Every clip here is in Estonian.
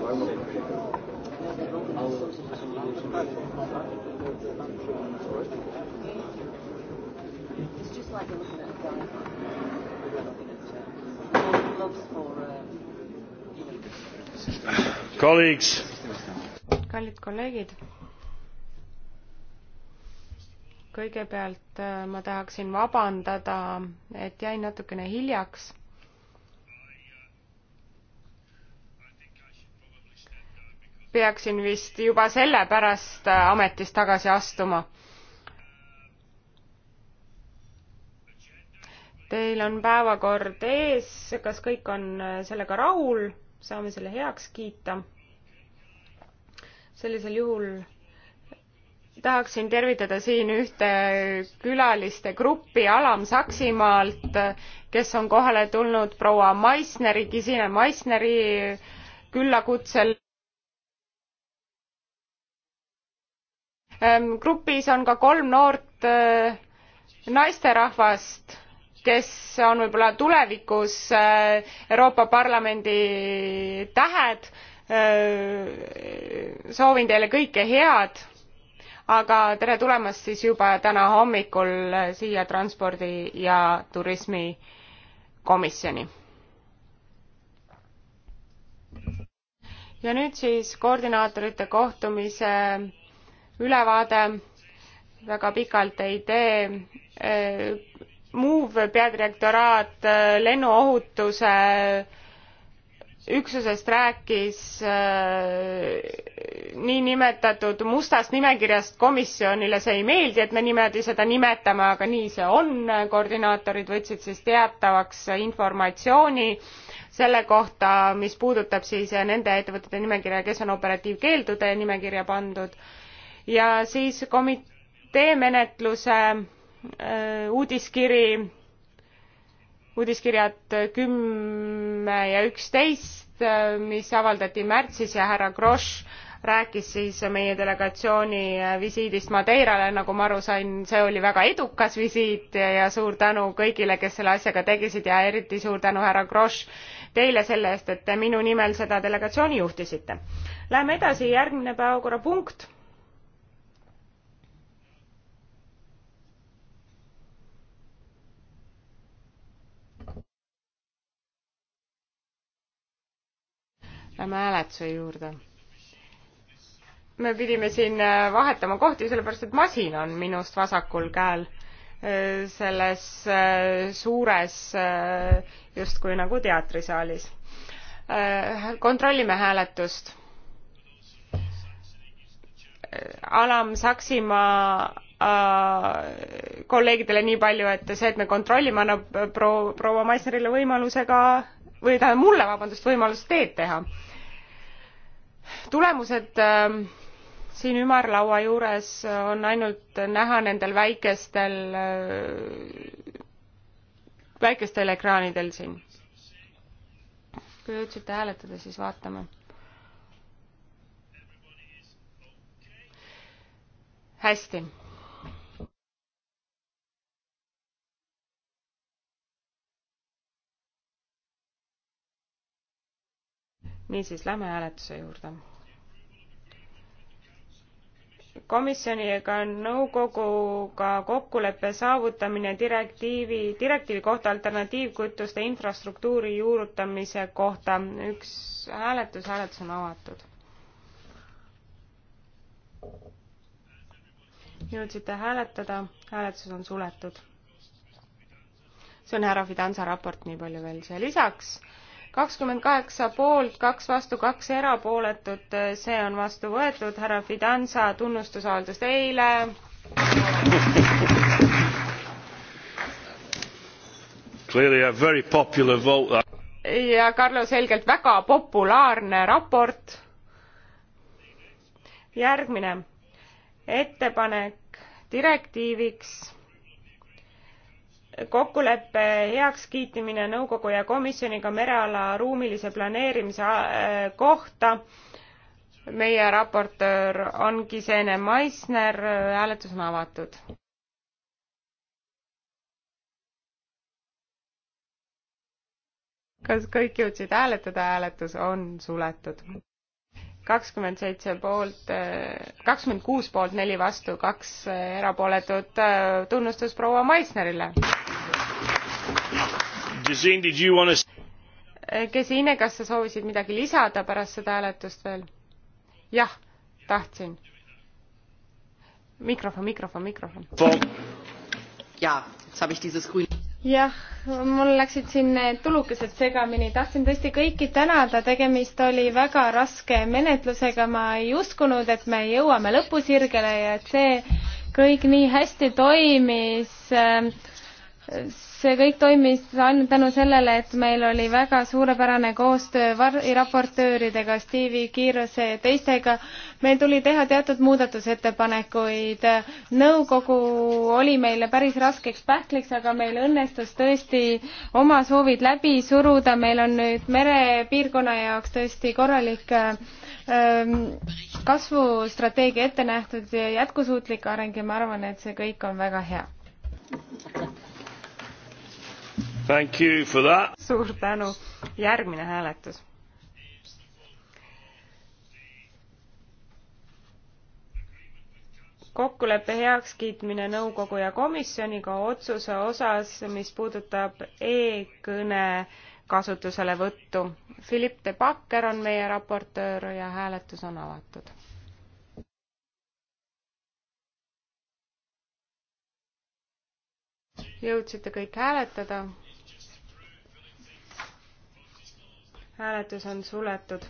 It's just like looking at a guy who loves for, uh, you know. Colleagues. kallid kolleegid. kõigepealt äh, ma tahaksin vabandada, et jäin natukene hiljaks peaksin vist juba sellepärast äh, ametist tagasi astuma. Teil on päevakord ees, kas kõik on äh, sellega rahul, saame selle heaks kiita. sellisel juhul tahaksin tervitada siin ühte külaliste gruppi Alam-Saksimaalt, kes on kohale tulnud proua Meissneri, Gesine Meissneri küllakutsel. Ehm, grupis on ka kolm noort eh, naisterahvast kes on võib-olla tulevikus eh, Euroopa Parlamendi tähed. Ehm, soovin teile kõike head, aga tere tulemast siis juba täna hommikul eh, siia transpordi ja turismikomisjoni. ja nüüd siis koordinaatorite kohtumise ülevaade väga pikalt ei tee. Eh, Move peadirektoraat eh, lennuohutuse üksusest rääkis eh, niinimetatud mustast nimekirjast komisjonile see ei meeldi et me niimoodi seda nimetame aga nii see on koordinaatorid võtsid siis teatavaks informatsiooni selle kohta mis puudutab siis nende ettevõtete nimekirja kes on operatiivkeeldude nimekirja pandud ja siis komitee menetluse äh, uudiskiri, uudiskirjad kümme ja üksteist, äh, mis avaldati märtsis ja härra Grosch rääkis siis meie delegatsiooni äh, visiidist Madeirale, nagu ma aru sain, see oli väga edukas visiit ja suur tänu kõigile, kes selle asjaga tegesid ja eriti suur tänu, härra Grosch, teile selle eest, et te minu nimel seda delegatsiooni juhtisite. Läheme edasi, järgmine päevakorrapunkt Lähme hääletuse juurde. me pidime siin äh, vahetama kohti, sellepärast et masin on minust vasakul käel äh, selles äh, suures justkui nagu teatrisaalis. kontrollime hääletust. Alam Saksimaa kolleegidele nii palju, et see, et me kontrollime, annab proua Maisnerile võimaluse ka või tähendab mulle, vabandust, võimalust teed teha tulemused ähm, siin ümarlaua juures on ainult näha nendel väikestel, äh, väikestel ekraanidel siin. kui te jõudsite hääletada, siis vaatame. hästi niisiis, lähme hääletuse juurde. komisjoni ega nõukoguga kokkuleppe saavutamine direktiivi, direktiivi kohta alternatiivkütuste infrastruktuuri juurutamise kohta. üks hääletus, hääletus on avatud. jõudsite hääletada, hääletus on suletud. see on härra Fidansa raport, nii palju veel siia lisaks kakskümmend kaheksa poolt, kaks vastu, kaks erapooletut, see on vastu võetud, härra Fidanza tunnustusavaldus teile. ja Carlo selgelt väga populaarne raport. järgmine ettepanek direktiiviks kokkuleppe heakskiitmine nõukogu ja komisjoniga mereala ruumilise planeerimise äh, kohta meie raportöör on Gisene Maisner, äh, hääletus on avatud. kas kõik jõudsid hääletada, hääletus on suletud kakskümmend seitse poolt, eh, kakskümmend kuus poolt, neli vastu, kaks eh, erapooletut. Eh, tunnustus proua Maisnerile. Gesine, kas sa soovisid midagi lisada pärast seda hääletust veel? jah, tahtsin. mikrofon, mikrofon, mikrofon. jaa, jetzt habe ich dieses grün- jah, mul läksid siin need tulukesed segamini, tahtsin tõesti kõiki tänada, tegemist oli väga raske menetlusega, ma ei uskunud, et me jõuame lõpusirgele ja et see kõik nii hästi toimis äh, see kõik toimis ainult tänu sellele, et meil oli väga suurepärane koostöö variraportööridega, Steve'i, Kiirose ja teistega. meil tuli teha teatud muudatusettepanekuid. nõukogu oli meile päris raskeks pähkliks, aga meil õnnestus tõesti oma soovid läbi suruda. meil on nüüd merepiirkonna jaoks tõesti korralik ähm, kasvustrateegia ette nähtud ja jätkusuutlik areng ja ma arvan, et see kõik on väga hea suur tänu. järgmine hääletus. kokkuleppe heakskiitmine nõukogu ja komisjoniga otsuse osas, mis puudutab e-kõne kasutuselevõttu. Philipp de Backer on meie raportöör ja hääletus on avatud. jõudsite kõik hääletada? hääletus on suletud.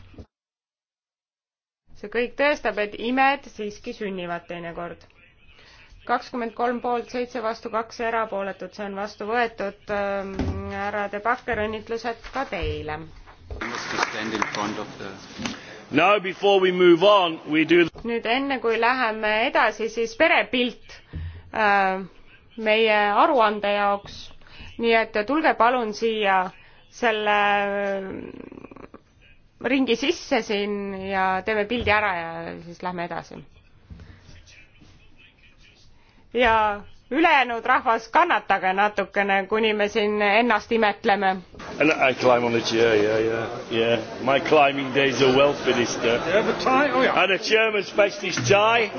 see kõik tõestab, et imed siiski sünnivad teinekord. kakskümmend kolm poolt, seitse vastu, kaks erapooletut, see on vastu võetud. Ähm, härra De Backer, õnnitlused ka teile. Now before we move on, we do nüüd enne kui läheme edasi, siis perepilt äh, meie aruande jaoks. nii et tulge palun siia selle äh, ringi sisse siin ja teeme pildi ära ja siis lähme edasi. ja ülejäänud rahvas, kannatage natukene, kuni me siin ennast imetleme. I climb on the chair, yeah, yeah, yeah. My climbing days are well finished. Uh. You have a tie? Oh yeah. And a chairman's best is tie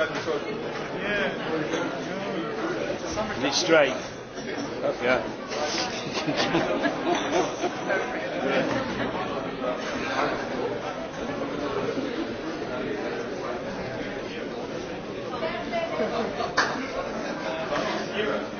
And it's straight. Oh, yeah. yeah.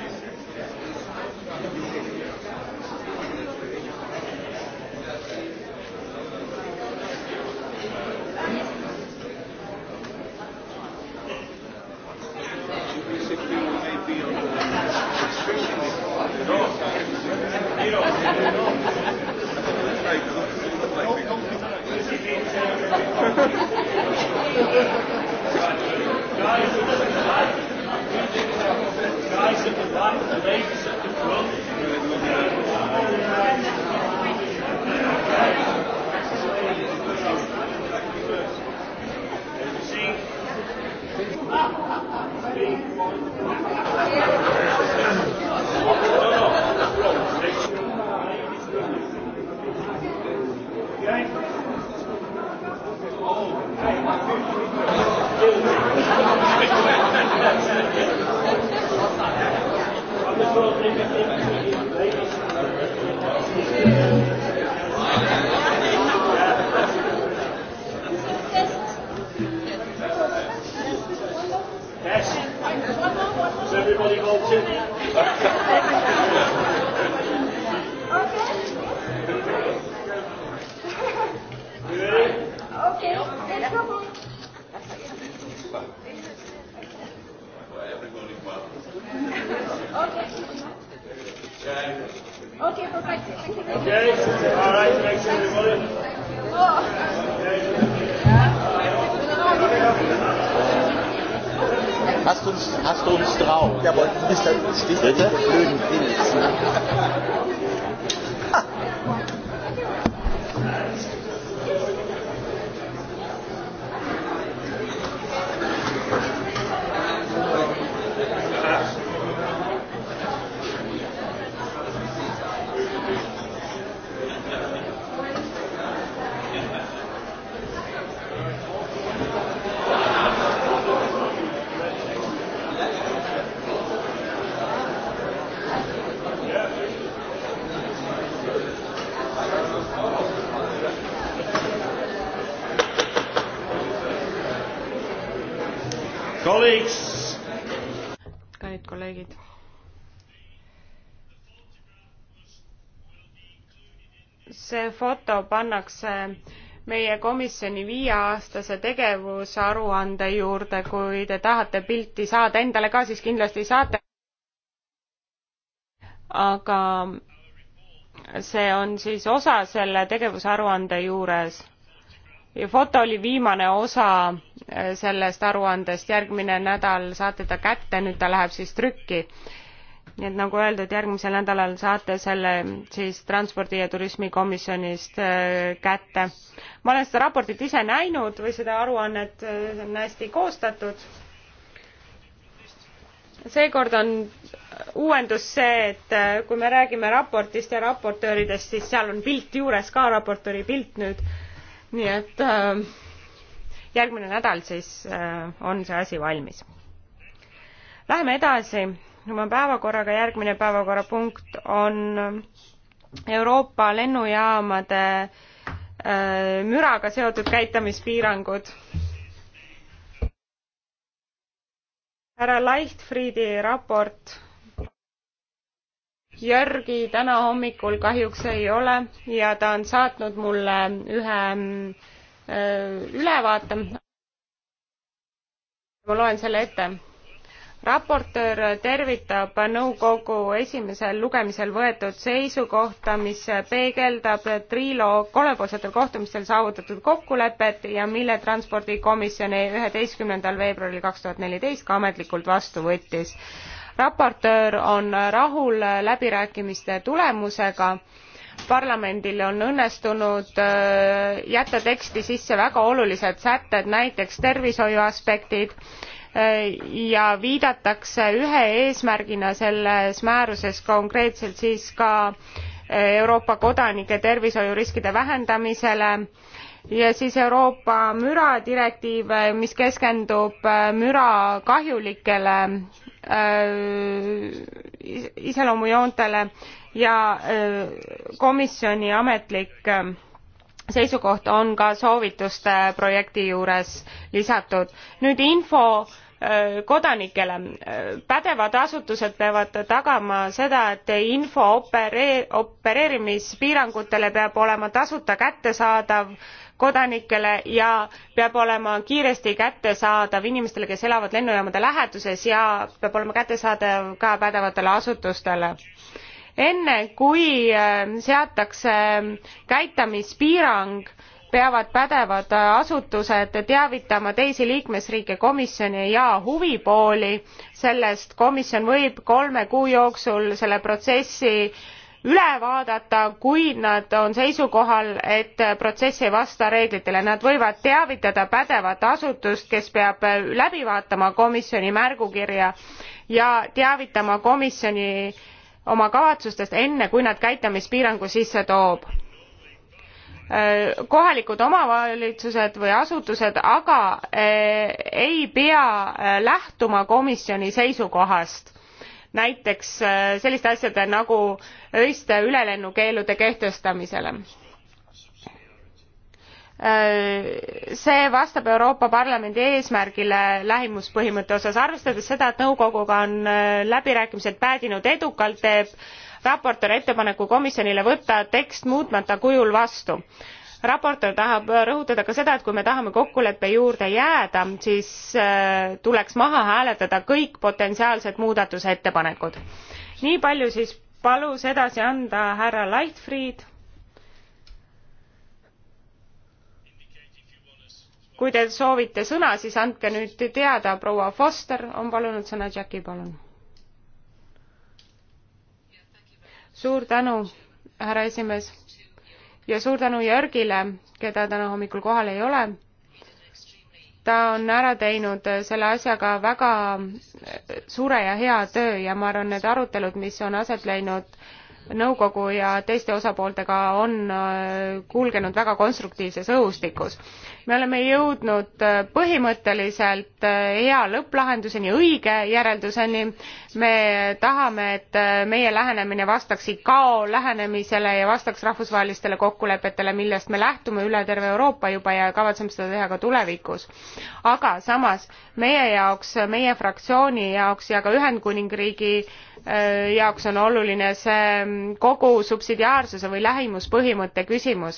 foto pannakse meie komisjoni viieaastase tegevusaruande juurde, kui te tahate pilti saada endale ka, siis kindlasti saate. aga see on siis osa selle tegevusaruande juures. ja foto oli viimane osa eh, sellest aruandest, järgmine nädal saate ta kätte, nüüd ta läheb siis trükki nii et nagu öeldud, järgmisel nädalal saate selle siis transpordi ja turismikomisjonist äh, kätte. ma olen seda raportit ise näinud või seda aruannet, äh, see on hästi koostatud. seekord on uuendus see, et äh, kui me räägime raportist ja raportööridest, siis seal on pilt juures ka, raportööri pilt nüüd. nii et järgmine nädal siis on see asi valmis. Läheme edasi oma päevakorraga, järgmine päevakorrapunkt on Euroopa lennujaamade äh, müraga seotud käitamispiirangud. härra Leichtfriedi raport Jörgi täna hommikul kahjuks ei ole ja ta on saatnud mulle ühe äh, ülevaate. ma loen selle ette raportöör tervitab nõukogu esimesel lugemisel võetud seisukohta mis peegeldab triloog kolmepoolsetel kohtumistel saavutatud kokkulepet ja mille transpordikomisjon 1 veebruaril 2014 ka ametlikult vastu võttis. raportöör on rahul läbirääkimiste tulemusega parlamendil on õnnestunud äh, jätta teksti sisse väga olulised sätted näiteks tervishoiu aspektid ja viidatakse ühe eesmärgina selles määruses konkreetselt siis ka Euroopa kodanike tervishoiuriskide vähendamisele ja siis Euroopa müradirektiiv, mis keskendub müra kahjulikele äh, iseloomujoontele ja äh, komisjoni ametlik äh, seisukoht on ka soovituste projekti juures lisatud. nüüd info äh, kodanikele. Äh, pädevad asutused peavad tagama seda, et info operee-, opereerimispiirangutele peab olema tasuta kättesaadav kodanikele ja peab olema kiiresti kättesaadav inimestele, kes elavad lennujaamade läheduses ja peab olema kättesaadav ka pädevatele asutustele enne kui äh, seatakse käitamispiirang, peavad pädevad äh, asutused teavitama teisi liikmesriike komisjoni ja huvipooli sellest. komisjon võib kolme kuu jooksul selle protsessi üle vaadata, kui nad on seisukohal, et protsess ei vasta reeglitele. Nad võivad teavitada pädevat asutust, kes peab äh, läbi vaatama komisjoni märgukirja ja teavitama komisjoni äh, oma kavatsustest enne kui nad käitumispiirangu sisse toob kohalikud omavalitsused või asutused aga eh, ei pea eh, lähtuma komisjoni seisukohast näiteks eh, selliste asjade nagu öiste ülelennukeeldude kehtestamisele Äh, see vastab Euroopa Parlamendi eesmärgile lähimuspõhimõtte osas, arvestades seda, et nõukoguga on äh, läbirääkimised päädinud edukalt, teeb raportöör ettepaneku komisjonile võtta tekst muutmata kujul vastu. raportöör tahab rõhutada ka seda, et kui me tahame kokkuleppe juurde jääda, siis äh, tuleks maha hääletada kõik potentsiaalsed muudatusettepanekud. nii palju siis palus edasi anda härra Leichtfried kui te soovite sõna, siis andke nüüd teada, proua Foster on palunud sõna, Jackie, palun. suur tänu, härra esimees ja suur tänu Jörgile, keda täna hommikul kohal ei ole. ta on ära teinud selle asjaga väga suure ja hea töö ja ma arvan, need arutelud, mis on aset leidnud, nõukogu ja teiste osapooltega on äh, kulgenud väga konstruktiivses õhustikus. me oleme jõudnud äh, põhimõtteliselt äh, hea lõpplahenduseni, õige järelduseni. me tahame, et meie lähenemine vastaks ICAO lähenemisele ja vastaks rahvusvahelistele kokkulepetele, millest me lähtume üle terve Euroopa juba ja kavatseme seda teha ka tulevikus. aga samas meie jaoks, meie fraktsiooni jaoks ja ka Ühendkuningriigi Äh, jaoks on oluline see kogu subsidiaarsuse või lähimuspõhimõtte küsimus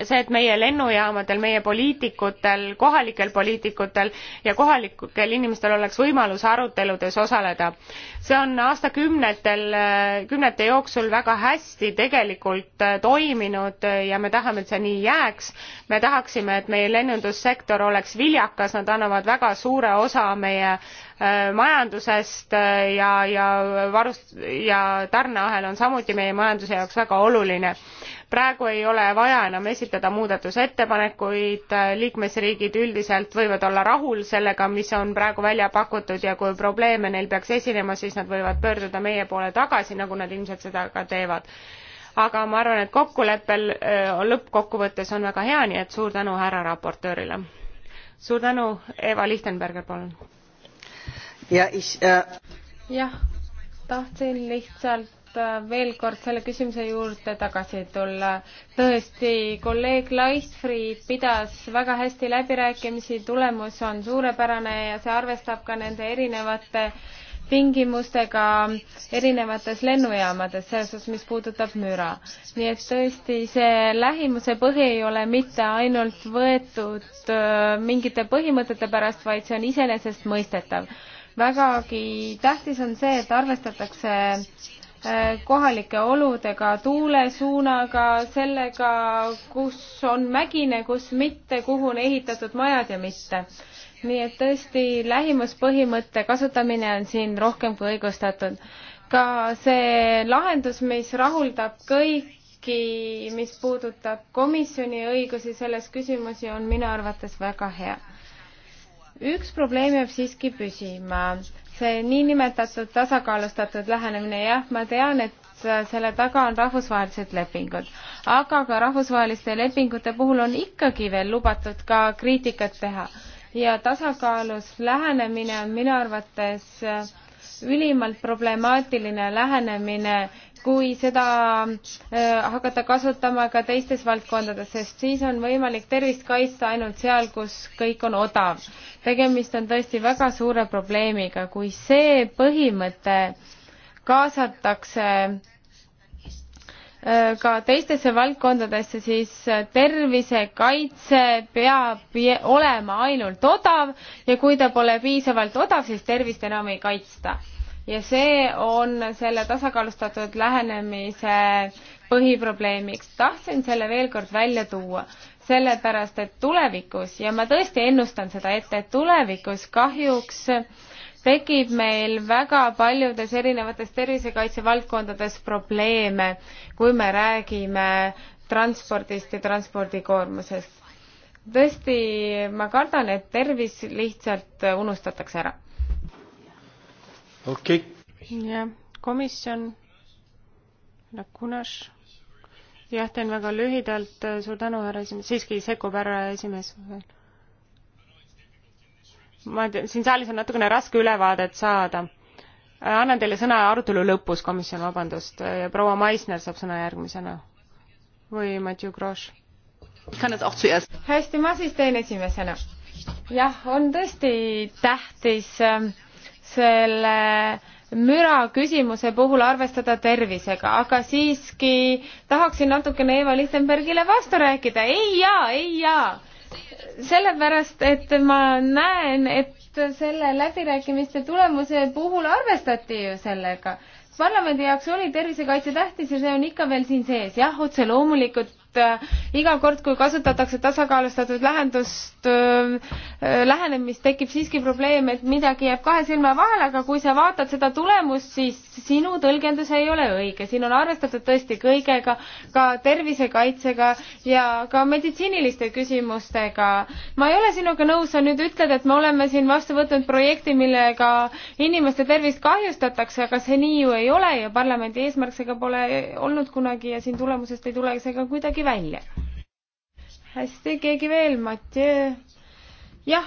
see, et meie lennujaamadel, meie poliitikutel, kohalikel poliitikutel ja kohalikel inimestel oleks võimalus aruteludes osaleda. see on aastakümnetel, kümnete jooksul väga hästi tegelikult äh, toiminud ja me tahame, et see nii jääks. me tahaksime, et meie lennundussektor oleks viljakas, nad annavad väga suure osa meie Äh, majandusest äh, ja, ja varust- ja tarneahel on samuti meie majanduse jaoks väga oluline. praegu ei ole vaja enam esitada muudatusettepanekuid, äh, liikmesriigid üldiselt võivad olla rahul sellega, mis on praegu välja pakutud ja kui probleeme neil peaks esinema, siis nad võivad pöörduda meie poole tagasi, nagu nad ilmselt seda ka teevad. aga ma arvan, et kokkuleppel lõppkokkuvõttes on väga hea, nii et suur tänu härra raportöörile. suur tänu, Eva Lichtenberger, palun ja ich äh... jah, tahtsin lihtsalt äh, veel kord selle küsimuse juurde tagasi tulla. tõesti, kolleeg Leistfried pidas väga hästi läbirääkimisi, tulemus on suurepärane ja see arvestab ka nende erinevate tingimustega erinevates lennujaamades, selles osas, mis puudutab müra. nii et tõesti, see lähimuse põhi ei ole mitte ainult võetud äh, mingite põhimõtete pärast, vaid see on iseenesestmõistetav vägagi tähtis on see, et arvestatakse äh, kohalike oludega, tuule suunaga, sellega, kus on mägine, kus mitte, kuhu on ehitatud majad ja mitte. nii et tõesti, lähimuspõhimõtte kasutamine on siin rohkem kui õigustatud. ka see lahendus, mis rahuldab kõiki, mis puudutab komisjoni õigusi selles küsimusi, on minu arvates väga hea üks probleem jääb siiski püsima, see niinimetatud tasakaalustatud lähenemine, jah, ma tean, et selle taga on rahvusvahelised lepingud, aga ka rahvusvaheliste lepingute puhul on ikkagi veel lubatud ka kriitikat teha ja tasakaalus lähenemine on minu arvates ülimalt problemaatiline lähenemine, kui seda äh, hakata kasutama ka teistes valdkondades, sest siis on võimalik tervist kaitsta ainult seal, kus kõik on odav. tegemist on tõesti väga suure probleemiga, kui see põhimõte kaasatakse Äh, ka teistesse valdkondadesse, siis äh, tervisekaitse peab olema ainult odav ja kui ta pole piisavalt odav, siis tervist enam ei kaitsta. ja see on selle tasakaalustatud lähenemise põhiprobleemiks. tahtsin selle veel kord välja tuua, sellepärast et tulevikus ja ma tõesti ennustan seda ette, et tulevikus kahjuks äh, tekib meil väga paljudes erinevates tervisekaitse valdkondades probleeme, kui me räägime transpordist ja transpordikoormusest. tõesti, ma kardan, et tervis lihtsalt unustatakse ära. okei okay.. jah, komisjon, Lakunas jah, teen väga lühidalt, suur tänu, härra esimees, siiski sekkub härra esimees veel ma tean, siin saalis on natukene raske ülevaadet saada. annan teile sõna arutelu lõpus, komisjon, vabandust, ja proua Maisner saab sõna järgmisena. või Mathieu Grosch. hästi, ma siis teen esimesena. jah, on tõesti tähtis ähm, selle müra küsimuse puhul arvestada tervisega, aga siiski tahaksin natukene Eva Lichtenbergile vastu rääkida. ei jaa, ei jaa sellepärast, et ma näen, et selle läbirääkimiste tulemuse puhul arvestati ju sellega. parlamendi jaoks oli tervisekaitse tähtis ja see on ikka veel siin sees. jah, otse loomulikult äh, iga kord, kui kasutatakse tasakaalustatud lähendust äh, äh,, lähenemist, tekib siiski probleem, et midagi jääb kahe silma vahele, aga kui sa vaatad seda tulemust, siis sinu tõlgendus ei ole õige, siin on arvestatud tõesti kõigega, ka tervisekaitsega ja ka meditsiiniliste küsimustega. ma ei ole sinuga nõus, sa nüüd ütled, et me oleme siin vastu võtnud projekti, millega inimeste tervist kahjustatakse, aga see nii ju ei ole ja parlamendi eesmärk seega pole olnud kunagi ja siin tulemusest ei tule see ka kuidagi välja. hästi, keegi veel, Mattiö? jah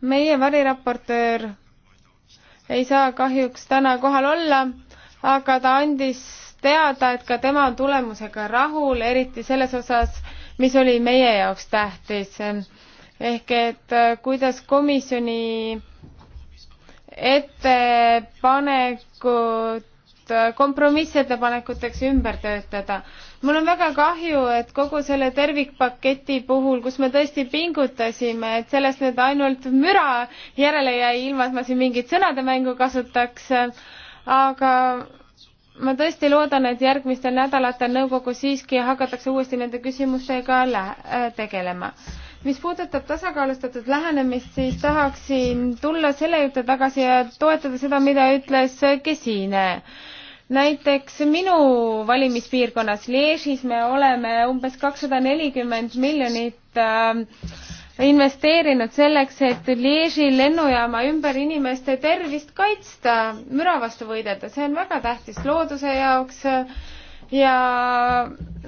meie variraportöör ei saa kahjuks täna kohal olla, aga ta andis teada, et ka tema on tulemusega rahul, eriti selles osas, mis oli meie jaoks tähtis. ehk et äh, kuidas komisjoni ettepanekud äh, kompromissettepanekuteks ümber töötada mul on väga kahju, et kogu selle tervikpaketi puhul, kus me tõesti pingutasime, et sellest nüüd ainult müra järele jäi, ilma et ma siin mingit sõnademängu kasutaks, aga ma tõesti loodan, et järgmistel nädalatel nõukogus siiski hakatakse uuesti nende küsimustega äh, tegelema. mis puudutab tasakaalustatud lähenemist, siis tahaksin tulla selle juurde tagasi ja toetada seda, mida ütles Gesine äh, näiteks minu valimispiirkonnas Liežis me oleme umbes kakssada nelikümmend miljonit äh, investeerinud selleks, et Lieži lennujaama ümber inimeste tervist kaitsta, müra vastu võidelda, see on väga tähtis looduse jaoks ja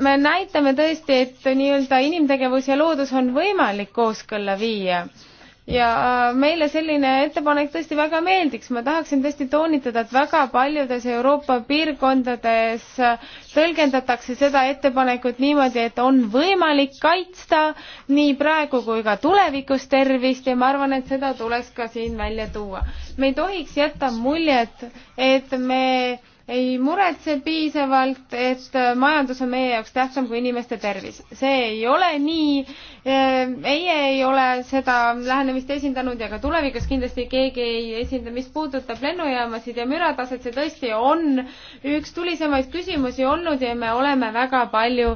me näitame tõesti, et nii-öelda inimtegevus ja loodus on võimalik kooskõlla viia ja äh, meile selline ettepanek tõesti väga meeldiks, ma tahaksin tõesti toonitada, et väga paljudes Euroopa piirkondades äh, tõlgendatakse seda ettepanekut niimoodi, et on võimalik kaitsta nii praegu kui ka tulevikus tervist ja ma arvan, et seda tuleks ka siin välja tuua. me ei tohiks jätta muljet, et me ei muretse piisavalt, et majandus on meie jaoks tähtsam kui inimeste tervis. see ei ole nii. meie ei ole seda lähenemist esindanud ja ka tulevikus kindlasti keegi ei esinda. mis puudutab lennujaamasid ja mürataset, see tõesti on üks tulisemaid küsimusi olnud ja me oleme väga palju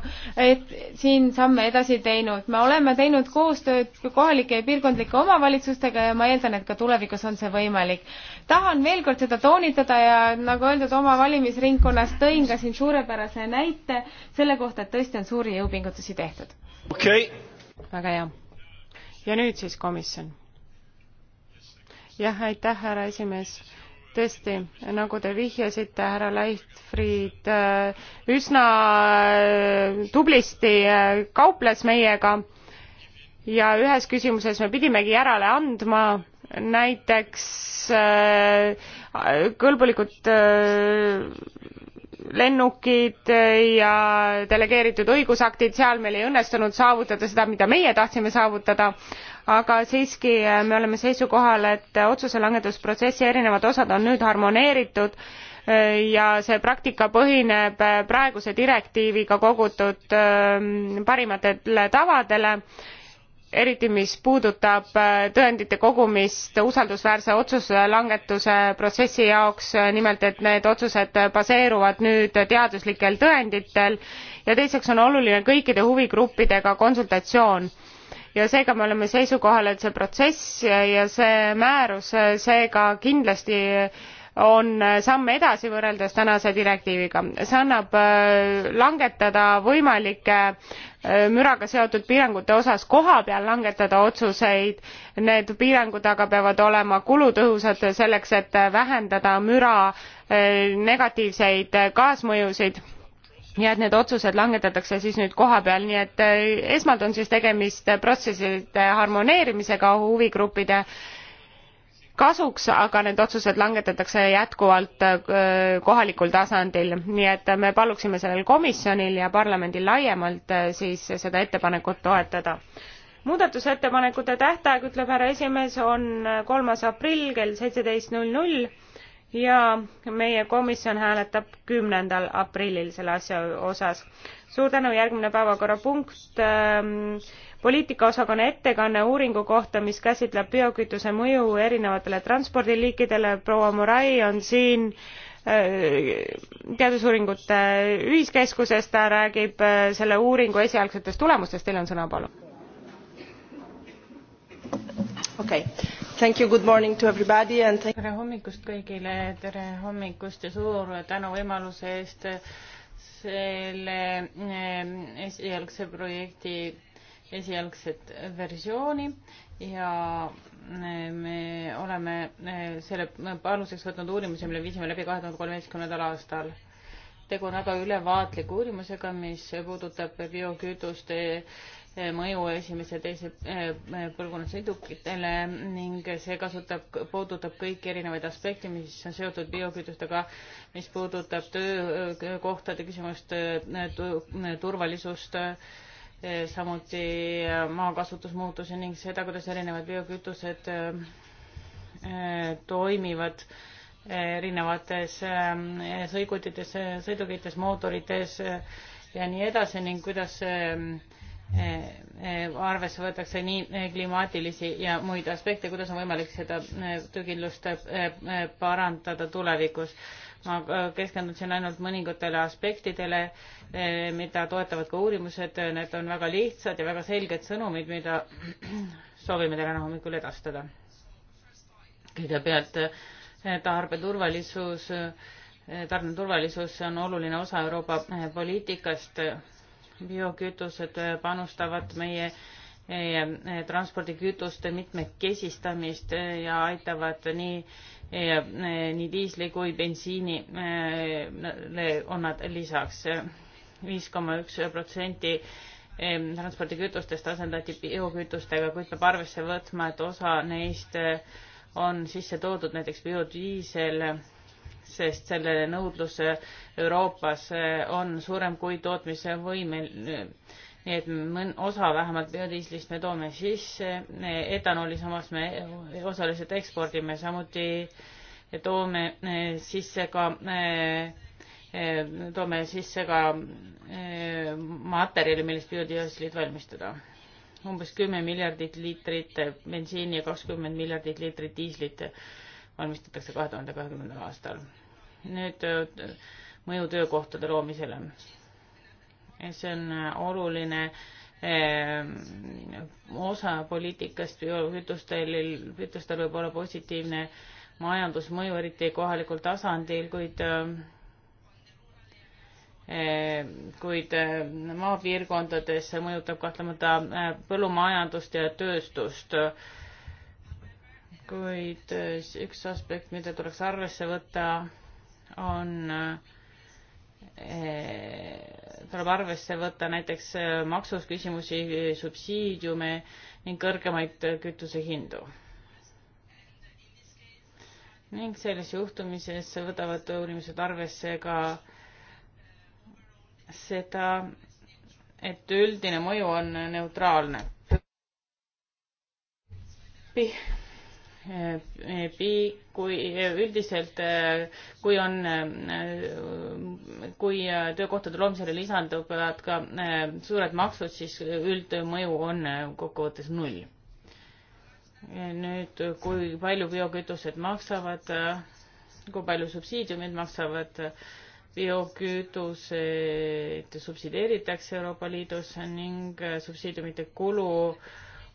siin samme edasi teinud. me oleme teinud koostööd kohalike ja piirkondlike omavalitsustega ja ma eeldan, et ka tulevikus on see võimalik. tahan veel kord seda toonitada ja nagu öeldud, oma oma valimisringkonnas tõin ka siin suurepärase näite selle kohta, et tõesti on suuri jõupingutusi tehtud. okei okay.. väga hea. ja nüüd siis komisjon. jah, aitäh, härra esimees tõesti, nagu te vihjasite, härra Leichtfried äh, üsna äh, tublisti äh, kauples meiega ja ühes küsimuses me pidimegi järele andma, näiteks kõlbulikud äh, lennukid äh, ja delegeeritud õigusaktid seal meil ei õnnestunud saavutada seda mida meie tahtsime saavutada aga siiski äh, me oleme seisukohal et otsuse langetusprotsessi erinevad osad on nüüd harmoneeritud ja see praktika põhineb praeguse direktiiviga kogutud parimatele tavadele eriti mis puudutab äh, tõendite kogumist usaldusväärse otsuse langetuse protsessi jaoks äh, nimelt et need otsused baseeruvad nüüd teaduslikel tõenditel ja teiseks on oluline kõikide huvigruppidega konsultatsioon ja seega me oleme seisukohal et see protsess ja see määrus äh, seega kindlasti on äh, samm edasi võrreldes tänase direktiiviga. see annab äh, langetada võimalike äh, müraga seotud piirangute osas kohapeal langetada otsuseid. Need piirangud aga peavad olema kulutõhusad selleks, et vähendada müra negatiivseid kaasmõjusid ja et need otsused langetatakse siis nüüd kohapeal, nii et esmalt on siis tegemist protsesside harmoneerimisega huvigruppide äh, kasuks, aga need otsused langetatakse jätkuvalt äh, kohalikul tasandil, nii et me paluksime sellel komisjonil ja parlamendil laiemalt äh, siis seda ettepanekut toetada muudatusettepanekute tähtaeg, ütleb härra esimees, on äh, kolmas aprill kell seitseteist null null ja meie komisjon hääletab kümnendal aprillil selle asja osas. suur tänu, järgmine päevakorrapunkt ähm, poliitikaosakonna ettekanne uuringu kohta mis käsitleb biokütuse mõju erinevatele transpordiliikidele proua morai on siin äh, teadusuuringute ühiskeskusest ta räägib äh, selle uuringu esialgsetest tulemustest teil on sõna palun okay. tere hommikust kõigile tere hommikust ja suur tänu võimaluse eest selle äh, esialgse projekti esialgset versiooni ja eh, me oleme eh, selle aluseks võtnud uurimuse, mille viisime läbi kahe tuhande kolmeteistkümnendal aastal. tegu on väga ülevaatliku uurimusega, mis puudutab biokütuste eh, mõju esimese ja teise põlvkonna sõidukitele ning see kasutab, puudutab kõiki erinevaid aspekte, mis on seotud biokütustega, mis puudutab töökohtade küsimust, turvalisust, Eh, samuti eh, maakasutusmuutusi ning seda, kuidas erinevad biokütused eh, toimivad erinevates sõigutites, sõidukites, mootorites ja nii edasi ning kuidas arvesse võetakse nii klimaatilisi ja muid aspekte, kuidas on võimalik seda töökindlust parandada tulevikus ma äh, keskendun siin ainult mõningatele aspektidele, äh, mida toetavad ka uurimused, need on väga lihtsad ja väga selged sõnumid, mida soovime täna hommikul edastada. kõigepealt äh, tarbeturvalisus, tarneturvalisus on oluline osa Euroopa poliitikast, biokütused panustavad meie meie eh, transpordikütuste mitmekesistamist eh, ja aitavad nii, eh, nii diisli kui bensiinile on nad lisaks viis koma üks protsenti transpordikütustest asendati biokütustega, kuid peab arvesse võtma, et osa neist on sisse toodud näiteks biodiisel, sest selle nõudlus Euroopas on suurem kui tootmise võimel nii et mõn- osa vähemalt biodiislist me toome sisse etanooli samas me osaliselt ekspordime samuti toome e, sisse ka e, e, toome sisse ka materjali millest biodiislit valmistada umbes kümme miljardit liitrit bensiini ja kakskümmend miljardit liitrit diislit valmistatakse kahe tuhande kahekümnendal aastal nüüd mõju töökohtade loomisele see on oluline eh, osa poliitikast, biokütustel, kütustel võib olla positiivne majandusmõju, eriti kohalikul tasandil, kuid eh, kuid eh, maapiirkondades see mõjutab kahtlemata põllumajandust ja tööstust. kuid üks aspekt, mida tuleks arvesse võtta, on äh, Eh, tuleb arvesse võtta näiteks eh, maksusküsimusi, subsiidiume ning kõrgemaid eh, kütusehindu. ning selles juhtumises võtavad uurimised arvesse ka seda, et üldine mõju on neutraalne kui üldiselt, kui on, kui töökohtade loomisele lisanduvad ka suured maksud, siis üldmõju on kokkuvõttes null. nüüd, kui palju biokütused maksavad, kui palju subsiidiumid maksavad, biokütuseid subsideeritakse Euroopa Liidus ning subsiidiumite kulu äh,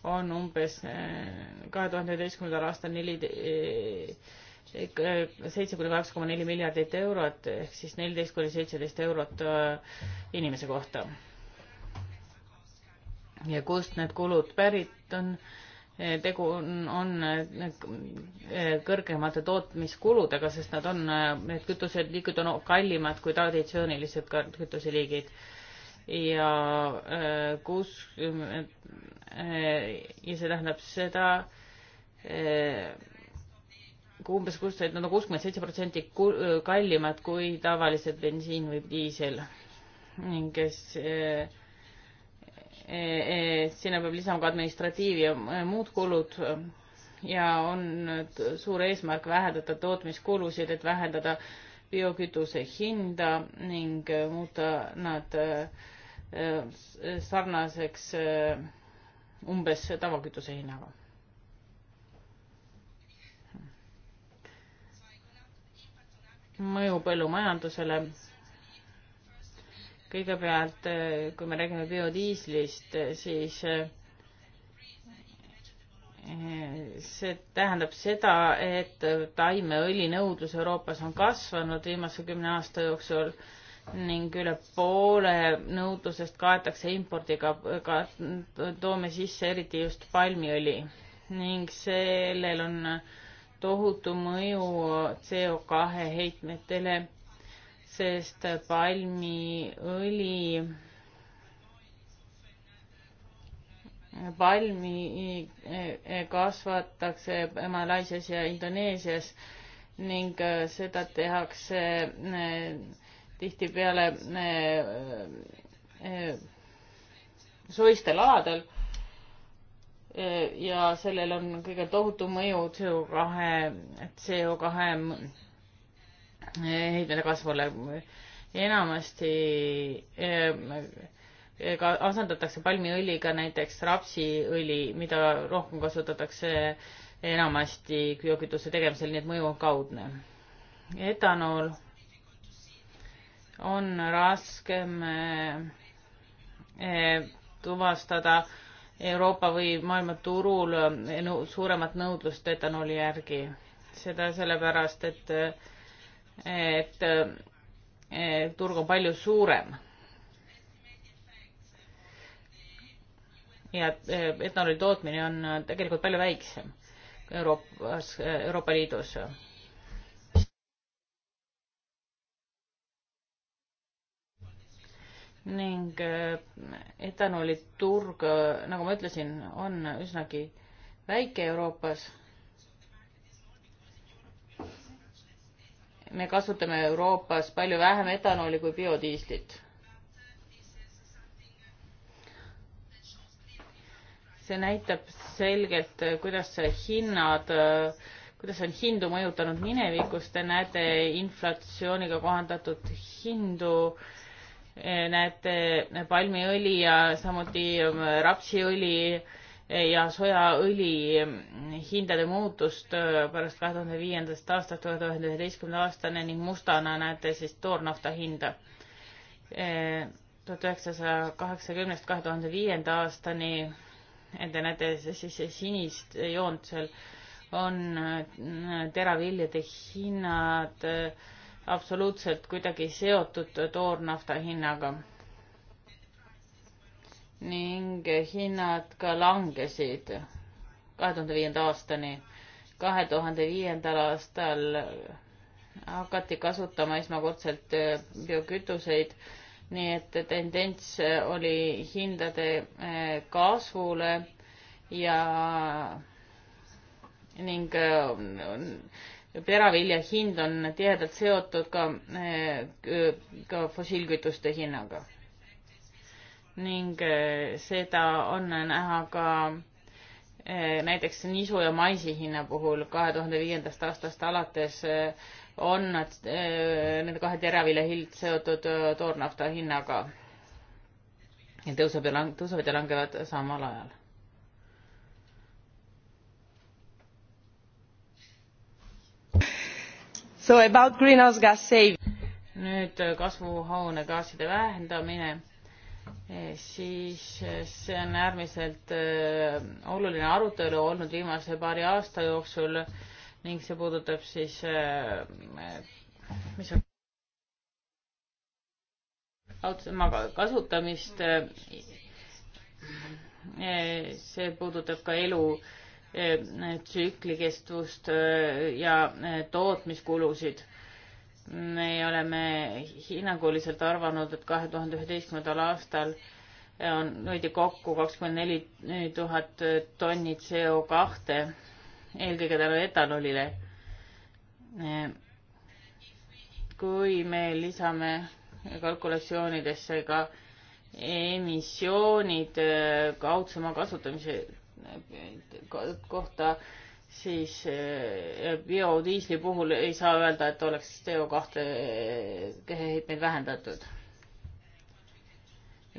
on umbes eh, kahe tuhande üheteistkümnendal aastal neli eh, seitse kuni kaheksa koma neli miljardit eurot ehk siis neliteist kuni seitseteist eurot eh, inimese kohta. ja kust need kulud pärit on? tegu on, on kõrgemate tootmiskuludega, sest nad on, need kütuseliigid on kallimad kui traditsioonilised kütuseliigid ja kus Äh, ja see tähendab seda, äh, kui umbes kus, et nad on kuuskümmend seitse protsenti äh, kallimad kui tavalised bensiin või diisel ning kes sinna peab lisama ka administratiiv ja muud kulud ja on suur eesmärk vähendada tootmiskulusid, et vähendada biokütuse hinda ning muuta nad sarnaseks äh, umbes tavakütuse hinnaga. mõju põllumajandusele. kõigepealt, kui me räägime biodiislist, siis eh, see tähendab seda, et taimeõli nõudlus Euroopas on kasvanud viimase kümne aasta jooksul ning üle poole nõudlusest kaetakse impordiga, ka toome sisse eriti just palmiõli ning sellel on tohutu mõju CO2 heitmetele, sest palmiõli, palmi eh, eh, kasvatakse Malaisias ja Indoneesias ning eh, seda tehakse tihtipeale äh, äh, soistel aladel äh, ja sellel on kõige tohutu mõju CO2, CO2 heidmine kasvule. enamasti ka asendatakse palmiõliga näiteks rapsiõli, mida rohkem kasutatakse enamasti biokütuse tegemisel, nii et mõju on kaudne. etanool on raskem eh, eh, tuvastada Euroopa või maailmaturul eh, suuremat nõudlust etanooli järgi. seda sellepärast, et, et, et turg on palju suurem. ja etanooli tootmine on tegelikult palju väiksem Euroopas, Euroopa Liidus ning äh, etanooliturg, äh, nagu ma ütlesin, on üsnagi väike Euroopas. me kasutame Euroopas palju vähem etanooli kui biodiislit. see näitab selgelt, äh, kuidas hinnad, kuidas on hindu mõjutanud minevikus, te näete inflatsiooniga kohandatud hindu äh, Eh, näete palmiõli ja samuti um, rapsiõli eh, ja sojaõli um, hindade muutust uh, pärast kahe tuhande viiendast aastast kahe tuhande üheteistkümnenda aastani ning mustana näete siis toornafta hinda. Eh, tuhat üheksasaja kaheksakümnest kahe tuhande viienda aastani, te näete siis sinist joont seal, on uh, teraviljade hinnad äh, absoluutselt kuidagi seotud toornafta hinnaga. ning hinnad ka langesid kahe tuhande viienda aastani. kahe tuhande viiendal aastal hakati kasutama esmakordselt biokütuseid, nii et tendents oli hindade eh, kasvule ja ning eh, teravilja hind on tihedalt seotud ka, eh, ka fossiilkütuste hinnaga. ning eh, seda on näha ka eh, näiteks nisu ja maisi hinna puhul kahe tuhande viiendast aastast alates on nad, nende kahe teravilja hind seotud toornafta hinnaga. tõuseb ja lang-, tõusevad ja langevad samal ajal So about greenhouse gas saving. nüüd äh, kasvuhoonegaaside vähendamine, e, siis äh, see on äärmiselt äh, oluline arutelu olnud viimase paari aasta jooksul ning see puudutab siis, mis on autosema kasutamist. E, see puudutab ka elu Eh, tsükli kestvust eh, ja eh, tootmiskulusid. me oleme hinnanguliselt arvanud, et kahe tuhande üheteistkümnendal aastal on, hoidi kokku kakskümmend neli tuhat tonni CO kahte, eelkõige tänu etanolile. kui me lisame kalkulatsioonidesse ka emissioonid kaudsema kasutamise kohta, siis eh, biodiisli puhul ei saa öelda, et oleks CO kahte eh, keheheitmeid vähendatud.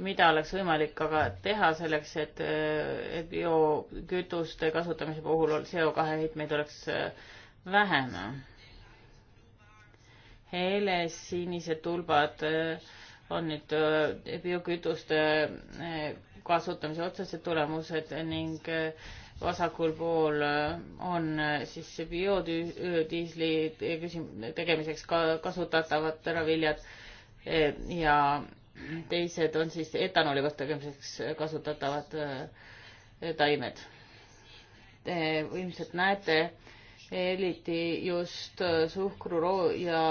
mida oleks võimalik aga teha selleks, et, eh, et biokütuste kasutamise puhul CO kahe heitmeid oleks vähem? heles sinised tulbad on nüüd biokütuste kasutamise otsesed tulemused ning eh, vasakul pool eh, on eh, siis biodiisli tegemiseks kasutatavad teraviljad ja teised on siis etanooli tegemiseks kasutatavad taimed. Te ilmselt näete, eriti just suhkruroo ja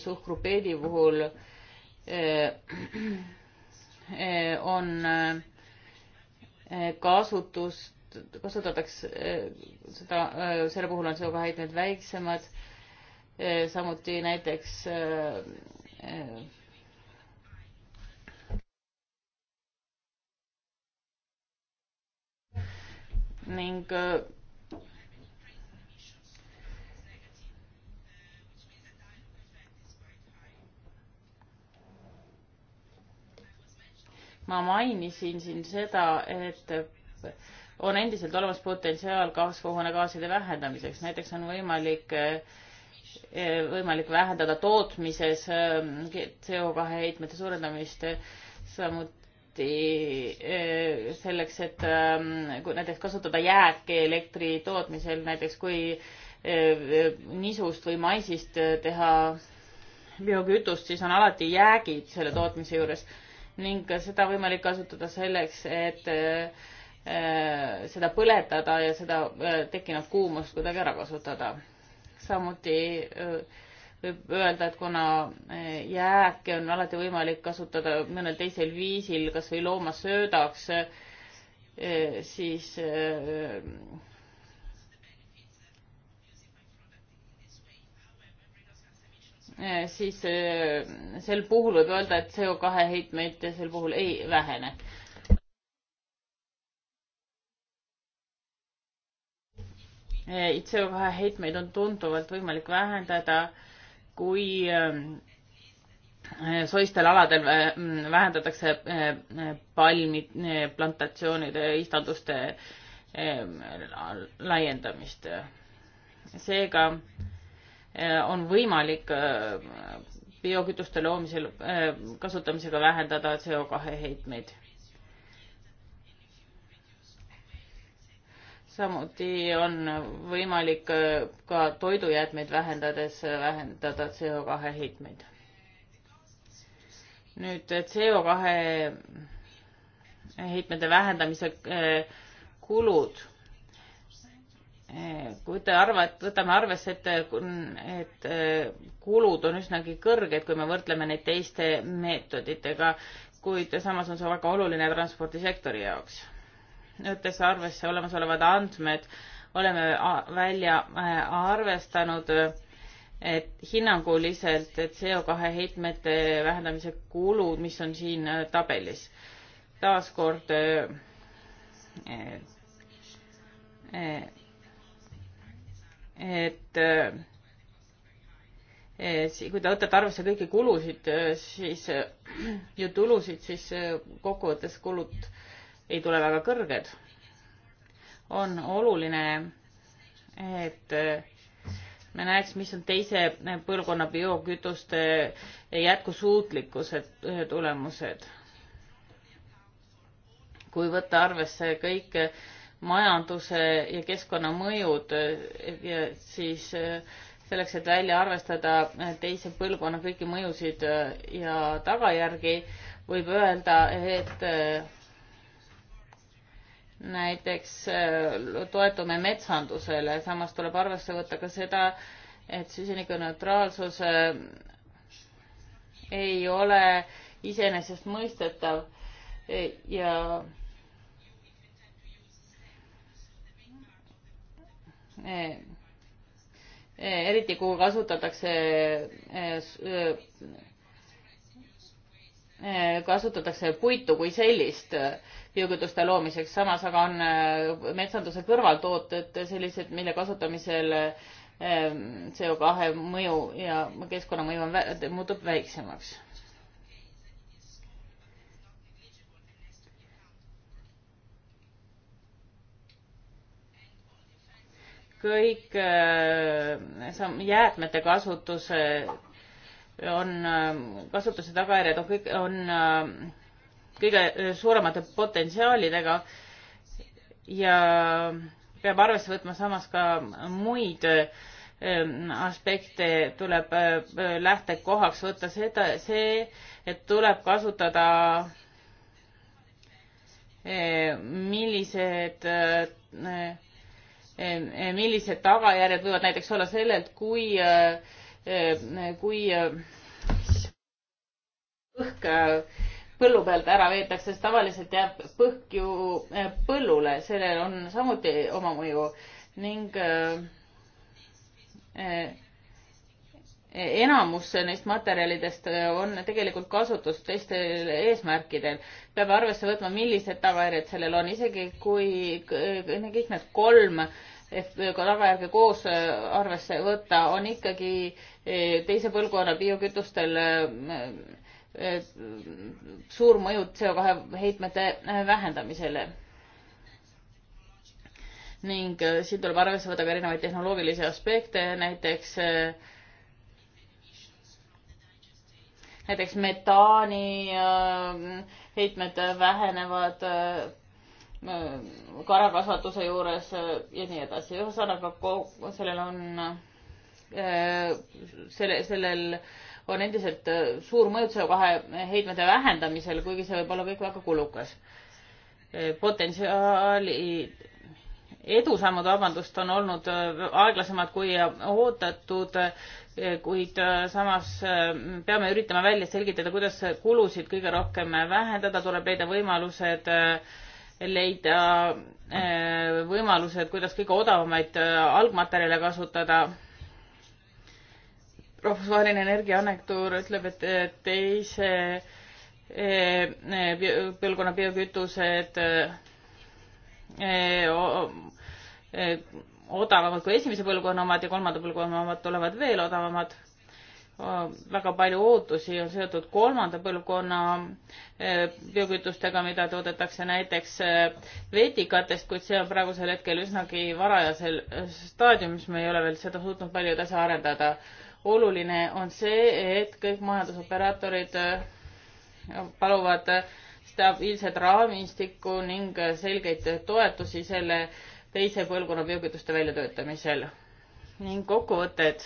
suhkrupeedi puhul on kasutust, kasutatakse eh, seda, eh, selle puhul on CO2 heitmed väiksemad, eh, samuti näiteks ning ma mainisin siin seda, et on endiselt olemas potentsiaal kasvuhoonegaaside vähendamiseks, näiteks on võimalik eh, võimalik vähendada tootmises eh, CO2 heitmete suurendamist, samuti eh, selleks, et kui näiteks kasutada jääke elektri tootmisel, näiteks kui nisust või maisist teha biokütust, siis on alati jäägid selle tootmise juures ning seda võimalik kasutada selleks, et äh, seda põletada ja seda äh, tekkinud kuumust kuidagi ära kasutada. samuti äh, võib öelda, et kuna jääke on alati võimalik kasutada mõnel teisel viisil, kas või loomasöödaks, siis Eh, siis eh, sel puhul võib öelda, et CO2 heitmeid sel puhul ei vähene. Eh, CO2 heitmeid on tunduvalt võimalik vähendada, kui soistel aladel vähendatakse palmi plantatsioonide istanduste laiendamist. seega Äh, on võimalik äh, biokütuste loomisel, äh, kasutamisega vähendada CO2 heitmeid. samuti on võimalik ka toidujäätmeid vähendades vähendada CO2 heitmeid. nüüd CO2 heitmete vähendamise kulud kui te arvate, võtame arvesse, et, et kulud on üsnagi kõrged, kui me võrdleme neid teiste meetoditega, kuid samas on see väga oluline transpordisektori jaoks. võttes arvesse olemasolevad andmed, oleme välja äh, arvestanud, et hinnanguliselt et CO2 heitmete vähendamise kulud, mis on siin äh, tabelis, taaskord eh, eh, et kui te võtate arvesse kõiki kulusid, siis ja tulusid, siis kokkuvõttes kulud ei tule väga kõrged. on oluline, et me näeks, mis on teise põlvkonna biokütuste jätkusuutlikkuse tulemused. kui võtta arvesse kõik majanduse ja keskkonnamõjud ja siis eh, selleks, et välja arvestada eh, teise põlvkonna kõiki mõjusid eh, ja tagajärgi, võib öelda, et näiteks toetume metsandusele, samas tuleb arvesse võtta ka seda, et süsinikuneutraalsus ei ole iseenesestmõistetav ja Eh, eriti kui kasutatakse eh, eh, kasutatakse puitu kui sellist biokütuste loomiseks, samas aga on metsanduse kõrvaltooted sellised, mille kasutamisel CO kahe mõju ja keskkonnamõju on, muutub väiksemaks kõik äh, jäätmete kasutuse on, äh, kasutuse tagajärjed on kõik, on äh, kõige suuremate potentsiaalidega ja peab arvesse võtma samas ka muid aspekte tuleb lähtekohaks võtta seda, see, et tuleb kasutada, millised millised tagajärjed võivad näiteks olla sellelt, kui, äh, äh, kui äh, õhk põllu pealt ära veetakse, sest tavaliselt jääb põhk ju põllule, sellel on samuti oma mõju ning äh, enamus neist materjalidest on tegelikult kasutus teistel eesmärkidel. peab arvesse võtma, millised tagajärjed sellel on, isegi kui kõik need kolm ehk tagajärge koos äh, arvesse võtta, on ikkagi äh, teise põlvkonna biokütustel äh, suur mõju CO2 heitmete vähendamisele. ning siin tuleb arvesse võtta ka erinevaid tehnoloogilisi aspekte, näiteks äh, näiteks metaani äh, heitmed vähenevad äh, karakasvatuse juures äh, ja nii edasi. ühesõnaga, sellel on, selle, sellel on endiselt suur mõju CO2 heitmete vähendamisel, kuigi see võib olla kõik väga kulukas. potentsiaali edusammud, vabandust, on olnud aeglasemad kui oodatud kuid äh, samas äh, peame üritama välja selgitada, kuidas kulusid kõige rohkem vähendada, tuleb leida võimalused, äh, leida võimalused, kuidas kõige odavamaid algmaterjale kasutada. rahvusvaheline energiaagentuur ütleb, et teise põlvkonna biokütused odavamad kui esimese põlvkonna omad ja kolmanda põlvkonna omad tulevad veel odavamad. väga palju ootusi on seotud kolmanda põlvkonna e, biokütustega, mida toodetakse näiteks e, vetikatest, kuid see on praegusel hetkel üsnagi varajasel e, staadiumis, me ei ole veel seda suutnud palju edasi arendada. oluline on see, et kõik majandusoperaatorid paluvad stabiilset raamistikku ning selgeid toetusi selle äh, teise põlvkonna biokütuste väljatöötamisel ning kokkuvõtted.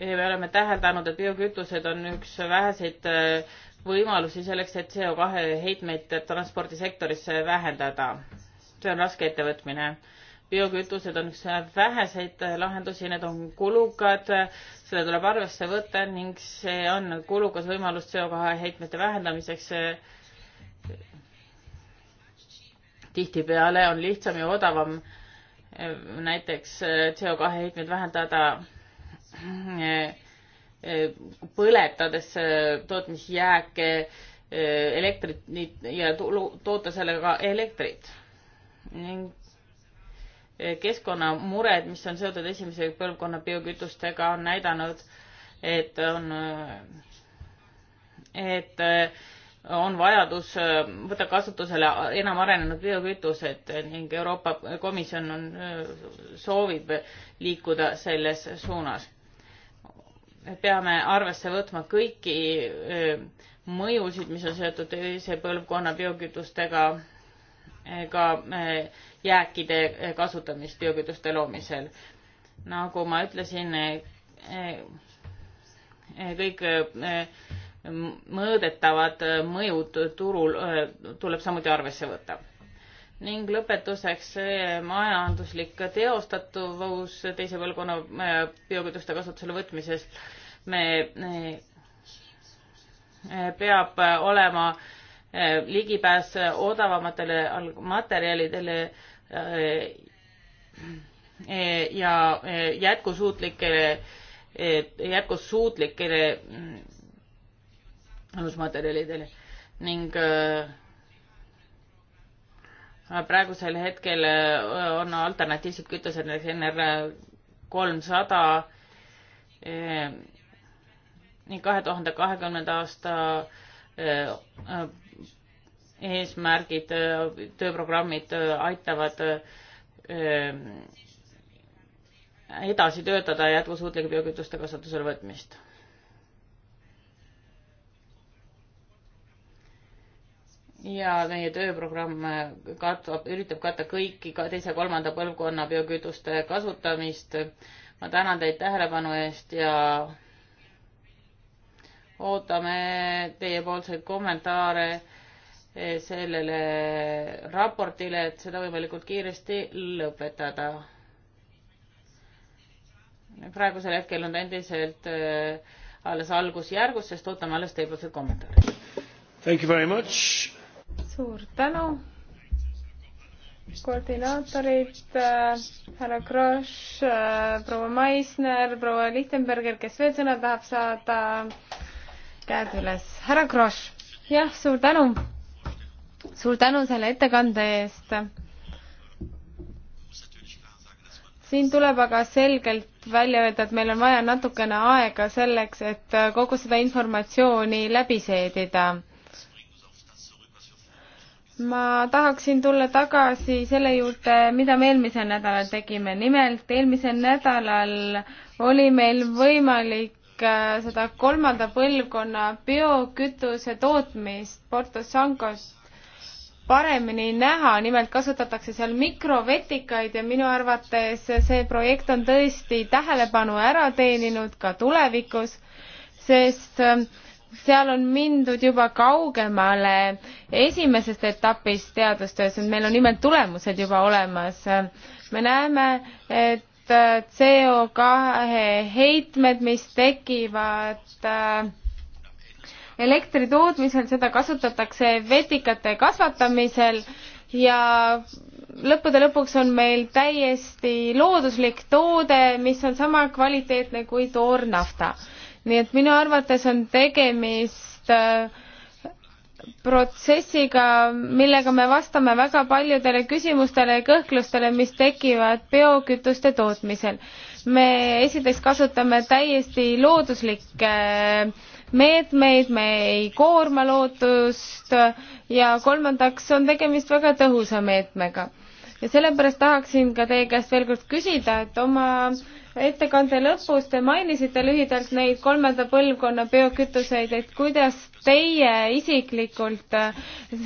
me oleme täheldanud, et biokütused on üks väheseid äh, võimalusi selleks, et CO kahe heitmeid transpordisektorisse äh, vähendada. see on raske ettevõtmine. biokütused on üks väheseid äh, lahendusi, need on kulukad, seda tuleb arvesse võtta ning see on kulukas võimalus CO kahe heitmete vähendamiseks tihtipeale on lihtsam ja odavam eh, näiteks eh, CO2 heitmeid vähendada eh, põletades tootmisjääke elektrit ja toota sellega elektrit ning keskkonnamured, mis on seotud esimese põlvkonna biokütustega, on näidanud, et on, et on vajadus äh, võtta kasutusele enam arenenud biokütused ning Euroopa Komisjon on, äh, soovib liikuda selles suunas. peame arvesse võtma kõiki äh, mõjusid, mis on seotud teise põlvkonna biokütustega, ka jääkide kasutamist biokütuste loomisel. nagu ma ütlesin, kõik mõõdetavad mõjud turul tuleb samuti arvesse võtta. ning lõpetuseks majanduslik teostatavus teise põlvkonna biokütuste kasutusele võtmises. me, peab olema ligipääs odavamatele materjalidele ja jätkusuutlikele, jätkusuutlikele alusmaterjalidele ning äh, praegusel hetkel äh, on alternatiivsed kütused näiteks NR kolmsada äh, ning kahe tuhande kahekümnenda aasta eesmärgid, tööprogrammid aitavad edasi töötada jätkusuutlike biokütuste kasutusele võtmist ja meie tööprogramm äh, katvab, üritab katta kõiki ka teise-kolmanda põlvkonna biokütuste kasutamist. ma tänan teid tähelepanu eest ja ootame teiepoolseid kommentaare äh, sellele raportile, et seda võimalikult kiiresti lõpetada. praegusel hetkel on ta endiselt äh, alles algusjärgus, sest ootame alles teiepoolseid kommentaare. Thank you very much suur tänu. koordinaatorid äh,, härra Kross äh,, proua Maisner, proua Lichtenberger, kes veel sõna tahab saada, käed üles. härra Kross. jah, suur tänu. suur tänu selle ettekande eest siin tuleb aga selgelt välja öelda, et meil on vaja natukene aega selleks, et kogu seda informatsiooni läbi seedida ma tahaksin tulla tagasi selle juurde, mida me eelmisel nädalal tegime. nimelt eelmisel nädalal oli meil võimalik äh, seda kolmanda põlvkonna biokütuse tootmist Porto Sankost paremini näha, nimelt kasutatakse seal mikrovetikaid ja minu arvates see projekt on tõesti tähelepanu ära teeninud ka tulevikus, sest äh, seal on mindud juba kaugemale esimesest etapist teadustöös, et meil on nimelt tulemused juba olemas. me näeme, et CO kahe heitmed, mis tekivad äh, elektri tootmisel, seda kasutatakse vetikate kasvatamisel ja lõppude lõpuks on meil täiesti looduslik toode, mis on sama kvaliteetne kui toornafta nii et minu arvates on tegemist äh, protsessiga, millega me vastame väga paljudele küsimustele ja kõhklustele, mis tekivad biokütuste tootmisel. me esiteks kasutame täiesti looduslikke äh, meetmeid, me ei koorma loodust äh, ja kolmandaks on tegemist väga tõhusa meetmega ja sellepärast tahaksin ka teie käest veel kord küsida, et oma ettekande lõpus te mainisite lühidalt neid kolmanda põlvkonna biokütuseid, et kuidas teie isiklikult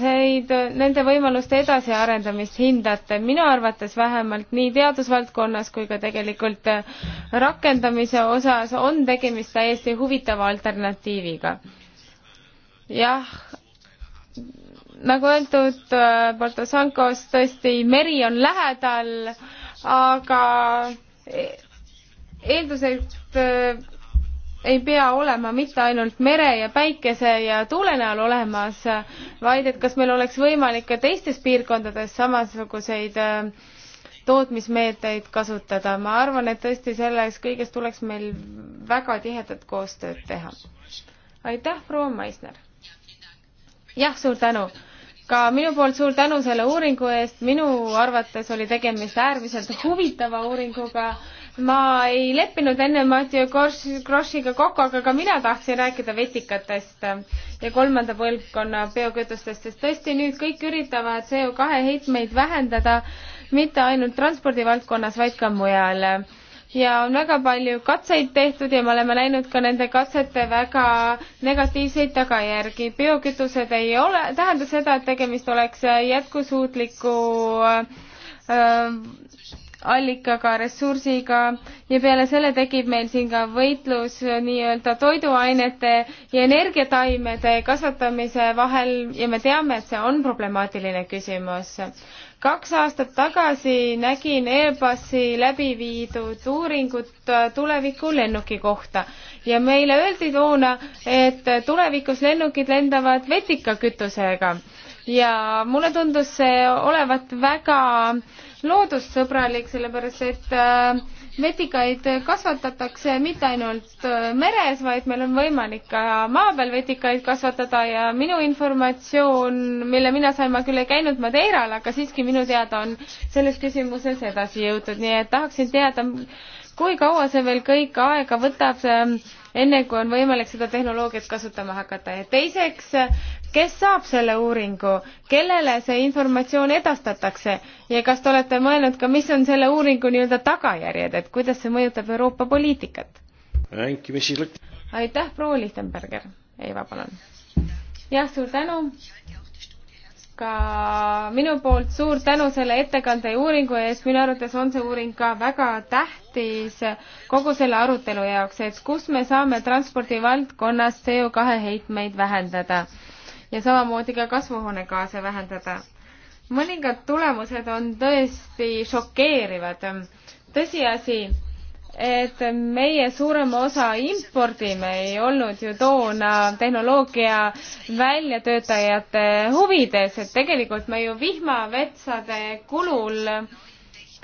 neid, nende võimaluste edasiarendamist hindate, minu arvates vähemalt nii teadusvaldkonnas kui ka tegelikult rakendamise osas on tegemist täiesti huvitava alternatiiviga. jah nagu öeldud, Porto äh, Sancos tõesti meri on lähedal, aga e-, eeldused äh, ei pea olema mitte ainult mere ja päikese ja tuule näol olemas, vaid et kas meil oleks võimalik ka teistes piirkondades samasuguseid äh, tootmismeetmeid kasutada. ma arvan, et tõesti selles kõiges tuleks meil väga tihedat koostööd teha. aitäh, proua Maisner! jah, suur tänu! ka minu poolt suur tänu selle uuringu eest, minu arvates oli tegemist äärmiselt huvitava uuringuga ma ei leppinud enne Mathieu Grossiga kokku, aga ka mina tahtsin rääkida vetikatest ja kolmanda põlvkonna biokütustest, sest tõesti nüüd kõik üritavad CO2 heitmeid vähendada, mitte ainult transpordivaldkonnas, vaid ka mujal ja on väga palju katseid tehtud ja me oleme näinud ka nende katsete väga negatiivseid tagajärgi. biokütused ei ole, tähenda seda, et tegemist oleks jätkusuutliku äh, allikaga, ressursiga ja peale selle tekib meil siin ka võitlus nii-öelda toiduainete ja energiataimede kasvatamise vahel ja me teame, et see on problemaatiline küsimus kaks aastat tagasi nägin Airbusi läbi viidud uuringut äh, tuleviku lennuki kohta ja meile öeldi toona, et tulevikus lennukid lendavad vetikakütusega ja mulle tundus see olevat väga loodussõbralik, sellepärast et äh, vetikaid kasvatatakse mitte ainult äh, meres, vaid meil on võimalik ka maa peal vetikaid kasvatada ja minu informatsioon, mille mina sain, ma küll ei käinud Madeiral, aga siiski minu teada on selles küsimuses edasi jõutud, nii et tahaksin teada, kui kaua see veel kõik aega võtab, enne kui on võimalik seda tehnoloogiat kasutama hakata ja teiseks, kes saab selle uuringu, kellele see informatsioon edastatakse ja kas te olete mõelnud ka, mis on selle uuringu nii-öelda tagajärjed, et kuidas see mõjutab Euroopa poliitikat? aitäh, proua Lichtenberger. Eiva, palun. jah, suur tänu. ka minu poolt suur tänu selle ettekande ja uuringu eest, minu arvates on see uuring ka väga tähtis kogu selle arutelu jaoks, et kus me saame transpordivaldkonnas CO2 heitmeid vähendada ja samamoodi ka kasvuhoonegaase vähendada. mõningad tulemused on tõesti šokeerivad. tõsiasi, et meie suurema osa impordime ei olnud ju toona tehnoloogia väljatöötajate huvides, et tegelikult me ju vihmavetsade kulul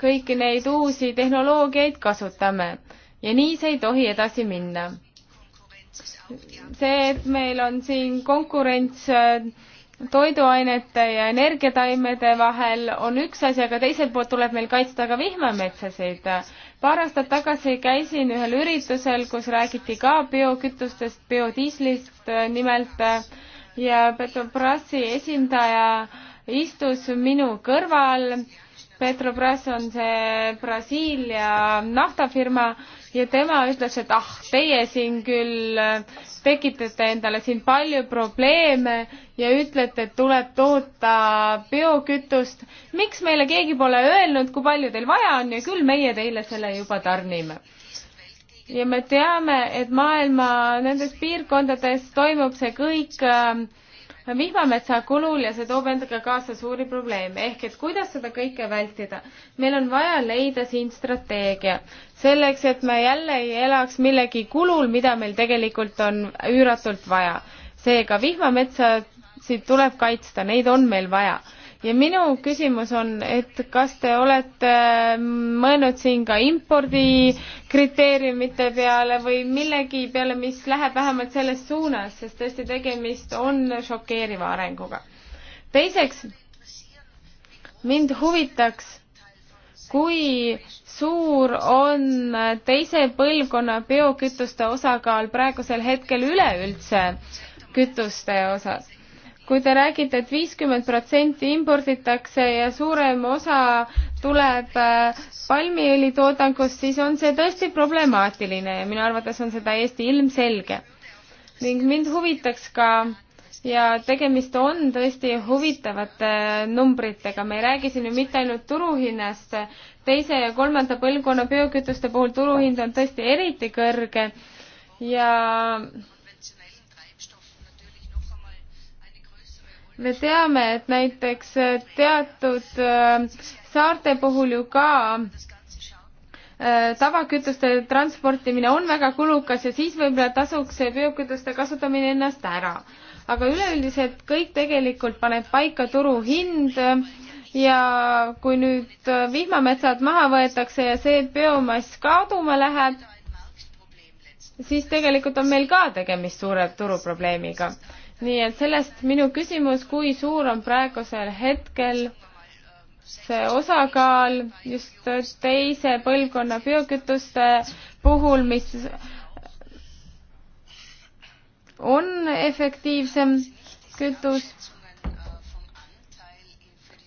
kõiki neid uusi tehnoloogiaid kasutame ja nii see ei tohi edasi minna see, et meil on siin konkurents äh, toiduainete ja energiataimede vahel on üks asi, aga teiselt poolt tuleb meil kaitsta ka vihmametsasid. paar aastat tagasi käisin ühel üritusel, kus räägiti ka biokütustest, biodiislist äh, nimelt äh, ja Petrobrasi esindaja istus minu kõrval Petrobras on see Brasiilia naftafirma ja tema ütles, et ah, teie siin küll äh, tekitate endale siin palju probleeme ja ütlete, et tuleb toota biokütust. miks meile keegi pole öelnud, kui palju teil vaja on ja küll meie teile selle juba tarnime ja me teame, et maailma nendes piirkondades toimub see kõik äh, vihmametsa kulul ja see toob endaga kaasa suuri probleeme. ehk et kuidas seda kõike vältida? meil on vaja leida siin strateegia selleks, et me jälle ei elaks millegi kulul, mida meil tegelikult on üüratult vaja. seega vihmametsasid tuleb kaitsta, neid on meil vaja ja minu küsimus on, et kas te olete mõelnud siin ka impordi kriteeriumite peale või millegi peale, mis läheb vähemalt selles suunas, sest tõesti tegemist on šokeeriva arenguga. teiseks, mind huvitaks, kui suur on teise põlvkonna biokütuste osakaal praegusel hetkel üleüldse kütuste osas kui te räägite et, et viiskümmend protsenti imporditakse ja suurem osa tuleb äh, palmiõli toodangust, siis on see tõesti problemaatiline ja minu arvates on see täiesti ilmselge. ning mind huvitaks ka ja tegemist on tõesti huvitavate äh, numbritega, me ei räägi siin ju mitte ainult turuhinnast, teise ja kolmanda põlvkonna biokütuste puhul turuhind on tõesti eriti kõrge ja me teame, et näiteks äh, teatud äh, saarte puhul ju ka äh, tavakütuste transportimine on väga kulukas ja siis võib-olla tasuks see biokütuste kasutamine ennast ära. aga üleüldiselt kõik tegelikult paneb paika turuhind ja kui nüüd vihmametsad maha võetakse ja see biomass kaduma läheb, siis tegelikult on meil ka tegemist suure turuprobleemiga nii et sellest minu küsimus, kui suur on praegusel hetkel see osakaal just teise põlvkonna biokütuste puhul, mis on efektiivsem kütus.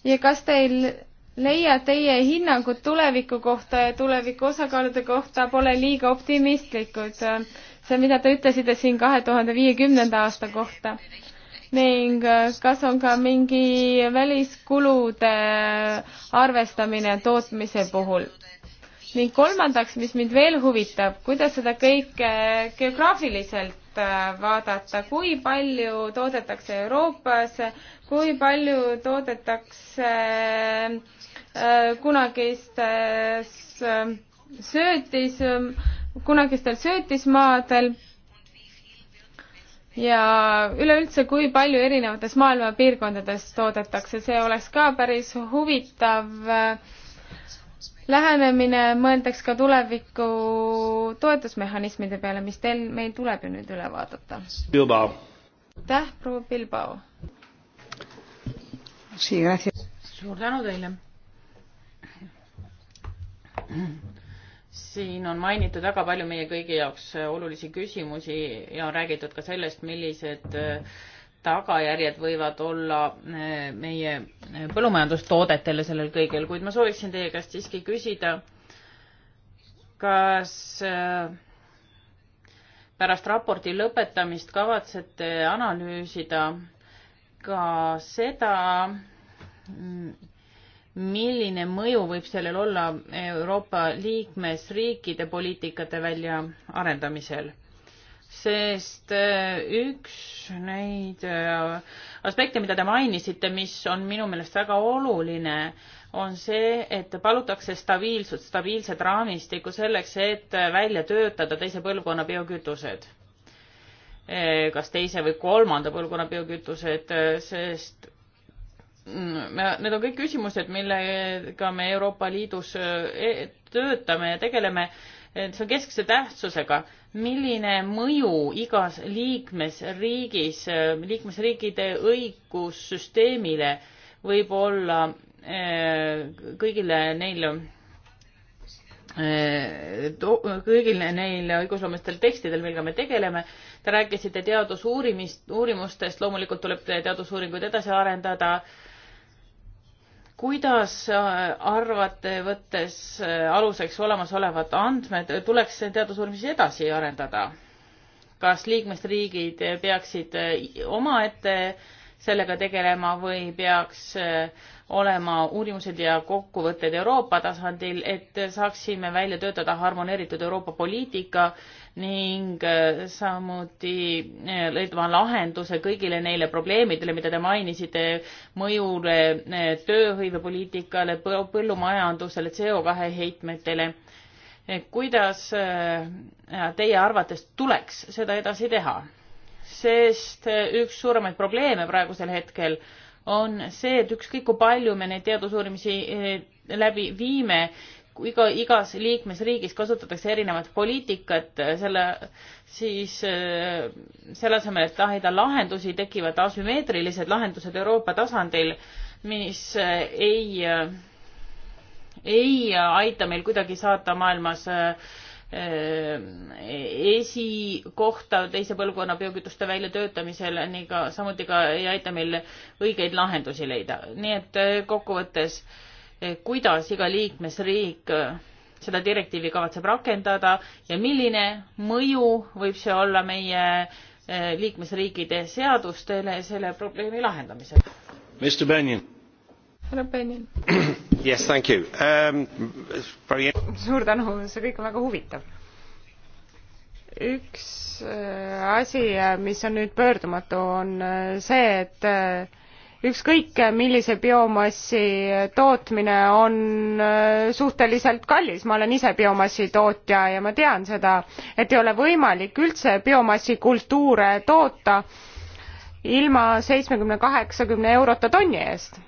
ja kas teil leia teie hinnangud tuleviku kohta ja tuleviku osakaalude kohta pole liiga optimistlikud äh, see, mida te ütlesite siin kahe tuhande viiekümnenda aasta kohta ning äh, kas on ka mingi väliskulude arvestamine tootmise puhul? ning kolmandaks, mis mind veel huvitab, kuidas seda kõike geograafiliselt äh, vaadata, kui palju toodetakse Euroopas, kui palju toodetakse äh, kunagistes söötis, kunagistel söötismaadel ja üleüldse, kui palju erinevates maailma piirkondades toodetakse, see oleks ka päris huvitav äh, lähenemine, mõeldaks ka tuleviku toetusmehhanismide peale, mis teil, meil tuleb ju nüüd üle vaadata. aitäh, proua Bilbao! suur tänu teile! siin on mainitud väga palju meie kõigi jaoks äh, olulisi küsimusi ja on räägitud ka sellest, millised äh, tagajärjed võivad olla äh, meie põllumajandustoodetele sellel kõigel, kuid ma sooviksin teie käest siiski küsida, kas pärast raporti lõpetamist kavatsete analüüsida ka seda, milline mõju võib sellel olla Euroopa liikmesriikide poliitikate väljaarendamisel? sest äh, üks neid äh, aspekte, mida te mainisite, mis on minu meelest väga oluline, on see, et palutakse stabiilsust, stabiilset raamistikku selleks, et välja töötada teise põlvkonna biokütused. Äh, kas teise või kolmanda põlvkonna biokütused, sest Need on kõik küsimused, millega me Euroopa Liidus eh, e-, töötame ja tegeleme. see on keskse tähtsusega, milline mõju igas liikmesriigis, eh, liikmesriikide õigussüsteemile võib olla eh, kõigile neil kõigil neil õigusloomistel tekstidel, millega me tegeleme. Te rääkisite teadusuurimist, uurimustest, loomulikult tuleb teadusuuringuid edasi arendada kuidas äh, arvate, võttes äh, aluseks olemasolevad andmed, tuleks teadusuurimisi edasi arendada? kas liikmesriigid peaksid äh, omaette sellega tegelema või peaks olema uurimused ja kokkuvõtted Euroopa tasandil, et saaksime välja töötada harmoneeritud Euroopa poliitika ning äh, samuti äh, leidma lahenduse kõigile neile probleemidele, mida te mainisite, mõjule äh, tööhõivepoliitikale, põllumajandusele, CO2 heitmetele. kuidas teie arvates tuleks seda edasi teha? sest üks suuremaid probleeme praegusel hetkel on see, et ükskõik kui palju me neid teadusuurimisi läbi viime, iga, igas liikmesriigis kasutatakse erinevat poliitikat, selle, siis äh, selle asemel, et tahida lahendusi, tekivad asümmeetrilised lahendused Euroopa tasandil, mis äh, ei, äh, ei aita meil kuidagi saata maailmas esikohta teise põlvkonna biokütuste väljatöötamisel ning samuti ka ei aita meil õigeid lahendusi leida. nii et kokkuvõttes äh, Eh, kuidas iga liikmesriik eh, seda direktiivi kavatseb rakendada ja milline mõju võib see olla meie eh, liikmesriikide seadustele selle probleemi lahendamisel. Mr Bennion. härra Bennion. Yes, thank you um,. Probably... suur tänu, see kõik on väga huvitav üks äh, asi, äh, mis on nüüd pöördumatu, on äh, see, et ükskõik millise biomassi tootmine on äh, suhteliselt kallis ma olen ise biomassi tootja ja ma tean seda et ei ole võimalik üldse biomassi kultuure toota ilma seitsmekümne kaheksakümne eurota tonni eest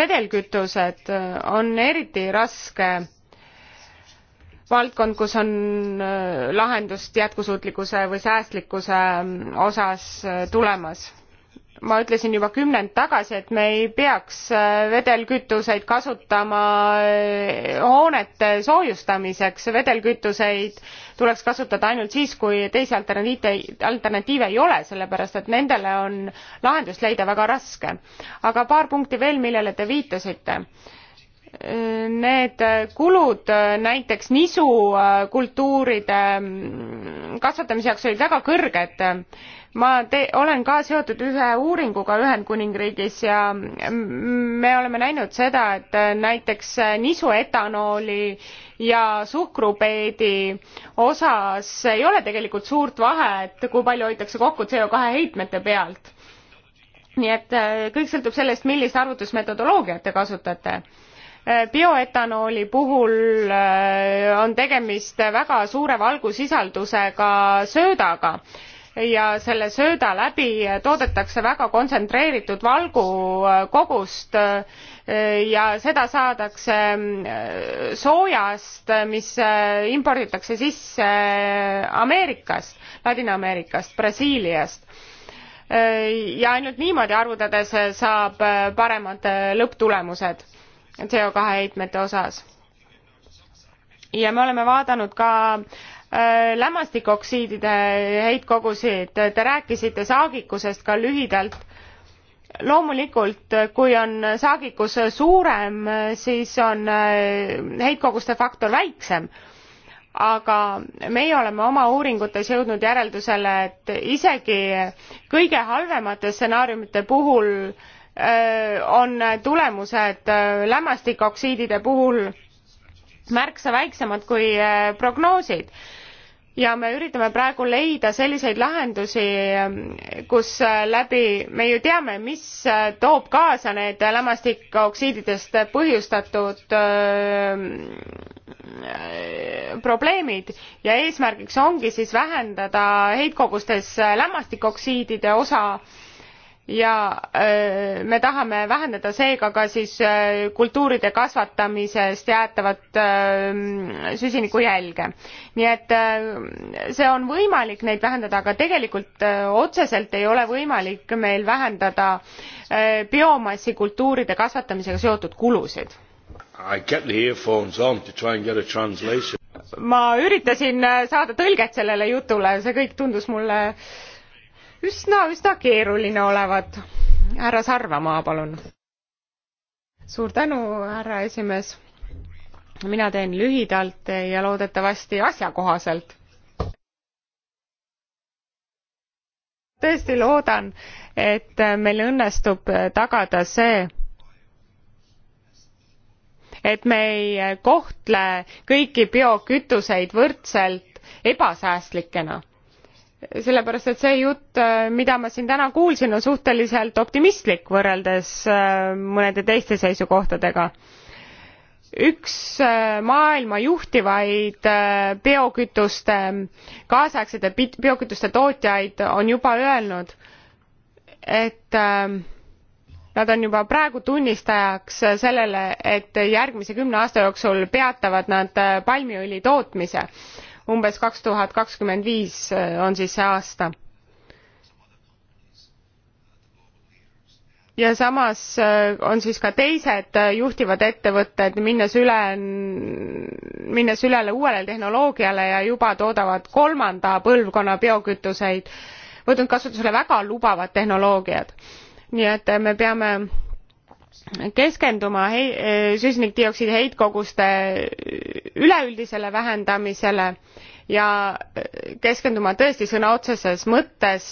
vedelkütused äh, on eriti raske valdkond, kus on äh, lahendust jätkusuutlikkuse või säästlikkuse mm, osas äh, tulemas. ma ütlesin juba kümnend tagasi, et me ei peaks äh, vedelkütuseid kasutama hoonete soojustamiseks, vedelkütuseid tuleks kasutada ainult siis, kui teisi alternatiive, alternatiive ei ole, sellepärast et nendele on lahendust leida väga raske. aga paar punkti veel, millele te viitasite need kulud näiteks nisu äh, kultuuride mm, kasvatamise jaoks olid väga kõrged. ma te, olen ka seotud ühe uuringuga Ühendkuningriigis ja me oleme näinud seda, et näiteks nisuetanooli ja suhkrupeedi osas ei ole tegelikult suurt vahet, kui palju hoitakse kokku CO kahe heitmete pealt nii et äh, kõik sõltub sellest, millist arvutusmetodoloogiat te kasutate Äh, bioetanooli puhul äh, on tegemist väga suure valgusisaldusega söödaga ja selle sööda läbi toodetakse väga kontsentreeritud valgukogust äh, ja seda saadakse soojast mis imporditakse sisse ameerikast ladina ameerikast brasiiliast ja ainult niimoodi arvutades saab paremad lõpptulemused CO kahe heitmete osas. ja me oleme vaadanud ka äh, lämmastikoksiidide heitkogusid, te rääkisite saagikusest ka lühidalt loomulikult kui on saagikus suurem siis on äh, heitkoguste faktor väiksem aga meie oleme oma uuringutes jõudnud järeldusele et isegi kõige halvemate stsenaariumite puhul äh, Äh, on tulemused äh, lämmastikoksiidide puhul märksa väiksemad kui äh, prognoosid ja me üritame praegu leida selliseid lahendusi, ähm, kus läbi, me ju teame, mis toob kaasa need lämmastikoksiididest põhjustatud öö, ähm, probleemid ja eesmärgiks ongi siis vähendada heitkogustes lämmastikoksiidide osa öö, ja äh, me tahame vähendada seega ka siis äh, kultuuride kasvatamisest jäetavat äh, süsinikujälge. nii et see on võimalik neid vähendada, aga tegelikult otseselt ei ole võimalik meil vähendada biomassi kultuuride kasvatamisega seotud kulusid. I get the earphones on to try and get a translation. ma üritasin saada tõlget sellele jutule, see kõik tundus mulle äh, üsna, üsna keeruline olevat. härra Sarvamaa, palun. suur tänu, härra esimees. mina teen lühidalt ja loodetavasti asjakohaselt. tõesti loodan, et meil õnnestub tagada see, et me ei kohtle kõiki biokütuseid võrdselt ebasäästlikena sellepärast et see jutt äh, mida ma siin täna kuulsin on suhteliselt optimistlik võrreldes äh, mõnede teiste seisukohtadega üks äh, maailma juhtivaid biokütuste kaasaegsete biokütuste tootjaid on juba öelnud et nad on juba praegu tunnistajaks sellele et järgmise kümne aasta jooksul peatavad nad palmiõli tootmise umbes kaks tuhat kakskümmend viis eh, on siis see aasta. ja samas eh, on siis ka teised eh, juhtivad ettevõtted, minnes üle, minnes ülele uuele tehnoloogiale ja juba toodavad kolmanda põlvkonna biokütuseid, võtnud kasutusele väga lubavad tehnoloogiad. nii et me peame keskenduma hei, süsinikdioksiidi heitkoguste üleüldisele vähendamisele ja keskenduma tõesti sõna otseses mõttes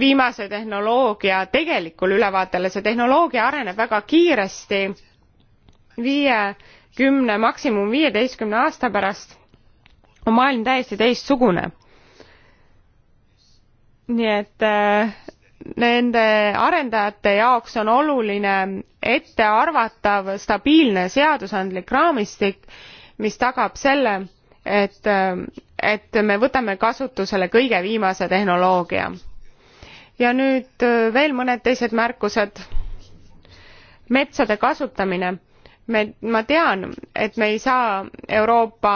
viimase tehnoloogia tegelikule ülevaatele see tehnoloogia areneb väga kiiresti viie kümne maksimum viieteistkümne aasta pärast on maailm täiesti teistsugune nii et äh, nende arendajate jaoks on oluline ettearvatav stabiilne seadusandlik raamistik mis tagab selle et äh, et me võtame kasutusele kõige viimase tehnoloogia ja nüüd äh, veel mõned teised märkused metsade kasutamine me ma tean et me ei saa euroopa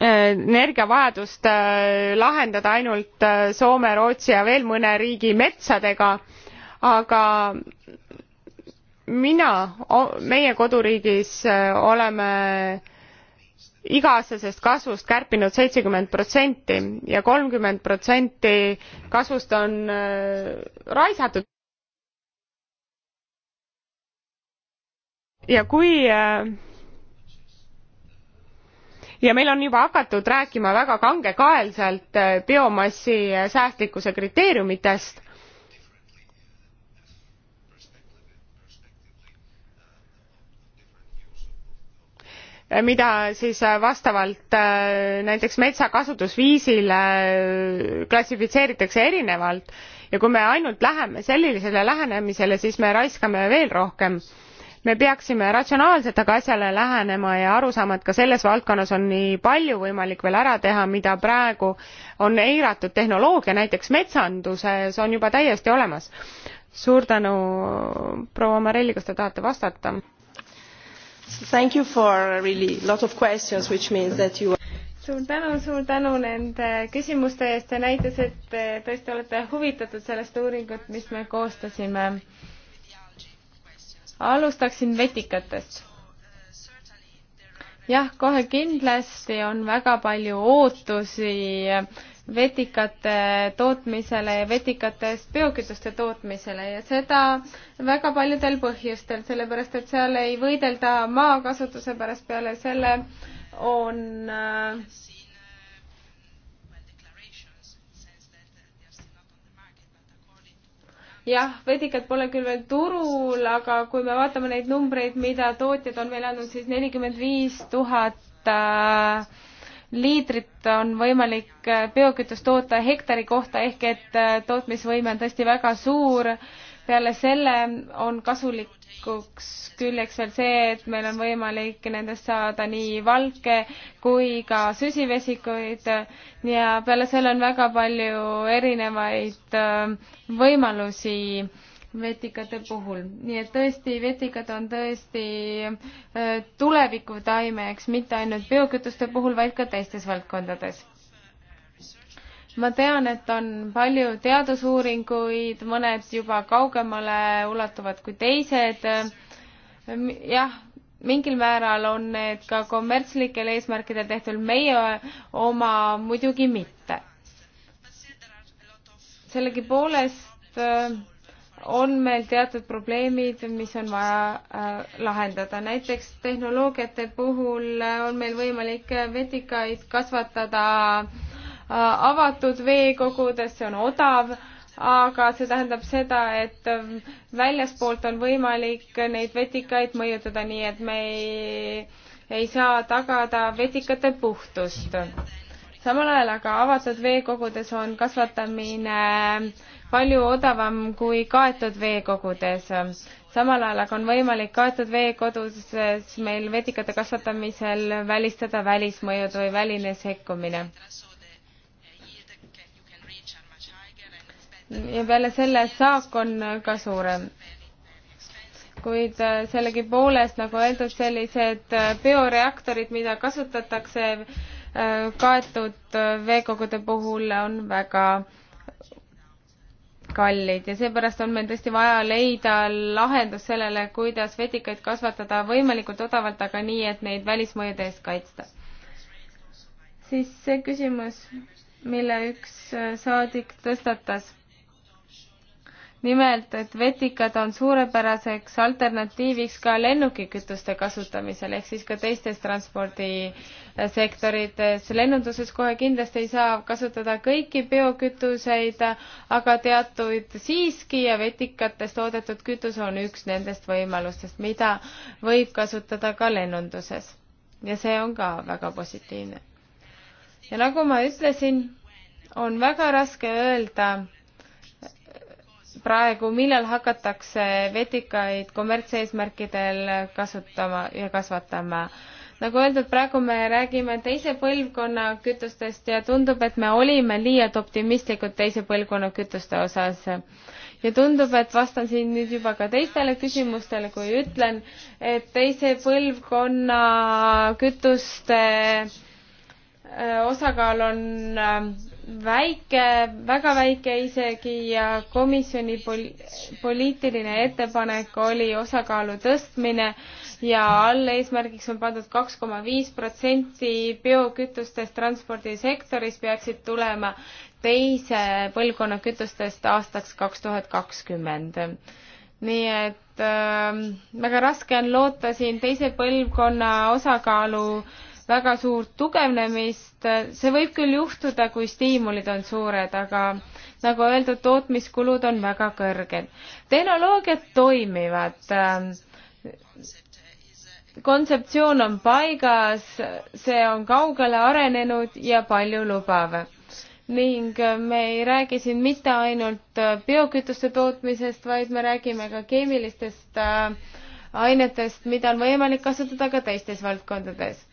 energiavajadust äh, lahendada ainult äh, Soome, Rootsi ja veel mõne riigi metsadega, aga mina, meie koduriigis äh, oleme iga-aastasest kasvust kärpinud seitsekümmend protsenti ja kolmkümmend protsenti kasvust on raisatud. ja kui ja meil on juba hakatud rääkima väga kangekaelselt äh, biomassi äh, säästlikkuse kriteeriumitest äh, mida siis vastavalt näiteks metsakasutusviisile klassifitseeritakse erinevalt ja kui me ainult läheme sellisele lähenemisele siis me raiskame veel rohkem me peaksime ratsionaalselt aga asjale lähenema ja aru saama et ka selles valdkonnas on nii palju võimalik veel ära teha mida praegu on eiratud tehnoloogia näiteks metsanduses on juba täiesti olemas suur tänu proua Marelli kas te tahate vastata Thank you for really lot of questions which means that you suur tänu, suur tänu nende küsimuste eest ja näitas, et te tõesti olete huvitatud sellest uuringut, mis me koostasime alustaksin vetikatest. jah, kohe kindlasti on väga palju ootusi vetikate tootmisele ja vetikatest biokütuste tootmisele ja seda väga paljudel põhjustel, sellepärast et seal ei võidelda maakasutuse pärast, peale selle on äh, jah, vetikad pole küll veel turul, aga kui me vaatame neid numbreid, mida tootjad on meile andnud, siis nelikümmend viis tuhat äh, liitrit on võimalik äh, biokütust toota hektari kohta ehk et äh, tootmisvõime on tõesti väga suur peale selle on kasulikuks küljeks veel see, et meil on võimalik nendest saada nii valke kui ka süsivesikuid ja peale selle on väga palju erinevaid äh, võimalusi vetikate puhul. nii et tõesti, vetikad on tõesti äh, tulevikutaimeks, mitte ainult biokütuste puhul, vaid ka teistes valdkondades ma tean, et on palju teadusuuringuid, mõned juba kaugemale ulatuvad kui teised. jah, mingil määral on need ka kommertslikel eesmärkidel tehtud, meie oma muidugi mitte. sellegipoolest äh, on meil teatud probleemid, mis on vaja äh, lahendada. näiteks tehnoloogiate puhul äh, on meil võimalik vetikaid kasvatada äh, avatud veekogudes, see on odav, aga see tähendab seda, et ähm, väljaspoolt on võimalik neid vetikaid mõjutada, nii et me ei, ei saa tagada vetikate puhtust. samal ajal aga avatud veekogudes on kasvatamine palju odavam kui kaetud veekogudes. samal ajal aga on võimalik kaetud veekodudes meil vetikate kasvatamisel välistada välismõjud või väline sekkumine ja peale selle saak on ka suurem. kuid äh, sellegipoolest, nagu öeldud, sellised äh, bioreaktorid, mida kasutatakse äh, kaetud veekogude puhul, on väga kallid ja seepärast on meil tõesti vaja leida lahendus sellele, kuidas vetikaid kasvatada võimalikult odavalt, aga nii, et neid välismõjude eest kaitsta. siis see küsimus, mille üks saadik tõstatas nimelt, et vetikad on suurepäraseks alternatiiviks ka lennukikütuste kasutamisel ehk siis ka teistes transpordisektorites. lennunduses kohe kindlasti ei saa kasutada kõiki biokütuseid, aga teatuid siiski ja vetikatest toodetud kütus on üks nendest võimalustest, mida võib kasutada ka lennunduses. ja see on ka väga positiivne. ja nagu ma ütlesin, on väga raske öelda, praegu, millal hakatakse vetikaid kommertseesmärkidel kasutama ja kasvatama. nagu öeldud, praegu me räägime teise põlvkonna kütustest ja tundub, et me olime liialt optimistlikud teise põlvkonna kütuste osas. ja tundub, et vastan siin nüüd juba ka teistele küsimustele, kui ütlen, et teise põlvkonna kütuste äh, osakaal on äh, väike, väga väike isegi ja komisjoni pol-, poliitiline ettepanek oli osakaalu tõstmine ja alleesmärgiks on pandud kaks koma viis protsenti biokütustest transpordisektoris peaksid tulema teise põlvkonna kütustest aastaks kaks tuhat kakskümmend. nii et äh, väga raske on loota siin teise põlvkonna osakaalu äh, väga suurt tugevnemist, see võib küll juhtuda, kui stiimulid on suured, aga nagu öeldud, tootmiskulud on väga kõrged. tehnoloogiad toimivad, kontseptsioon on paigas, see on kaugele arenenud ja paljulubav ning me ei räägi siin mitte ainult biokütuste tootmisest, vaid me räägime ka keemilistest äh, ainetest, mida on võimalik kasutada ka teistes valdkondades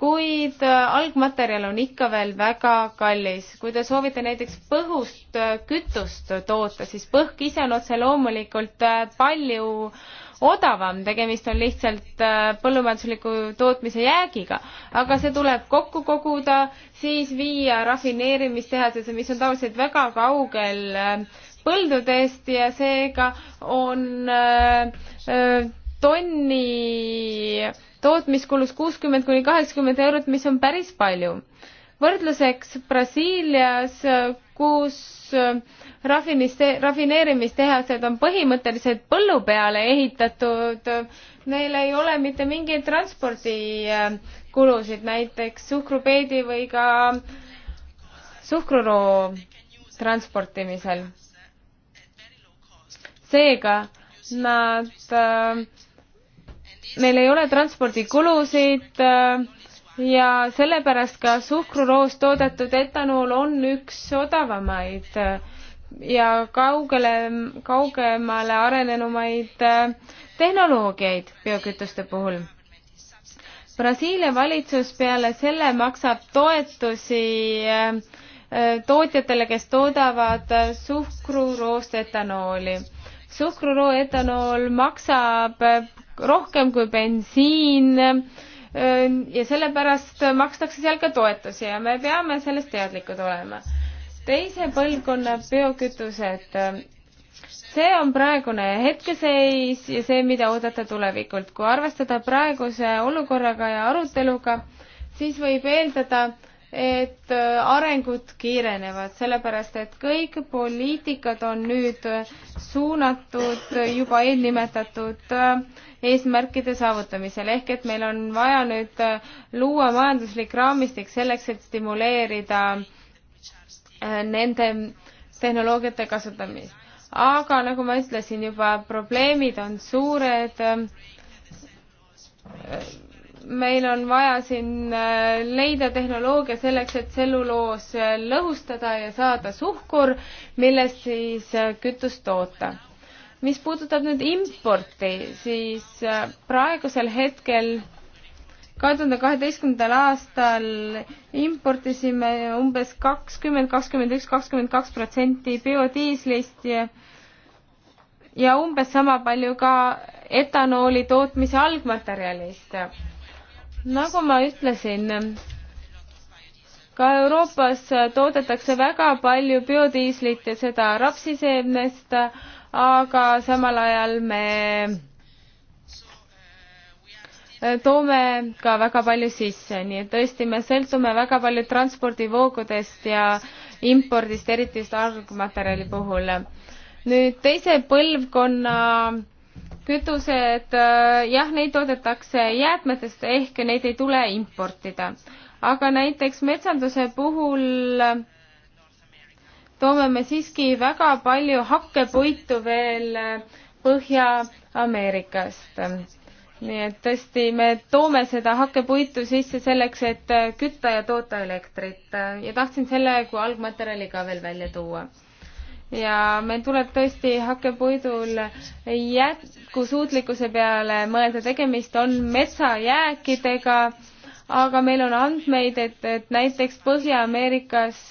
kuid äh, algmaterjal on ikka veel väga kallis. kui te soovite näiteks põhust äh, kütust toota, siis põhk ise on otse loomulikult äh, palju odavam, tegemist on lihtsalt põllumajandusliku tootmise jäägiga, aga see tuleb kokku koguda, siis viia rafineerimistehasesse, mis on tavaliselt väga kaugel põldudest ja seega on tonni tootmiskulus kuuskümmend kuni kaheksakümmend eurot, mis on päris palju. võrdluseks Brasiilias, kus äh, rafiniste-, rafineerimistehased on põhimõtteliselt põllu peale ehitatud, neil ei ole mitte mingeid transpordikulusid, näiteks suhkrupeedi või ka suhkruroo transportimisel. seega nad äh, meil ei ole transpordikulusid äh, ja sellepärast ka suhkruroost toodetud etanool on üks odavamaid äh, ja kaugele, kaugemale arenenumaid äh, tehnoloogiaid biokütuste puhul. Brasiilia valitsus peale selle maksab toetusi tootjatele, kes toodavad suhkruroost etanooli. suhkruroo etanool maksab rohkem kui bensiin äh, ja sellepärast makstakse seal ka toetusi ja me peame sellest teadlikud olema. teise põlvkonna biokütused, see on praegune hetkeseis ja see, mida oodata tulevikult. kui arvestada praeguse olukorraga ja aruteluga, siis võib eeldada, et äh, arengud kiirenevad, sellepärast et kõik poliitikad on nüüd äh, suunatud äh, juba eelnimetatud eesmärkide saavutamisel, ehk et meil on vaja nüüd luua majanduslik raamistik selleks, et stimuleerida nende tehnoloogiate kasutamist. aga nagu ma ütlesin juba, probleemid on suured meil on vaja siin äh, leida tehnoloogia selleks, et tselluloos äh, lõhustada ja saada suhkur, millest siis äh, kütust toota. mis puudutab nüüd importi, siis praegusel hetkel kahe tuhande kaheteistkümnendal aastal importisime umbes kakskümmend, kakskümmend üks, kakskümmend kaks protsenti biodiislist ja ja umbes sama palju ka etanooli tootmise algmaterjalist nagu ma ütlesin, ka Euroopas toodetakse väga palju biodiislit ja seda rapsiseemnest, aga samal ajal me toome ka väga palju sisse, nii et tõesti, me sõltume väga palju transpordivoogudest ja impordist, eriti just algmaterjali puhul. nüüd teise põlvkonna kütused, jah, neid toodetakse jäätmetest ehk neid ei tule importida. aga näiteks metsanduse puhul toome me siiski väga palju hakkepuitu veel Põhja-Ameerikast. nii et tõesti, me toome seda hakkepuitu sisse selleks, et kütta ja toota elektrit ja tahtsin selle kui algmaterjali ka veel välja tuua ja meil tuleb tõesti hakkepuidul jätkusuutlikkuse peale mõelda, tegemist on metsajääkidega, aga meil on andmeid, et, et näiteks Põhja-Ameerikas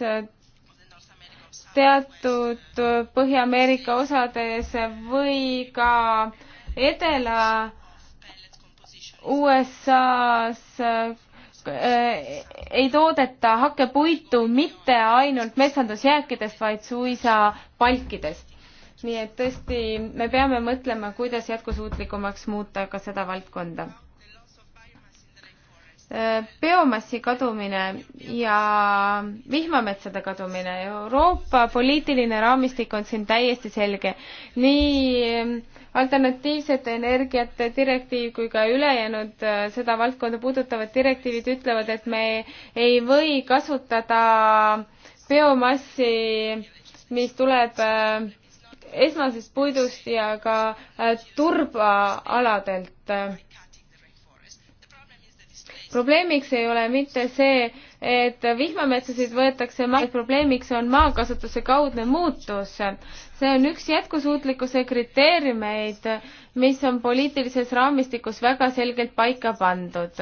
teatud Põhja-Ameerika osades või ka Edela USA-s Äh, ei toodeta hakkepuitu mitte ainult metsandusjääkidest, vaid suisa palkidest. nii et tõesti, me peame mõtlema, kuidas jätkusuutlikumaks muuta ka seda valdkonda. Äh, biomassi kadumine ja vihmametsade kadumine. Euroopa poliitiline raamistik on siin täiesti selge. nii alternatiivsete energiate direktiiv kui ka ülejäänud äh, seda valdkonda puudutavad direktiivid ütlevad, et me ei või kasutada biomassi, mis tuleb äh, esmasest puidust ja ka äh, turbaaladelt. probleemiks ei ole mitte see, et vihmametsasid võetakse maha, probleemiks on maakasutuse kaudne muutus see on üks jätkusuutlikkuse kriteeriumeid, mis on poliitilises raamistikus väga selgelt paika pandud.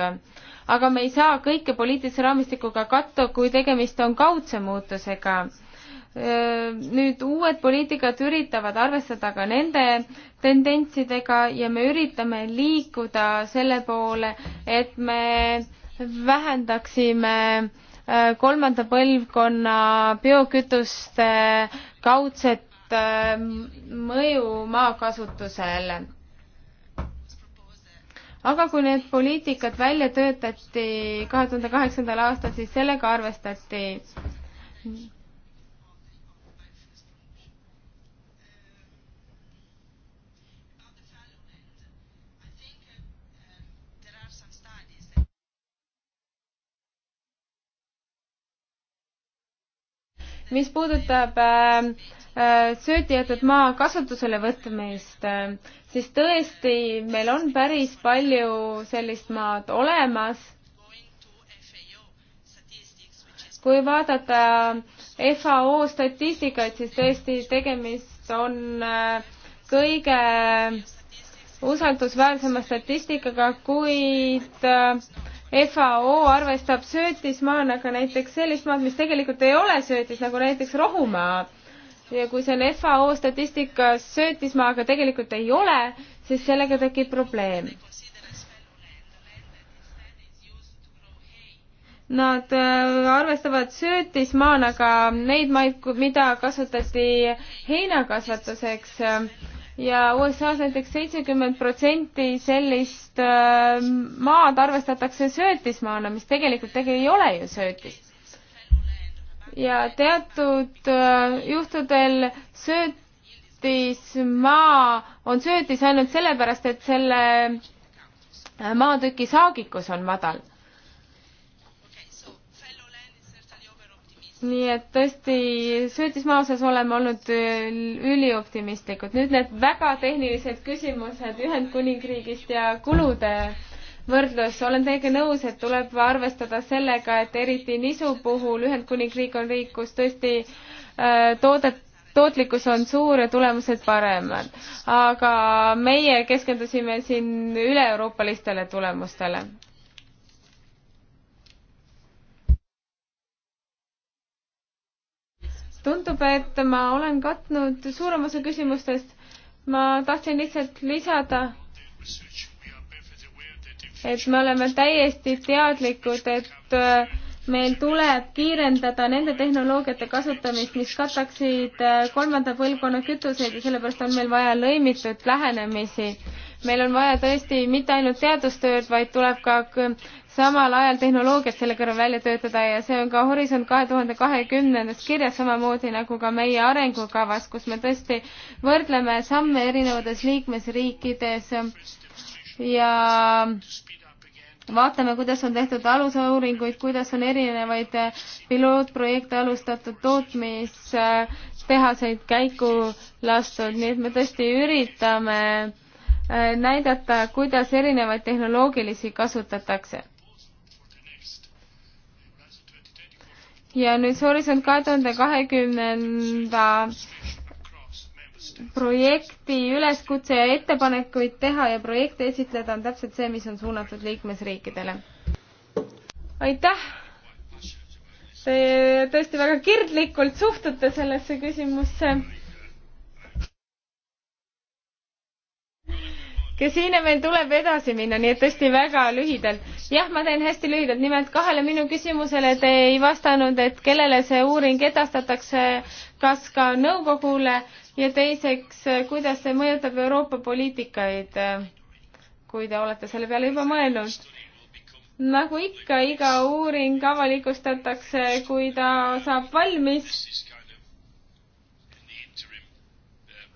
aga me ei saa kõike poliitilise raamistikuga katta, kui tegemist on kaudse muutusega nüüd uued poliitikad üritavad arvestada ka nende tendentsidega ja me üritame liikuda selle poole, et me vähendaksime kolmanda põlvkonna biokütuste kaudset Ähm, mõju maakasutusele. aga kui need poliitikad välja töötati kahe tuhande kaheksandal aastal, siis sellega arvestati mis puudutab äh, äh söötijäetud maa kasutusele võtmist, äh, siis tõesti, meil on päris palju sellist maad olemas. kui vaadata FAO statistikat, siis tõesti tegemist on äh, kõige usaldusväärsema statistikaga, kuid FAO arvestab söötismaana ka näiteks sellist maad, mis tegelikult ei ole söötis, nagu näiteks rohumaa. ja kui see on FAO statistikas söötismaa, aga tegelikult ei ole, siis sellega tekib probleem. Nad äh, arvestavad söötismaana ka neid maid, mida kasutati heinakasvatuseks äh, ja USA-s näiteks seitsekümmend protsenti sellist äh, maad arvestatakse söötismaana, mis tegelikult tegelikult ei ole ju söötis. ja teatud äh, juhtudel söötismaa on söötis ainult sellepärast, et selle äh, maatüki saagikus on madal nii et tõesti Šotimaa osas oleme olnud ülioptimistlikud. nüüd need väga tehnilised küsimused Ühendkuningriigist ja kulude võrdlus. olen teiega nõus, et tuleb arvestada sellega, et eriti nisu puhul Ühendkuningriik on riik, kus tõesti äh, toodet tootlikkus on suur ja tulemused paremad. aga meie keskendusime siin üle-euroopalistele tulemustele. tundub, et ma olen katnud suurem osa küsimustest. ma tahtsin lihtsalt lisada, et me oleme täiesti teadlikud, et äh, meil tuleb kiirendada nende tehnoloogiate kasutamist, mis kataksid äh, kolmanda põlvkonna kütuseid ja sellepärast on meil vaja lõimitud lähenemisi meil on vaja tõesti mitte ainult teadustööd, vaid tuleb ka samal ajal tehnoloogiat selle kõrval välja töötada ja see on ka Horisont kahe tuhande kahekümnendas kirjas, samamoodi nagu ka meie arengukavas, kus me tõesti võrdleme samme erinevates liikmesriikides ja vaatame, kuidas on tehtud alusuuringuid, kuidas on erinevaid pilootprojekte alustatud, tootmistehaseid käiku lastud, nii et me tõesti üritame äh, Äh, näidata, kuidas erinevaid tehnoloogilisi kasutatakse ja nüüd see Horisont kahe tuhande kahekümnenda projekti üleskutse ja ettepanekuid teha ja projekte esitleda on täpselt see, mis on suunatud liikmesriikidele. aitäh! Te tõesti väga kirglikult suhtute sellesse küsimusse Kristiine, meil tuleb edasi minna, nii et tõesti väga lühidalt. jah, ma teen hästi lühidalt, nimelt kahele minu küsimusele te ei vastanud, et kellele see uuring edastatakse, kas ka nõukogule ja teiseks, kuidas see mõjutab Euroopa poliitikaid, kui te olete selle peale juba mõelnud? nagu ikka, iga uuring avalikustatakse, kui ta saab valmis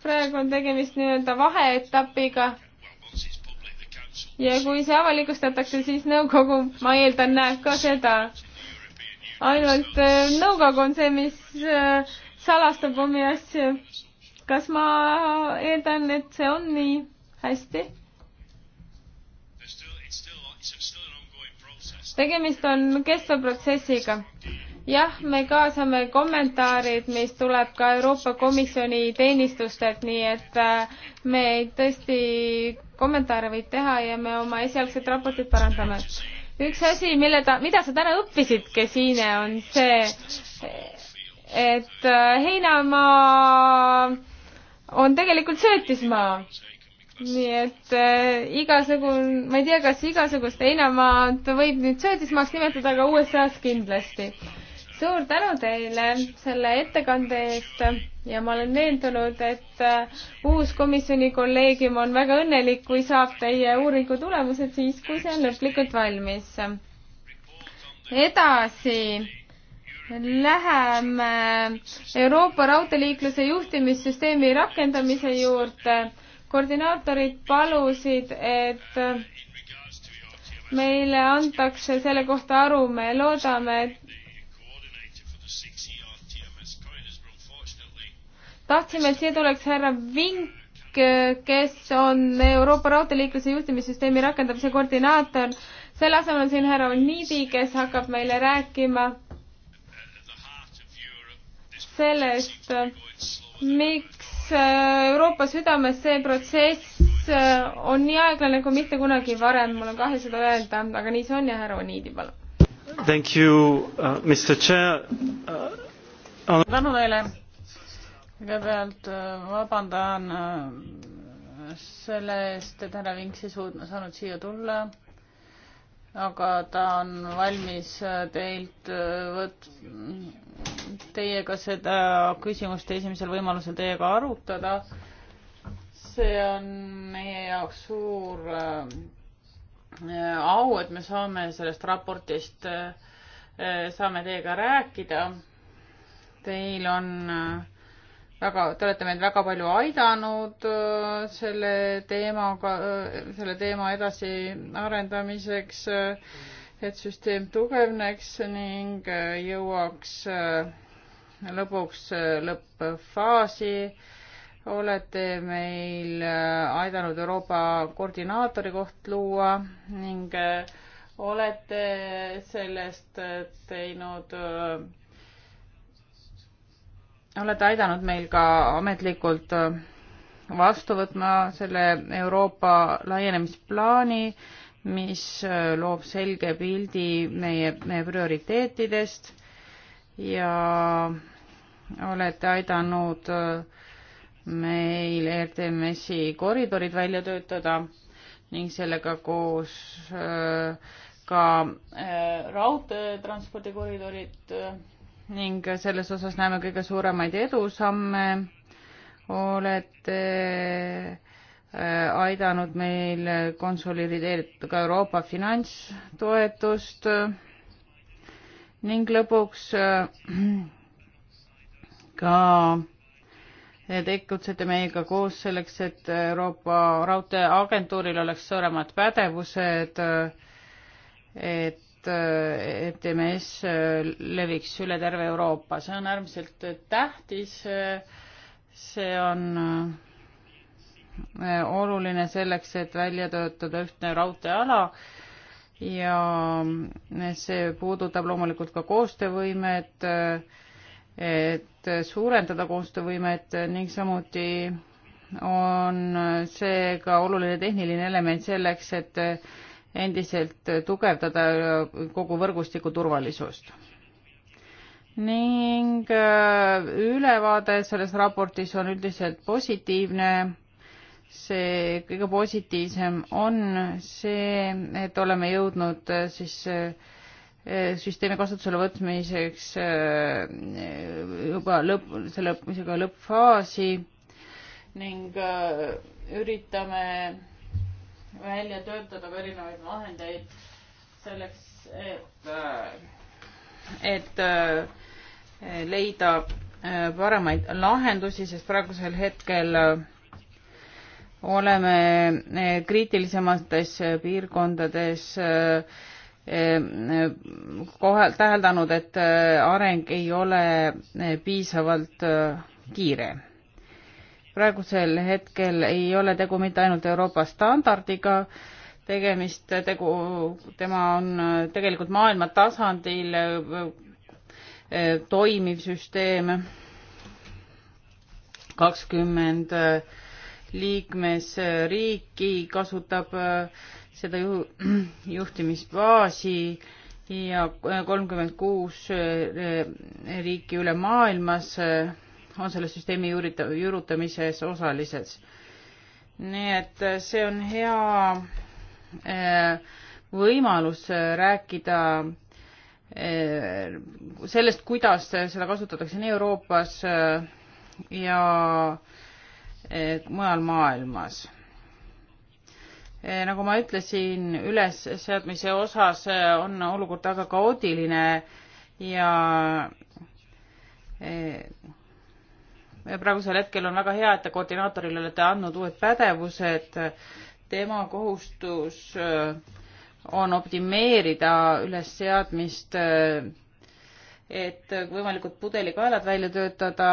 praegu on tegemist nii-öelda vaheetapiga ja kui see avalikustatakse, siis nõukogu, ma eeldan, näeb ka seda. ainult äh, nõukogu on see, mis äh, salastab omi asju. kas ma eeldan, et see on nii hästi? tegemist on kestva protsessiga jah, me kaasame kommentaarid, mis tuleb ka Euroopa Komisjoni teenistustelt, nii et äh, me tõesti kommentaare võib teha ja me oma esialgset raportit parandame. üks asi, mille ta, mida sa täna õppisid, Kesine, on see, et äh, heinamaa on tegelikult söötismaa nii et äh, igasugune, ma ei tea, kas igasugust heinamaad võib nüüd söödismaaks nimetada, aga USA-s kindlasti suur tänu teile selle ettekande eest ja ma olen veendunud, et äh, uus komisjoni kolleegium on väga õnnelik, kui saab teie uuringu tulemused siis, kui see on lõplikult valmis. edasi läheme Euroopa raudteeliikluse juhtimissüsteemi rakendamise juurde. koordinaatorid palusid, et meile antakse selle kohta aru, me loodame, et tahtsime, et siia tuleks härra Vink, kes on Euroopa raudteeliikluse juhtimissüsteemi rakendamise koordinaator. selle asemel on siin härra Onidi, kes hakkab meile rääkima sellest, miks äh, Euroopa südames see protsess äh, on nii aeglane kui mitte kunagi varem, mul on kahju seda öelda, aga nii see on ja härra Oniidi, palun. Thank you uh,, Mr Chair uh, uh,. tänu teile kõigepealt äh, vabandan äh, selle eest, et härra Vinks ei suutnud saanud siia tulla, aga ta on valmis äh, teilt võt-, teiega seda küsimust esimesel võimalusel teiega arutada. see on meie jaoks suur au, et me saame sellest raportist, saame teiega rääkida. Teil on äh, väga, te olete meid väga palju aidanud äh, selle teemaga, äh, selle teema edasiarendamiseks, äh, et süsteem tugevneks ning jõuaks lõpuks lõppfaasi. olete meil aidanud Euroopa koordinaatori koht luua ning olete sellest teinud olete aidanud meil ka ametlikult äh, vastu võtma selle Euroopa laienemisplaani, mis äh, loob selge pildi meie, meie prioriteetidest ja olete aidanud äh, meil RTMS-i koridorid välja töötada ning sellega koos ka raudteetranspordikoridorid ning selles osas näeme kõige suuremaid edusamme. olete äh, aidanud meil konsolideerida ka Euroopa finantstoetust ning lõpuks äh, ka äh, tegutsete meiega koos selleks, et Euroopa Raudteeagentuuril oleks suuremad pädevused, et et ETMS äh, leviks üle terve Euroopa, see on äärmiselt tähtis, see on äh, oluline selleks, et välja töötada ühtne raudteeala ja see puudutab loomulikult ka koostöövõimet, et suurendada koostöövõimet ning samuti on see ka oluline tehniline element selleks, et endiselt tugevdada kogu võrgustiku turvalisust. ning äh, ülevaade selles raportis on üldiselt positiivne. see kõige positiivsem on see, et oleme jõudnud äh, siis äh, süsteemi kasutusele võtmiseks juba lõpp, selle lõpmisega lõppfaasi ning üritame välja töötada ka erinevaid vahendeid selleks, et, äh, et äh, leida äh, paremaid lahendusi, sest praegusel hetkel oleme kriitilisemates piirkondades kohe täheldanud, et areng ei ole piisavalt kiire praegusel hetkel ei ole tegu mitte ainult Euroopa standardiga, tegemist tegu, tema on äh, tegelikult maailma tasandil äh, äh, toimiv süsteem. kakskümmend liikmesriiki kasutab seda ju, juhtimisbaasi ja kolmkümmend kuus riiki üle maailmas on selle süsteemi juurita-, juurutamises osalised. nii et äh, see on hea äh, võimalus äh, rääkida sellest, kuidas seda kasutatakse nii Euroopas ja mujal maailmas. nagu ma ütlesin, ülesseadmise osas on olukord väga kaootiline ja praegusel hetkel on väga hea, et te koordinaatorile olete andnud uued pädevused. tema kohustus äh, on optimeerida ülesseadmist, äh, et võimalikud pudelikaelad välja töötada.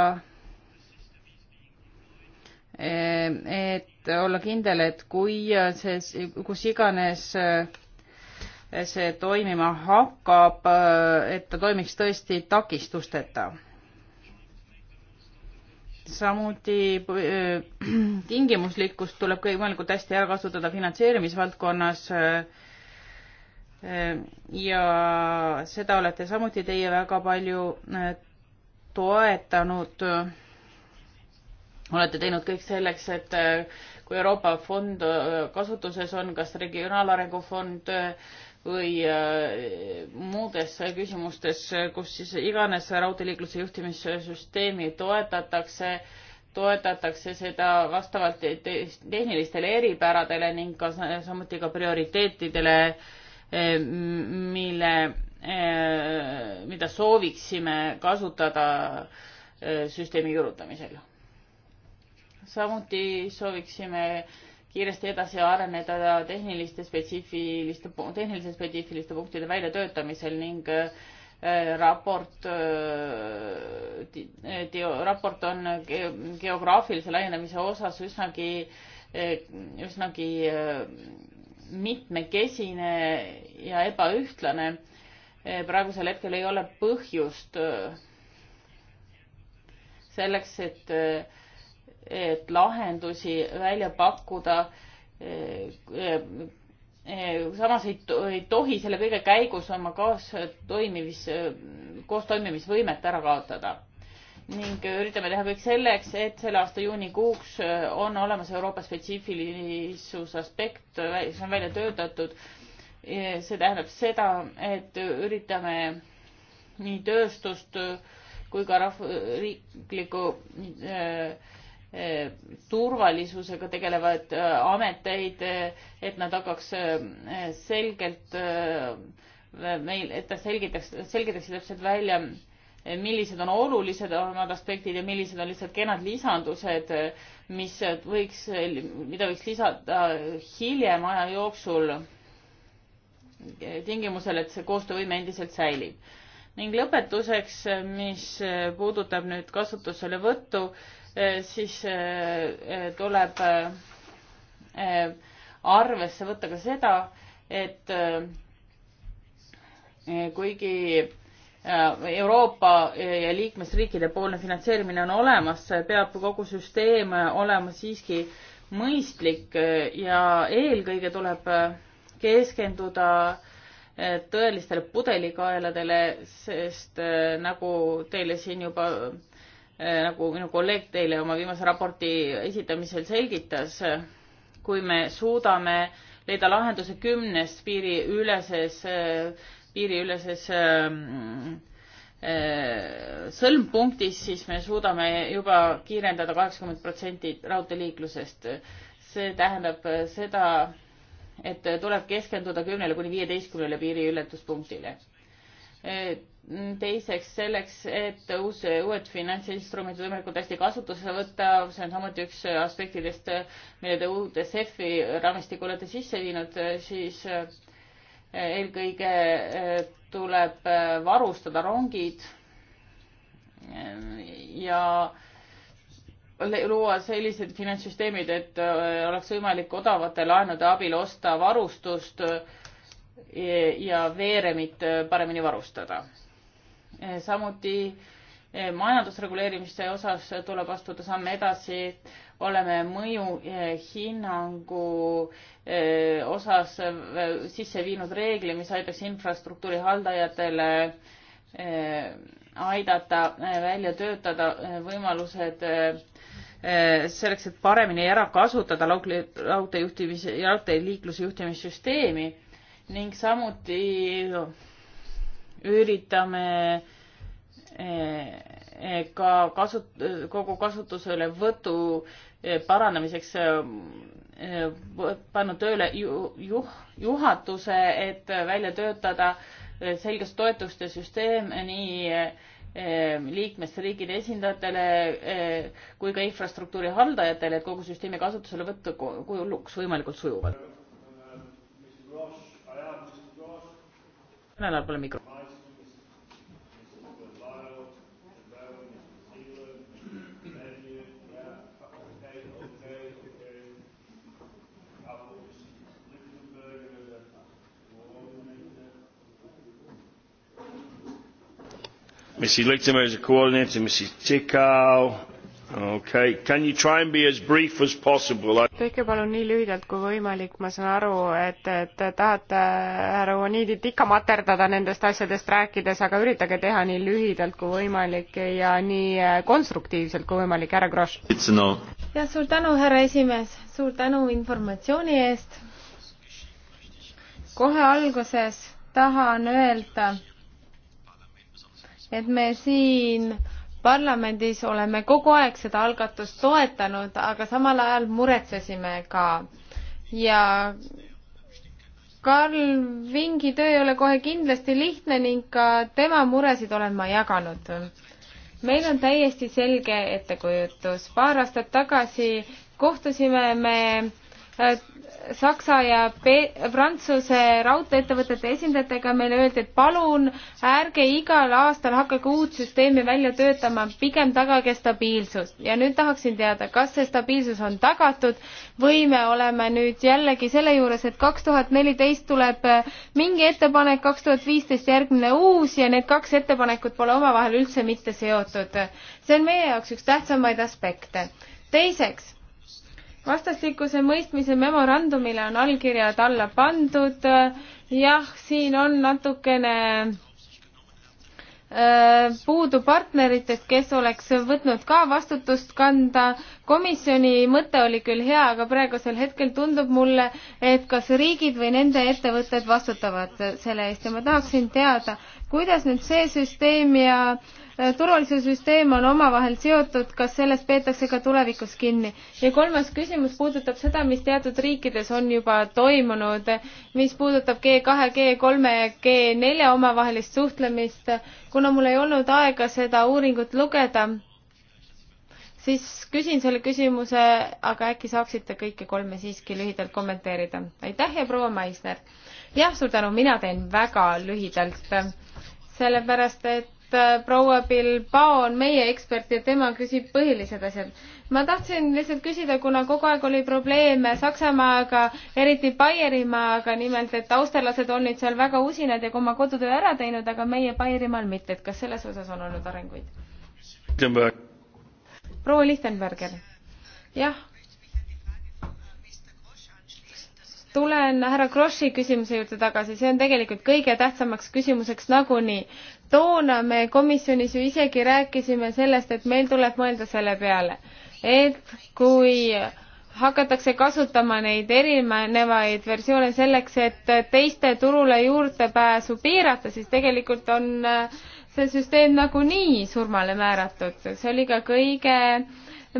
Äh, et olla kindel, et kui see, kus iganes see toimima hakkab, et ta toimiks tõesti takistusteta samuti äh, tingimuslikkust tuleb võimalikult hästi ära kasutada finantseerimisvaldkonnas äh, äh, ja seda olete samuti teie väga palju toetanud. olete teinud kõik selleks, et kui Euroopa fond kasutuses on, kas regionaalarengu fond, või äh, muudes küsimustes, kus siis iganes raudteeliikluse juhtimissüsteemi toetatakse, toetatakse seda vastavalt tehnilistele eripäradele ning ka samuti ka prioriteetidele, äh, mille, äh, mida sooviksime kasutada süsteemi juurutamisel. samuti sooviksime äh, kiiresti edasi areneda tehniliste spetsiifiliste, tehnilise spetsiifiliste punktide väljatöötamisel ning äh, raport, äh, äh, raport on geograafilise laienemise osas üsnagi, üsnagi mitmekesine ja ebaühtlane. praegusel hetkel ei ole põhjust selleks, et et lahendusi välja pakkuda. Eh, eh, samas ei, ei tohi selle kõige käigus oma kaastoimimis, koostoimimisvõimet ära kaotada ning üritame teha kõik selleks, et selle aasta juunikuuks on olemas Euroopa spetsiifilisuse aspekt, mis on välja töötatud. Eh, see tähendab seda, et üritame nii tööstust kui ka rahv-, riiklikku äh, Eh, turvalisusega tegelevaid eh, ameteid, eh, et nad hakkaks selgelt meil, et ta selgitaks, selgitaks täpselt välja, millised on olulised omad aspektid ja millised on lihtsalt kenad lisandused, mis võiks, mida võiks lisada hiljem aja jooksul tingimusel, et see koostöövõime endiselt säilib. ning lõpetuseks, mis puudutab nüüd kasutuselevõttu, Eh, siis eh, eh, tuleb arvesse võtta ka seda, et kuigi Euroopa ja liikmesriikide poolne finantseerimine on olemas, peab kogu süsteem olema siiski mõistlik ja eelkõige tuleb keskenduda tõelistele pudelikaeladele, sest nagu teile siin juba Eh, nagu minu kolleeg teile oma viimase raporti esitamisel selgitas, kui me suudame leida lahenduse kümnes piiriüleses, eh, piiriüleses eh, sõlmpunktis, siis me suudame juba kiirendada kaheksakümmend protsenti raudteeliiklusest. see tähendab seda, et tuleb keskenduda kümnele kuni viieteistkümnele piiriületuspunktile. Mm, teiseks selleks, et uus, uued finantsinstrumendid võimalikult hästi kasutusele võtta, see on samuti üks aspektidest, mille te uude CEF-i raamistikku olete sisse viinud, siis eh, eelkõige eh, tuleb eh, varustada rongid ja luua sellised finantssüsteemid, et oleks võimalik odavate laenude abil osta varustust ja veeremit paremini varustada Eh, samuti eh, majandusreguleerimise osas tuleb astuda samme edasi, oleme mõjuhinnangu eh, osas sisse viinud reegli, mis aitaks infrastruktuuri haldajatele aidata välja töötada võimalused selleks, et paremini ära kasutada raudteejuhtimise, raudteeliikluse juhtimissüsteemi ning samuti üritame eh, eh, ka kasut-, kogu kasutuselevõtu eh, parandamiseks pannud tööle juh-, juhatuse, et välja töötada selges toetuste süsteem nii liikmesriigide esindajatele kui ka infrastruktuuri haldajatele, et kogu süsteemi kasutuselevõtt kujuluks võimalikult sujuvalt. kõnelejal pole mikro- Mrs. Lichtenberg is a coordinator, Mrs. Tikau. Okay. Can you try and be as brief as possible? tehke palun nii lühidalt kui võimalik, ma saan aru, et, et tahate härra Oniidit ikka materdada nendest asjadest rääkides, aga üritage teha nii lühidalt kui võimalik ja nii eh, konstruktiivselt kui võimalik, härra Grosch. jah, suur tänu, härra esimees, suur tänu informatsiooni eest. kohe alguses tahan öelda et me siin parlamendis oleme kogu aeg seda algatust toetanud, aga samal ajal muretsesime ka. ja Karl Vingi töö ei ole kohe kindlasti lihtne ning ka tema muresid olen ma jaganud. meil on täiesti selge ettekujutus. paar aastat tagasi kohtusime me äh, Saksa ja Pe Prantsuse raudteeettevõtete esindajatega meile öeldi, et palun ärge igal aastal hakake uut süsteemi välja töötama, pigem tagage stabiilsust. ja nüüd tahaksin teada, kas see stabiilsus on tagatud või me oleme nüüd jällegi selle juures, et kaks tuhat neliteist tuleb mingi ettepanek, kaks tuhat viisteist järgmine uus ja need kaks ettepanekut pole omavahel üldse mitte seotud. see on meie jaoks üks tähtsamaid aspekte. teiseks vastastikuse mõistmise memorandumile on allkirjad alla pandud. jah, siin on natukene äh, puudu partneritest, kes oleks võtnud ka vastutust kanda. komisjoni mõte oli küll hea, aga praegusel hetkel tundub mulle, et kas riigid või nende ettevõtted vastutavad selle eest ja ma tahaksin teada, kuidas nüüd see süsteem ja äh, Äh, turvalisussüsteem on omavahel seotud, kas sellest peetakse ka tulevikus kinni? ja kolmas küsimus puudutab seda, mis teatud riikides on juba toimunud, mis puudutab G kahe, G kolme ja G nelja omavahelist suhtlemist. kuna mul ei olnud aega seda uuringut lugeda, siis küsin selle küsimuse, aga äkki saaksite kõike kolme siiski lühidalt kommenteerida. aitäh ja proua Maisner. jah, suur tänu, mina teen väga lühidalt, sellepärast et Äh, proua Bilbao on meie ekspert ja tema küsib põhilised asjad. ma tahtsin lihtsalt küsida, kuna kogu aeg oli probleeme Saksamaaga, eriti Baieriimaaga, nimelt et austerlased on nüüd seal väga usinad ja oma kodutöö ära teinud, aga meie Baierimaal mitte, et kas selles osas on olnud arenguid? proua Lichtenberger. jah tulen härra Grossi küsimuse juurde tagasi, see on tegelikult kõige tähtsamaks küsimuseks nagunii. toona me komisjonis ju isegi rääkisime sellest, et meil tuleb mõelda selle peale, et kui hakatakse kasutama neid erinevaid versioone selleks, et teiste turule juurdepääsu piirata, siis tegelikult on äh, see süsteem nagunii surmale määratud, see oli ka kõige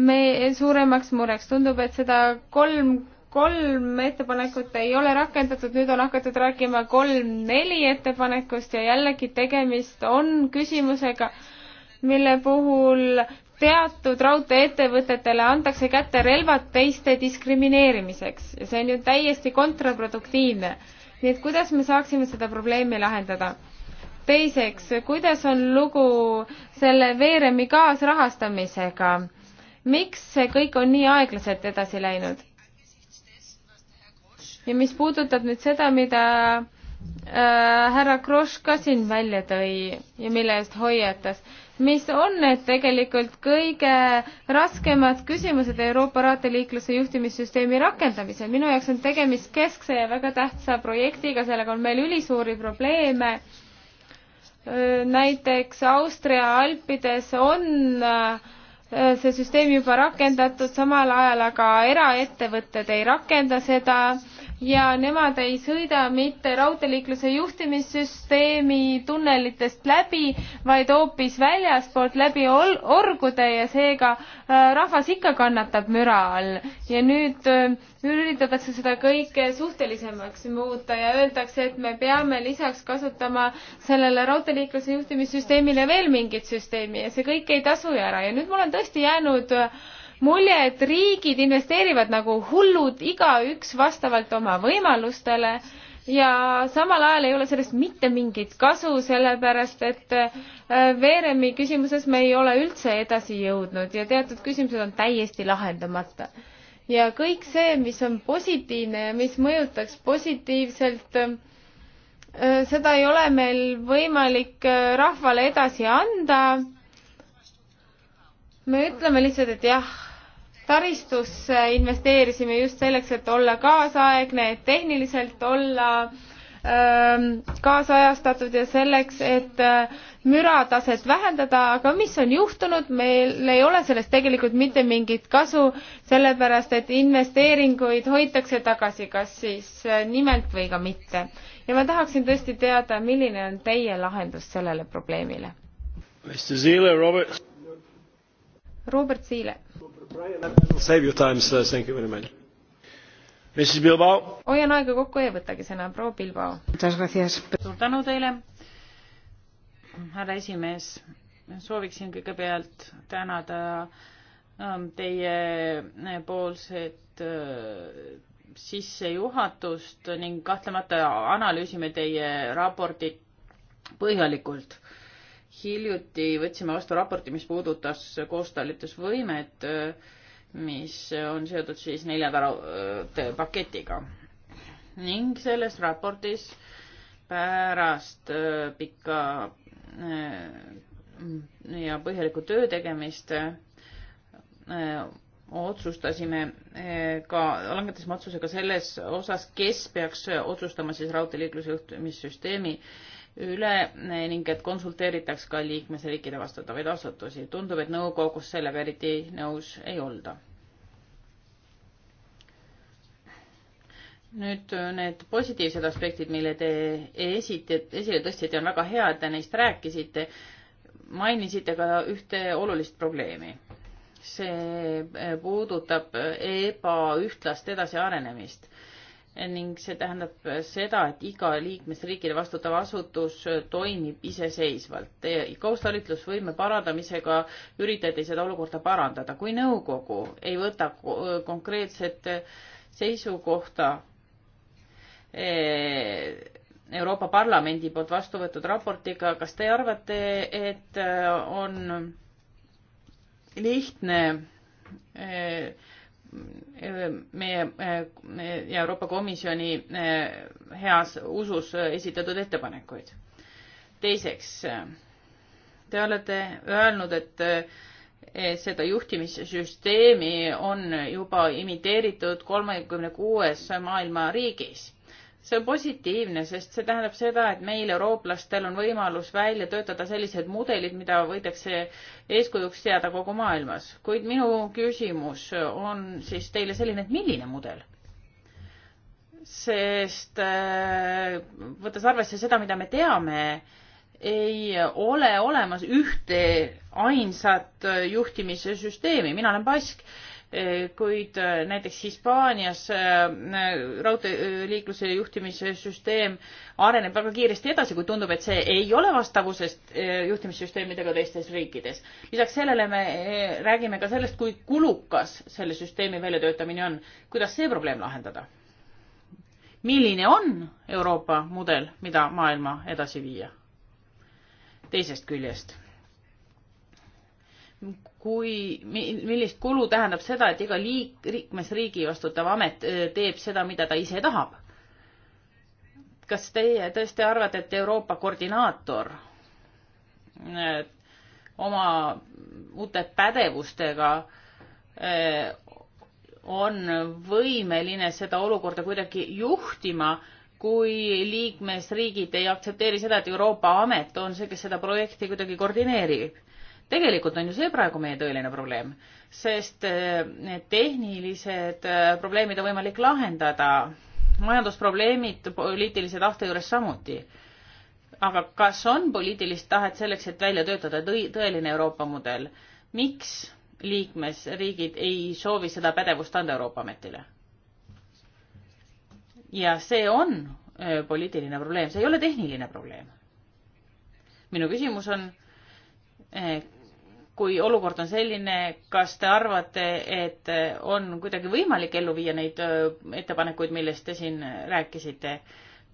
me suuremaks mureks, tundub, et seda kolm kolm ettepanekut ei ole rakendatud, nüüd on hakatud rääkima kolm-neli ettepanekust ja jällegi tegemist on küsimusega, mille puhul teatud raudteeettevõtetele antakse kätte relvad teiste diskrimineerimiseks ja see on ju täiesti kontraproduktiivne. nii et kuidas me saaksime seda probleemi lahendada? teiseks, kuidas on lugu selle Veeremi kaasrahastamisega? miks see kõik on nii aeglaselt edasi läinud? ja mis puudutab nüüd seda, mida äh, härra Kross ka siin välja tõi ja mille eest hoiatas, mis on need tegelikult kõige raskemad küsimused Euroopa raateliikluse juhtimissüsteemi rakendamisel. minu jaoks on tegemist keskse ja väga tähtsa projektiga, sellega on meil ülisuuri probleeme. Äh, näiteks Austria alpides on äh, see süsteem juba rakendatud, samal ajal aga eraettevõtted ei rakenda seda ja nemad ei sõida mitte raudteeliikluse juhtimissüsteemi tunnelitest läbi, vaid hoopis väljaspoolt läbi orgude ja seega äh, rahvas ikka kannatab müra all. ja nüüd äh, üritatakse seda kõike suhtelisemaks muuta ja öeldakse, et me peame lisaks kasutama sellele raudteeliikluse juhtimissüsteemile veel mingit süsteemi ja see kõik ei tasu ära ja nüüd ma olen tõesti jäänud äh, mulje, et riigid investeerivad nagu hullud, igaüks vastavalt oma võimalustele ja samal ajal ei ole sellest mitte mingit kasu, sellepärast et äh, veeremi küsimuses me ei ole üldse edasi jõudnud ja teatud küsimused on täiesti lahendamata. ja kõik see, mis on positiivne ja mis mõjutaks positiivselt äh, seda ei ole meil võimalik äh, rahvale edasi anda. me ütleme lihtsalt, et jah, taristusse investeerisime just selleks, et olla kaasaegne, et tehniliselt olla ähm, kaasajastatud ja selleks, et äh, mürataset vähendada, aga mis on juhtunud, meil ei ole sellest tegelikult mitte mingit kasu, sellepärast et investeeringuid hoitakse tagasi, kas siis äh, nimelt või ka mitte. ja ma tahaksin tõesti teada, milline on teie lahendus sellele probleemile? Robert Ziile hoian aega kokku ja võtage sõna, proua Bilbao. suur tänu teile, härra esimees. sooviksin kõigepealt tänada ähm, teie äh, poolset äh, sissejuhatust ning kahtlemata analüüsime teie raportit põhjalikult hiljuti võtsime vastu raporti, mis puudutas koostalitusvõimet, mis on seotud siis neljanda paketiga. ning selles raportis pärast pikka ja põhjalikku töö tegemist otsustasime ka, langetasime otsuse ka selles osas, kes peaks otsustama siis raudteeliikluse juhtimissüsteemi äh, üle ning et konsulteeritaks ka liikmesriikide vastutavaid asutusi. tundub, et nõukogus sellega eriti nõus ei olda. nüüd need positiivsed aspektid, mille te esite, esile tõstsite, on väga hea, et te neist rääkisite. mainisite ka ühte olulist probleemi. see puudutab ebaühtlast edasiarenemist ning see tähendab seda, et iga liikmesriigile vastutav asutus toimib iseseisvalt. koostalitlusvõime parandamisega üritati seda olukorda parandada. kui nõukogu ei võta konkreetset seisukohta eh, Euroopa Parlamendi poolt vastu võetud raportiga, kas te arvate, et on lihtne eh, meie ja Euroopa Komisjoni eh, heas usus eh, esitatud ettepanekuid. teiseks, eh, te olete öelnud, et seda juhtimissüsteemi on juba imiteeritud kolmekümne kuues maailma riigis see on positiivne, sest see tähendab seda, et meil, eurooplastel, on võimalus välja töötada sellised mudelid, mida võidakse eeskujuks seada kogu maailmas. kuid minu küsimus on siis teile selline, et milline mudel? sest äh, võttes arvesse seda, mida me teame, ei ole olemas ühte ainsat äh, juhtimissüsteemi, mina olen Bask kuid äh, näiteks Hispaanias äh, raudteeliikluse juhtimise süsteem areneb väga kiiresti edasi, kui tundub, et see ei ole vastavuses äh, juhtimissüsteemidega teistes riikides. lisaks sellele me räägime ka sellest, kui kulukas selle süsteemi väljatöötamine on. kuidas see probleem lahendada? milline on Euroopa mudel, mida maailma edasi viia? teisest küljest kui, millist kulu tähendab seda, et iga liik, liikmesriigi vastutav amet äh, teeb seda, mida ta ise tahab. kas teie tõesti arvate, et Euroopa koordinaator äh, oma uute pädevustega äh, on võimeline seda olukorda kuidagi juhtima, kui liikmesriigid ei aktsepteeri seda, et Euroopa amet on see, kes seda projekti kuidagi koordineerib tegelikult on ju see praegu meie tõeline probleem, sest eh, need tehnilised eh, probleemid on võimalik lahendada, majandusprobleemid poliitilise tahte juures samuti. aga kas on poliitilist tahet selleks, et välja töötada tõeline Euroopa mudel? miks liikmesriigid ei soovi seda pädevust anda Euroopa Ametile? ja see on eh, poliitiline probleem, see ei ole tehniline probleem. minu küsimus on kui olukord on selline, kas te arvate, et on kuidagi võimalik ellu viia neid äh, ettepanekuid, millest te siin rääkisite?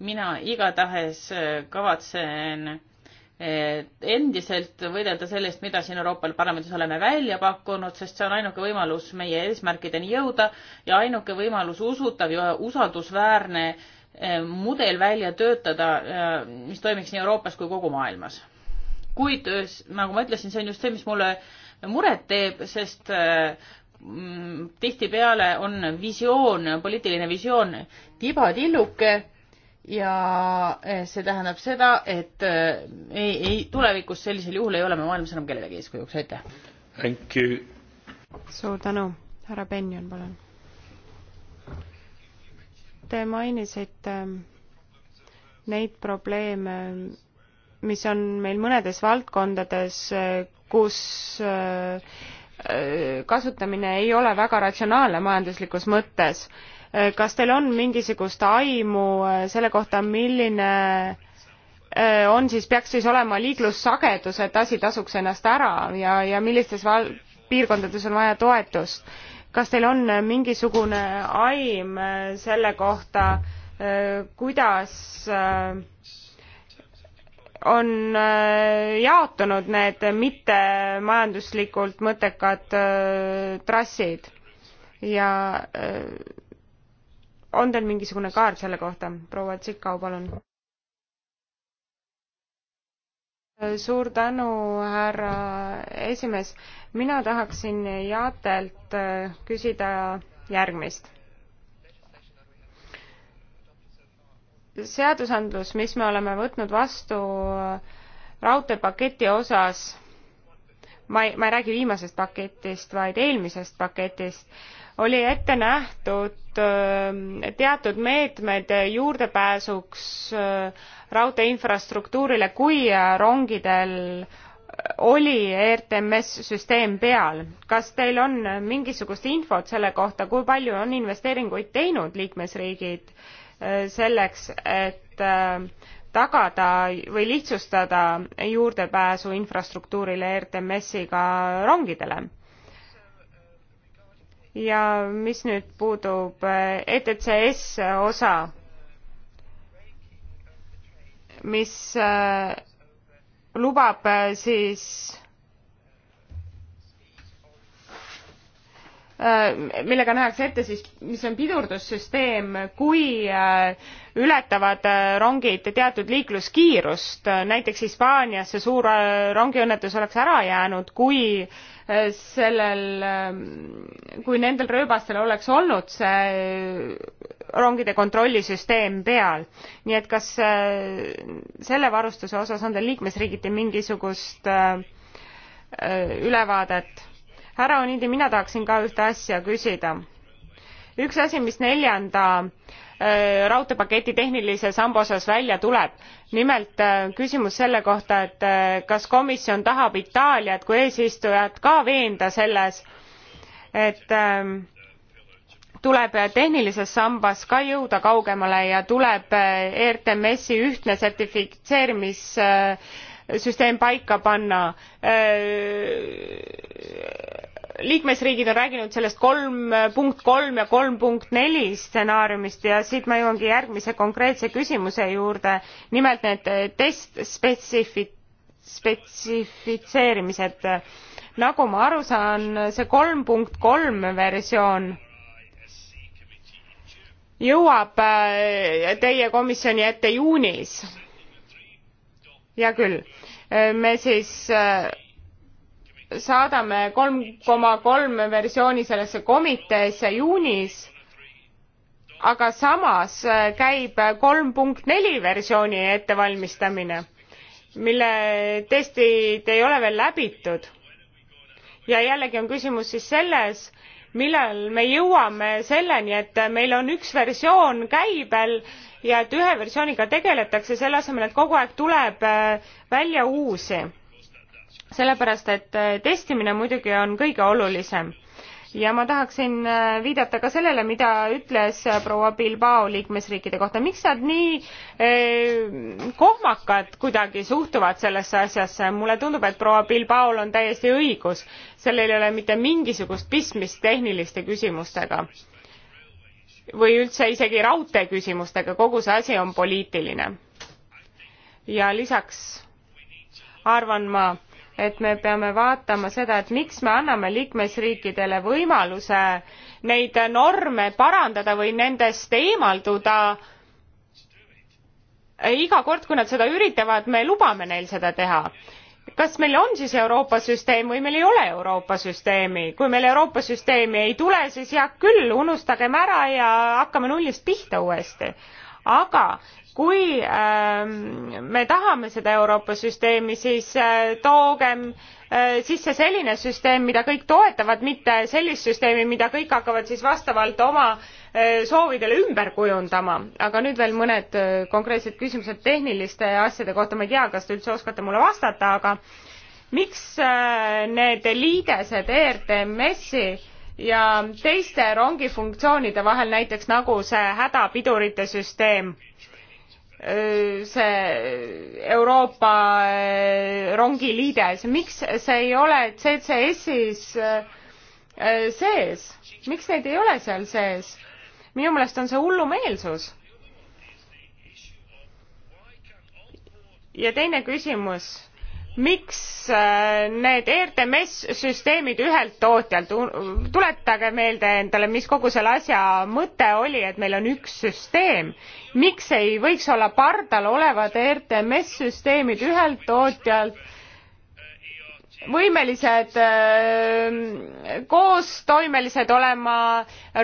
mina igatahes äh, kavatsen äh, endiselt võidelda sellest, mida siin Euroopa Parlamendis oleme välja pakkunud, sest see on ainuke võimalus meie eesmärkideni jõuda ja ainuke võimalus usutav ja usaldusväärne mudel välja töötada, mis toimiks nii Euroopas kui kogu maailmas kuid äh, nagu ma ütlesin, see on just see, mis mulle muret teeb, sest äh, mm, tihtipeale on visioon, poliitiline visioon tibatilluke ja äh, see tähendab seda, et ei, ei tulevikus sellisel juhul ei ole me maailmas enam kellelegi eeskujuks, aitäh. Thank you. suur tänu, härra Benjon, palun. Te mainisite ähm, neid probleeme, mis on meil mõnedes valdkondades, kus äh, kasutamine ei ole väga ratsionaalne majanduslikus mõttes. Äh, kas teil on mingisugust aimu äh, selle kohta, milline on siis, peaks siis olema liiklussagedus, et asi tasuks ennast ära ja, ja millistes val-, piirkondades on vaja toetust? kas teil on mingisugune aim selle kohta, kuidas äh, on äh, jaotunud need mittemajanduslikult mõttekad äh, trassid ja äh, on teil mingisugune kaart selle kohta, proua Tsikau, palun? suur tänu, härra esimees. mina tahaksin Jaatelt küsida järgmist seadusandlus, mis me oleme võtnud vastu äh, raudteepaketi osas, ma ei, ma ei räägi viimasest paketist, vaid eelmisest paketist, oli ette nähtud äh, teatud meetmed juurdepääsuks äh, raudtee infrastruktuurile, kui rongidel oli ERTMS süsteem peal. kas teil on mingisugust infot selle kohta, kui palju on investeeringuid teinud liikmesriigid selleks, et äh, tagada või lihtsustada juurdepääsu infrastruktuurile RTMS-iga rongidele. ja mis nüüd puudub äh, ETCS osa, mis äh, lubab siis Äh, millega nähakse ette siis, mis on pidurdussüsteem, kui äh, ületavad äh, rongid teatud liikluskiirust, näiteks Hispaanias see suur rongiõnnetus oleks ära jäänud, kui sellel, kui nendel rööbastel oleks olnud see rongide kontrollisüsteem peal. nii et kas selle varustuse osas on teil liikmesriigiti mingisugust ülevaadet? härra Onidi, mina tahaksin ka ühte asja küsida. üks asi, mis neljanda äh, raudteepaketi tehnilise samba osas välja tuleb nimelt äh, küsimus selle kohta et äh, kas komisjon tahab itaaliat kui eesistujat ka veenda selles et ähm, tuleb tehnilises sambas ka jõuda kaugemale ja tuleb ERTMS-i ühtne sertifitseerimis süsteem paika panna liikmesriigid on rääkinud sellest kolm punkt kolm ja kolm punkt neli stsenaariumist ja siit ma jõuangi järgmise konkreetse küsimuse juurde nimelt need eh, test spetsifi- spetsifitseerimised nagu ma aru saan see kolm punkt kolm versioon jõuab eh, teie komisjoni ette juunis hea küll eh, me siis saadame kolm koma kolm versiooni sellesse komiteesse juunis, aga samas äh, käib kolm punkt neli versiooni ettevalmistamine, mille testid ei ole veel läbitud. ja jällegi on küsimus siis selles, millal me jõuame selleni, et meil on üks versioon käibel ja et ühe versiooniga tegeletakse, selle asemel, et kogu aeg tuleb äh, välja uusi sellepärast, et äh, testimine muidugi on kõige olulisem ja ma tahaksin äh, viidata ka sellele, mida ütles äh, proua Bilbao liikmesriikide kohta, miks nad nii eh, kohmakad kuidagi suhtuvad sellesse asjasse, mulle tundub, et proua Bilbaol on täiesti õigus, sellel ei ole mitte mingisugust pistmist tehniliste küsimustega või üldse isegi raudtee küsimustega, kogu see asi on poliitiline. ja lisaks arvan ma, et me peame vaatama seda, et miks me anname liikmesriikidele võimaluse neid norme parandada või nendest eemalduda. iga kord, kui nad seda üritavad, me lubame neil seda teha kas meil on siis Euroopa süsteem või meil ei ole Euroopa süsteemi. kui meil Euroopa süsteemi ei tule, siis hea küll, unustagem ära ja hakkame nullist pihta uuesti. aga kui ähm, me tahame seda Euroopa süsteemi, siis äh, toogem äh, sisse selline süsteem, mida kõik toetavad, mitte sellist süsteemi, mida kõik hakkavad siis vastavalt oma äh, soovidele ümber kujundama. aga nüüd veel mõned konkreetsed küsimused tehniliste asjade kohta, ma ei tea, kas te üldse oskate mulle vastata, aga miks need liidesed ERTMS-i ja teiste rongifunktsioonide vahel, näiteks nagu see hädapidurite süsteem see Euroopa eh, rongiliides, miks see ei ole CCS-is eh, sees, miks neid ei ole seal sees? minu meelest on see hullumeelsus. ja teine küsimus miks äh, need ERTMS süsteemid ühelt tootjalt, tuletage meelde endale, mis kogu selle asja mõte oli, et meil on üks süsteem. miks ei võiks olla pardal olevad ERTMS süsteemid ühelt tootjalt võimelised, äh, koostoimelised olema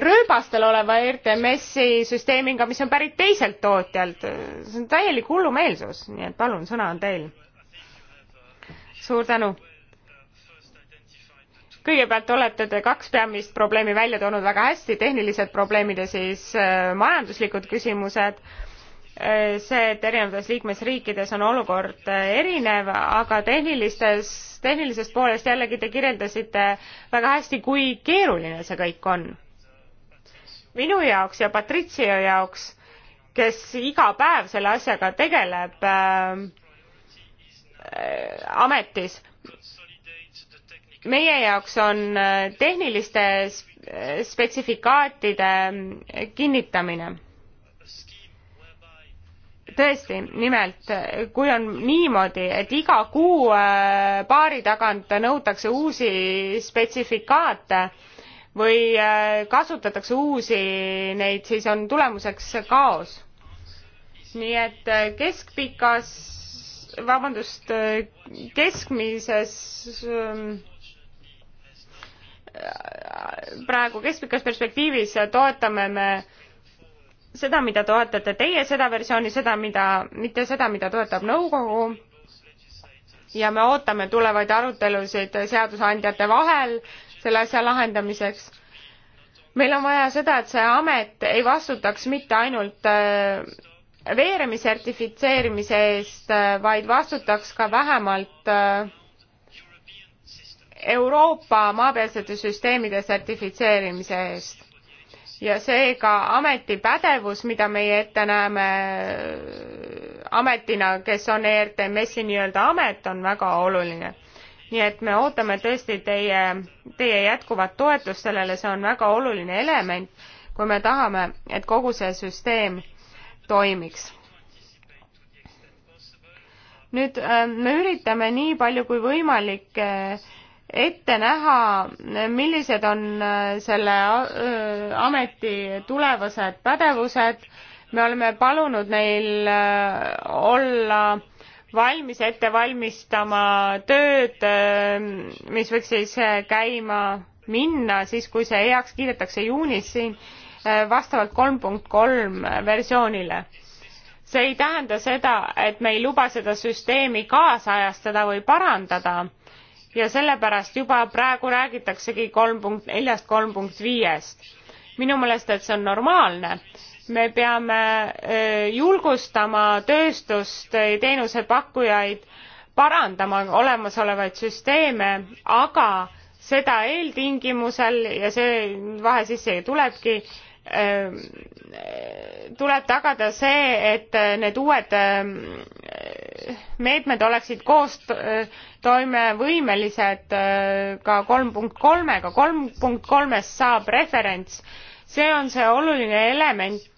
rööbastel oleva RTMS-i süsteemiga, mis on pärit teiselt tootjalt. see on täielik hullumeelsus, nii et palun, sõna on teil suur tänu. kõigepealt olete te kaks peamist probleemi välja toonud väga hästi, tehnilised probleemid ja siis äh, majanduslikud küsimused äh, see, et erinevates liikmesriikides on olukord äh, erinev, aga tehnilistes, tehnilisest poolest jällegi te kirjeldasite väga hästi, kui keeruline see kõik on. minu jaoks ja Patricio jaoks, kes iga päev selle asjaga tegeleb äh,, Äh, ametis. meie jaoks on äh, tehniliste äh, spetsifikaatide kinnitamine tõesti, nimelt kui on niimoodi, et iga kuu paari tagant nõutakse uusi spetsifikaate või kasutatakse uusi neid, siis on tulemuseks kaos. nii et keskpikas vabandust, keskmises ähm, praegu keskpikas perspektiivis toetame me seda, mida toetate teie, seda versiooni, seda, mida, mitte seda, mida toetab nõukogu. ja me ootame tulevaid arutelusid seadusandjate vahel selle asja lahendamiseks. meil on vaja seda, et see amet ei vastutaks mitte ainult äh, veeremissertifitseerimise eest, äh, vaid vastutaks ka vähemalt äh, Euroopa maapealsete süsteemide sertifitseerimise eest. ja seega ametipädevus, mida meie ette näeme äh, ametina, kes on ERTMS-i nii-öelda amet, on väga oluline. nii et me ootame tõesti teie, teie jätkuvat toetust sellele, see on väga oluline element, kui me tahame, et kogu see süsteem toimiks. nüüd äh, me üritame nii palju kui võimalik äh, ette näha, äh, millised on selle ameti tulevased pädevused. me oleme palunud neil olla valmis ette valmistama tööd, mis võiks siis käima minna siis, kui see heaks kiidetakse juunis siin Äh, vastavalt kolm punkt kolm versioonile see ei tähenda seda et me ei luba seda süsteemi kaasajastada või parandada ja sellepärast juba praegu räägitaksegi kolm punkt neljast kolm punkt viiest minu meelest et see on normaalne me peame äh, julgustama tööstust teenusepakkujaid parandama olemasolevaid süsteeme aga seda eeltingimusel ja see vahe sisse tulebki Ehm, tuleb tagada see, et need uued ehm, meetmed oleksid koostoimevõimelised ehm, ka kolm punkt kolmega, kolm punkt kolmest saab referents. see on see oluline element.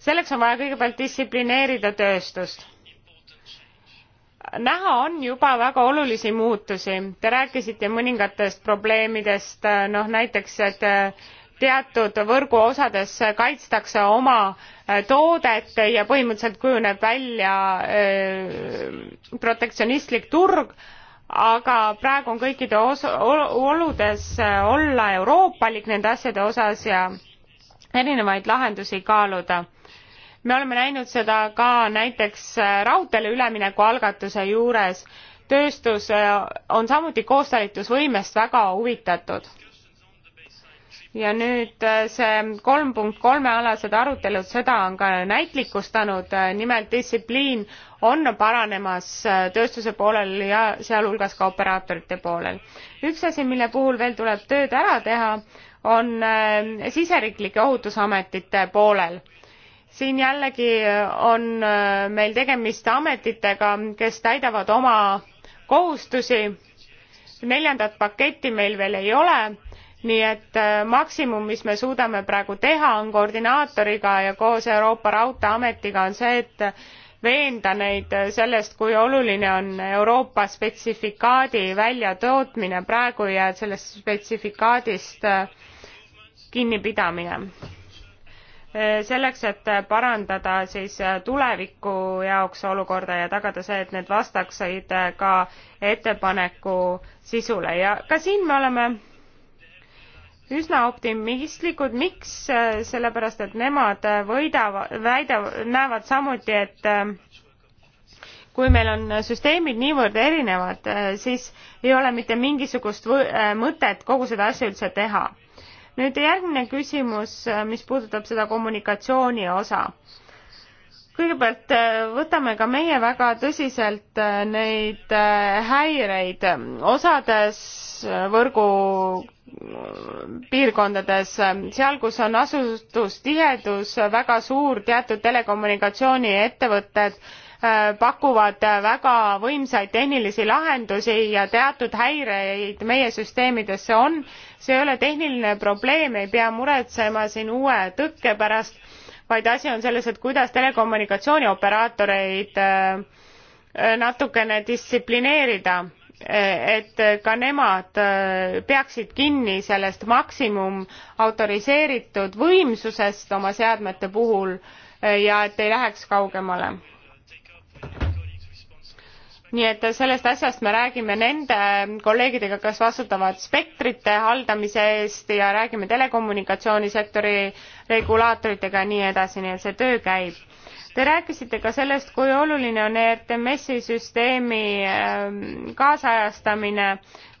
selleks on vaja kõigepealt distsiplineerida tööstust näha on juba väga olulisi muutusi te rääkisite mõningatest probleemidest noh näiteks et teatud võrgu osades kaitstakse oma äh, toodet ja põhimõtteliselt kujuneb välja äh, protektsionistlik turg aga praegu on kõikide os- oludes äh, olla euroopalik nende asjade osas ja erinevaid lahendusi kaaluda me oleme näinud seda ka näiteks raudteele ülemineku algatuse juures tööstus on samuti koostalitusvõimest väga huvitatud ja nüüd äh, see kolm punkt kolme alased arutelud, seda on ka näitlikustanud, äh, nimelt distsipliin on paranemas äh, tööstuse poolel ja sealhulgas ka operaatorite poolel. üks asi, mille puhul veel tuleb tööd ära teha, on siseriiklike ohutusametite poolel siin jällegi on meil tegemist ametitega, kes täidavad oma kohustusi. neljandat paketti meil veel ei ole nii et äh, maksimum, mis me suudame praegu teha, on koordinaatoriga ja koos Euroopa Raudteeametiga on see, et veenda neid äh, sellest, kui oluline on Euroopa spetsifikaadi väljatootmine praegu ja sellest spetsifikaadist äh, kinnipidamine. selleks, et parandada siis tuleviku jaoks olukorda ja tagada see, et need vastaksid ka ettepaneku sisule ja ka siin me oleme üsna optimistlikud, miks, äh, sellepärast et nemad äh, võidavad, väidavad, näevad samuti, et äh, kui meil on süsteemid niivõrd erinevad, siis ei ole mitte mingisugust mõtet kogu seda asja üldse teha. nüüd järgmine küsimus, mis puudutab seda kommunikatsiooni osa kõigepealt äh, võtame ka meie väga tõsiselt äh, neid äh, häireid osades võrgu piirkondades seal kus on asustustihedus väga suur teatud telekommunikatsiooniettevõtted pakuvad väga võimsaid tehnilisi lahendusi ja teatud häireid meie süsteemidesse on see ei ole tehniline probleem ei pea muretsema siin uue tõkke pärast vaid asi on selles et kuidas telekommunikatsioonioperaatoreid äh, natukene distsiplineerida äh, et ka nemad äh, peaksid kinni sellest maksimum autoriseeritud võimsusest oma seadmete puhul ja et ei läheks kaugemale nii et sellest asjast me räägime nende kolleegidega, kes vastutavad spektrite haldamise eest ja räägime telekommunikatsioonisektori regulaatoritega ja nii edasi, nii et see töö käib. Te rääkisite ka sellest, kui oluline on ERTMS-i süsteemi ähm, kaasajastamine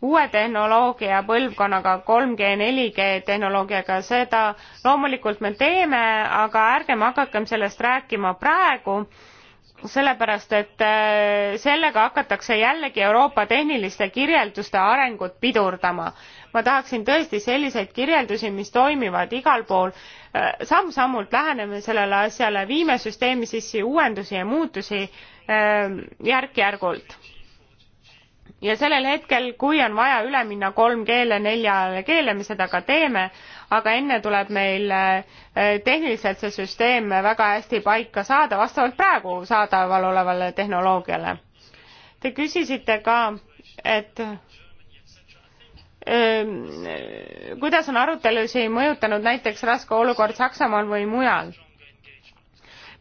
uue tehnoloogia põlvkonnaga, 3G, 4G tehnoloogiaga, seda loomulikult me teeme, aga ärgem hakakem sellest rääkima praegu sellepärast et äh, sellega hakatakse jällegi euroopa tehniliste kirjelduste arengut pidurdama ma tahaksin tõesti selliseid kirjeldusi mis toimivad igal pool äh, samm sammult läheneme sellele asjale viime süsteemi sisse uuendusi ja muutusi äh, järk järgult ja sellel hetkel, kui on vaja üle minna kolm keele neljale keele, me seda ka teeme, aga enne tuleb meil eh, tehniliselt see süsteem väga hästi paika saada vastavalt praegu saadaval olevale tehnoloogiale. Te küsisite ka, et öö, ehm, kuidas on arutelusi mõjutanud näiteks raske olukord Saksamaal või mujal?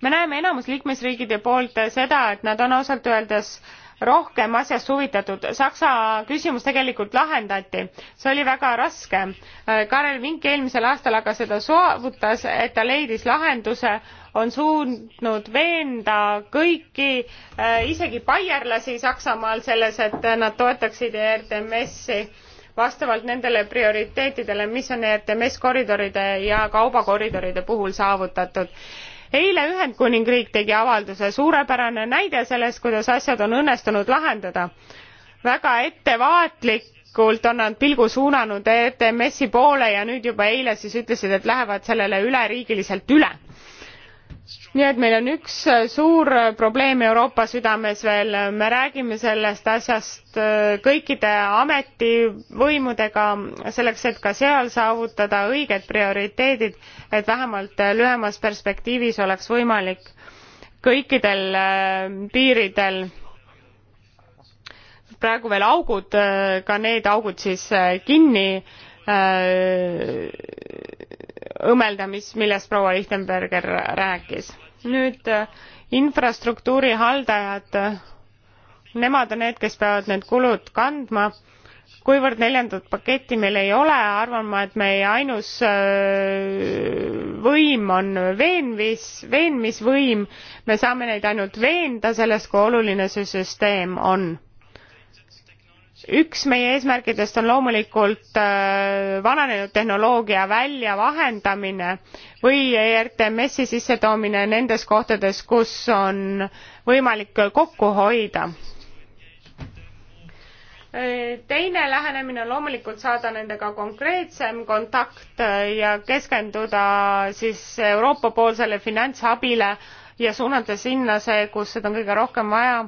me näeme enamus liikmesriigide poolt seda, et nad on ausalt öeldes öö, rohkem asjast huvitatud. Saksa küsimus tegelikult lahendati, see oli väga raske. Äh, Karel Vink eelmisel aastal aga seda soovutas, et ta leidis lahenduse, on suutnud veenda kõiki, äh, isegi baierlasi Saksamaal selles, et nad toetaksid ERTMS-i vastavalt nendele prioriteetidele mis on e rtms koridoride ja kaubakoridoride puhul saavutatud eile Ühendkuningriik tegi avalduse, suurepärane näide sellest, kuidas asjad on õnnestunud lahendada. väga ettevaatlikult on nad pilgu suunanud ETMS-i poole ja nüüd juba eile siis ütlesid, et lähevad sellele üleriigiliselt üle nii et meil on üks äh, suur äh, probleem euroopa südames veel me räägime sellest asjast äh, kõikide ametivõimudega selleks et ka seal saavutada õiged prioriteedid et vähemalt lühemas perspektiivis oleks võimalik kõikidel piiridel praegu veel augud ka need augud siis kinni õmmeldamist, millest proua Lichtenberger rääkis. nüüd äh, infrastruktuuri haldajad, nemad on need, kes peavad need kulud kandma. kuivõrd neljandat paketti meil ei ole, arvan ma, et meie ainus äh, võim on veenvis, veenmisvõim. me saame neid ainult veenda selles, kui oluline see süsteem on üks meie eesmärkidest on loomulikult äh, vananenud tehnoloogia väljavahendamine või ERTMS-i sissetoomine nendes kohtades, kus on võimalik kokku hoida. teine lähenemine on loomulikult saada nendega konkreetsem kontakt ja keskenduda siis Euroopa poolsele finantsabile ja suunata sinna see, kus seda on kõige rohkem vaja.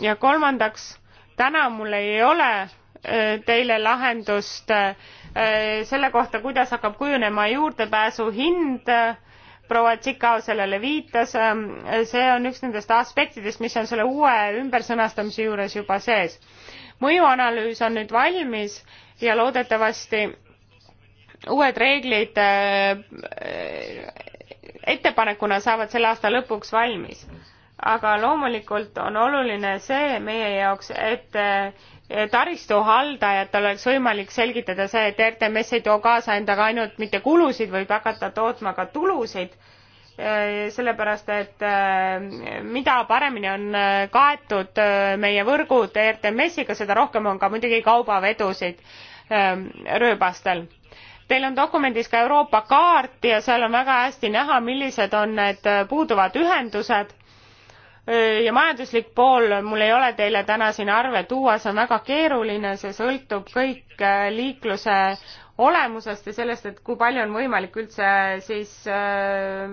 ja kolmandaks täna mul ei ole äh, teile lahendust äh, selle kohta kuidas hakkab kujunema juurdepääsu hind proua Tsikao sellele viitas, ähm, see on üks nendest aspektidest, mis on selle uue ümbersõnastamise juures juba sees. mõjuanalüüs on nüüd valmis ja loodetavasti uued reeglid äh, ettepanekuna saavad selle aasta lõpuks valmis aga loomulikult on oluline see meie jaoks, et eh, taristu haldajatel oleks võimalik selgitada see, et RTMS ei too kaasa endaga ainult mitte kulusid, võib hakata tootma ka tulusid, eh, sellepärast et eh, mida paremini on kaetud meie võrgud RTMS-iga, seda rohkem on ka muidugi kaubavedusid rööbastel teil on dokumendis ka euroopa kaart ja seal on väga hästi näha millised on need puuduvad ühendused ja majanduslik pool, mul ei ole teile täna siin arve tuua, see on väga keeruline, see sõltub kõik äh, liikluse olemusest ja sellest, et kui palju on võimalik üldse siis äh,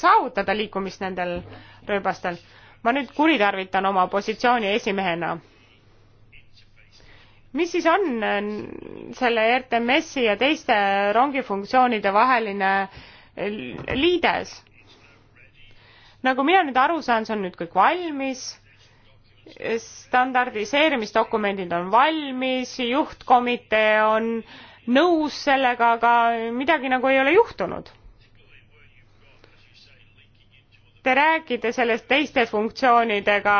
saavutada liikumist nendel rööbastel. ma nüüd kuritarvitan oma positsiooni esimehena. mis siis on äh, selle RTMS-i ja teiste rongifunktsioonide vaheline liides? nagu mina nüüd aru saan, see on nüüd kõik valmis, standardiseerimisdokumendid on valmis, juhtkomitee on nõus sellega, aga midagi nagu ei ole juhtunud. Te räägite sellest teiste funktsioonidega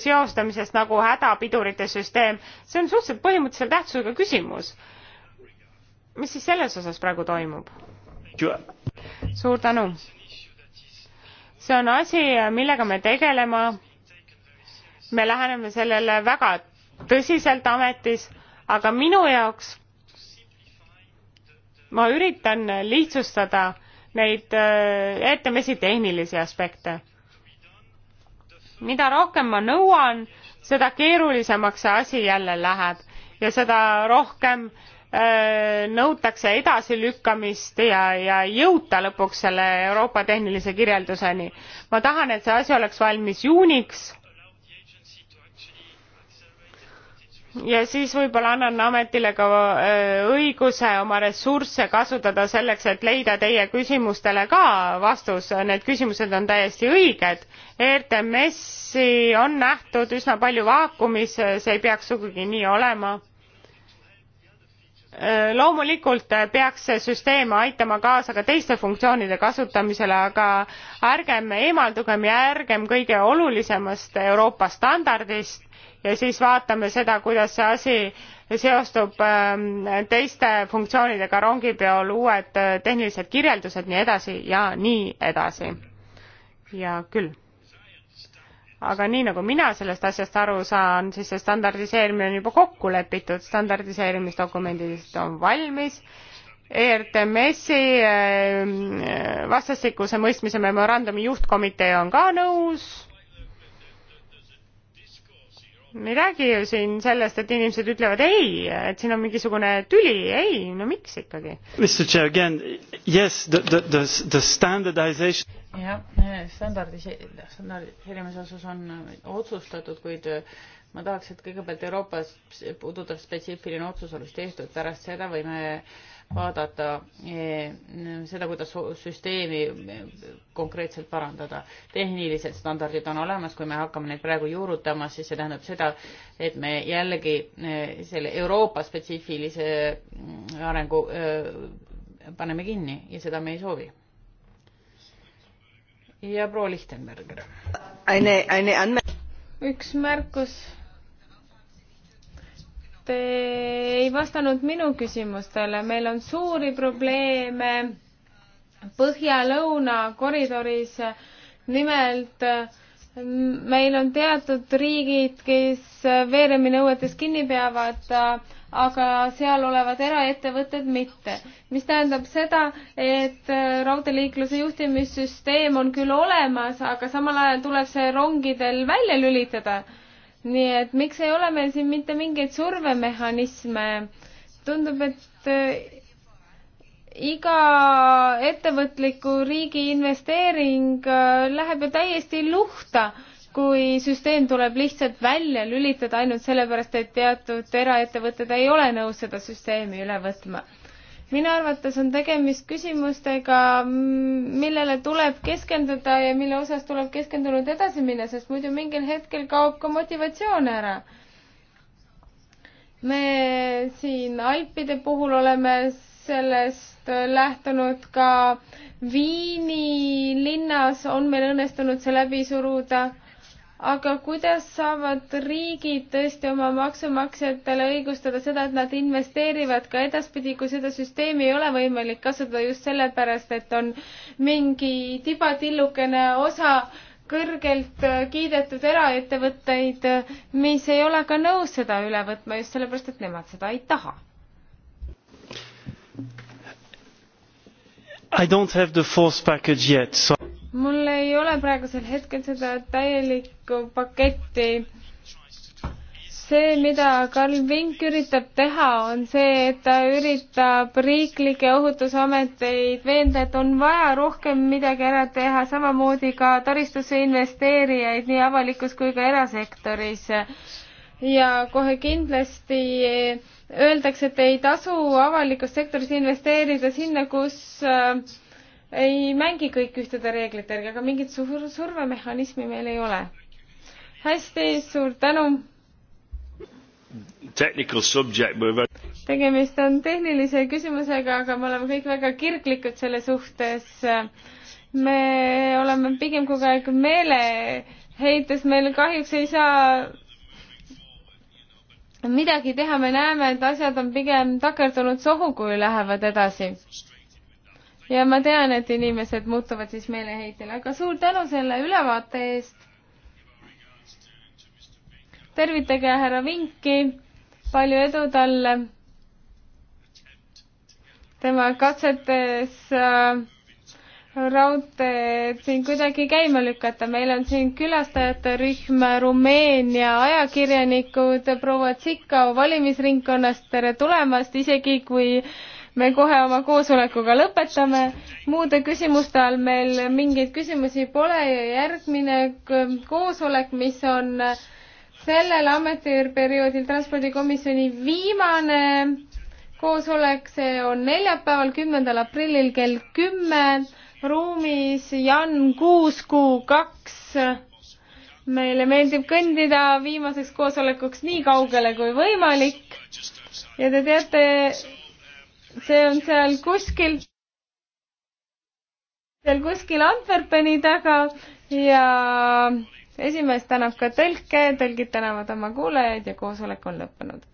seostamisest nagu hädapidurite süsteem, see on suhteliselt põhimõttelise tähtsusega küsimus. mis siis selles osas praegu toimub? suur tänu see on asi, millega me tegelema. me läheneme sellele väga tõsiselt ametis, aga minu jaoks ma üritan lihtsustada neid äh, ettemesi tehnilisi aspekte. mida rohkem ma nõuan, seda keerulisemaks see asi jälle läheb ja seda rohkem äh, Äh, nõutakse edasilükkamist ja, ja ei jõuta lõpuks selle Euroopa tehnilise kirjelduseni. ma tahan, et see asi oleks valmis juuniks. ja siis võib-olla annan ametile ka äh, õiguse oma ressursse kasutada selleks, et leida teie küsimustele ka vastus. Need küsimused on täiesti õiged. ERTMS-i on nähtud üsna palju vaakumis, see ei peaks sugugi nii olema Äh, loomulikult äh, peaks see süsteem aitama kaasa ka teiste funktsioonide kasutamisele aga ärgem eemaldugem ja ärgem kõige olulisemast euroopa standardist ja siis vaatame seda kuidas see asi seostub ähm, teiste funktsioonidega rongipeol uued äh, tehnilised kirjeldused nii edasi ja nii edasi ja küll aga nii nagu mina sellest asjast aru saan, siis see standardiseerimine on juba kokku lepitud, standardiseerimisdokumendid on valmis. ERTMS-i eh, vastastikuse mõistmise memorandumi juhtkomitee on ka nõus me ei räägi ju siin sellest, et inimesed ütlevad ei, et siin on mingisugune tüli, ei, no miks ikkagi? Yes, standardization... jah, eh, standardise-, standardiseerimise osas on eh, otsustatud, kuid eh, ma tahaks, et kõigepealt Euroopas puudutav spetsiifiline otsus oleks tehtud, pärast seda võime vaadata eh, seda, kuidas süsteemi eh, konkreetselt parandada. tehnilised standardid on olemas, kui me hakkame neid praegu juurutama, siis see tähendab seda, et me jällegi eh, selle Euroopa spetsiifilise mm, arengu paneme kinni ja seda me ei soovi. ja proua Lichtenberger. üks märkus te ei vastanud minu küsimustele, meil on suuri probleeme põhja-lõuna koridoris. nimelt meil on teatud riigid, kes veereminõuetest kinni peavad, aga seal olevad eraettevõtted mitte. mis tähendab seda, et raudteeliikluse juhtimissüsteem on küll olemas, aga samal ajal tuleb see rongidel välja lülitada nii et miks ei ole meil siin mitte mingeid survemehhanisme? tundub, et äh, iga ettevõtliku riigi investeering äh, läheb ju täiesti luhta, kui süsteem tuleb lihtsalt välja lülitada ainult sellepärast, et teatud eraettevõtted ei ole nõus seda süsteemi üle võtma minu arvates on tegemist küsimustega, millele tuleb keskenduda ja mille osas tuleb keskendunult edasi minna, sest muidu mingil hetkel kaob ka motivatsioon ära. me siin Alpide puhul oleme sellest lähtunud ka Viini linnas on meil õnnestunud see läbi suruda aga kuidas saavad riigid tõesti oma maksumaksjatele õigustada seda, et nad investeerivad ka edaspidi, kui seda süsteemi ei ole võimalik kasutada just sellepärast, et on mingi tibatillukene osa kõrgelt kiidetud eraettevõtteid, mis ei ole ka nõus seda üle võtma just sellepärast, et nemad seda ei taha. I don't have the fourth package yet so mul ei ole praegusel hetkel seda täielikku paketti. see, mida Karl Vink üritab teha, on see, et ta üritab riiklikke ohutusameteid veenda, et on vaja rohkem midagi ära teha, samamoodi ka taristusse investeerijaid nii avalikus kui ka erasektoris. ja kohe kindlasti öeldakse, et ei tasu avalikus sektoris investeerida sinna, kus äh, ei mängi kõik ühtede reeglite järgi, aga mingit suur survemehhanismi meil ei ole. hästi, suur tänu. tegemist on tehnilise küsimusega, aga me oleme kõik väga kirglikud selle suhtes. me oleme pigem kogu aeg meeleheites, meil kahjuks ei saa midagi teha, me näeme, et asjad on pigem takerdunud sohu, kui lähevad edasi ja ma tean, et inimesed muutuvad siis meeleheitel, aga suur tänu selle ülevaate eest. tervitage härra Vinki, palju edu talle tema katsetes äh, raudteed siin kuidagi käima lükata. meil on siin külastajate rühm Rumeenia ajakirjanikud proua Tsikau valimisringkonnast, tere tulemast, isegi kui äh, me kohe oma koosolekuga lõpetame. muude küsimuste all meil mingeid küsimusi pole ja järgmine koosolek, mis on sellel ametiperioodil transpordikomisjoni viimane koosolek, see on neljapäeval, kümnendal aprillil kell kümme ruumis Jan kuus kuu kaks. meile meeldib kõndida viimaseks koosolekuks nii kaugele kui võimalik ja te teate, see on seal kuskil, seal kuskil Antwerpeni taga ja esimees tänab ka tõlke, tõlgid tänavad oma kuulajaid ja koosolek on lõppenud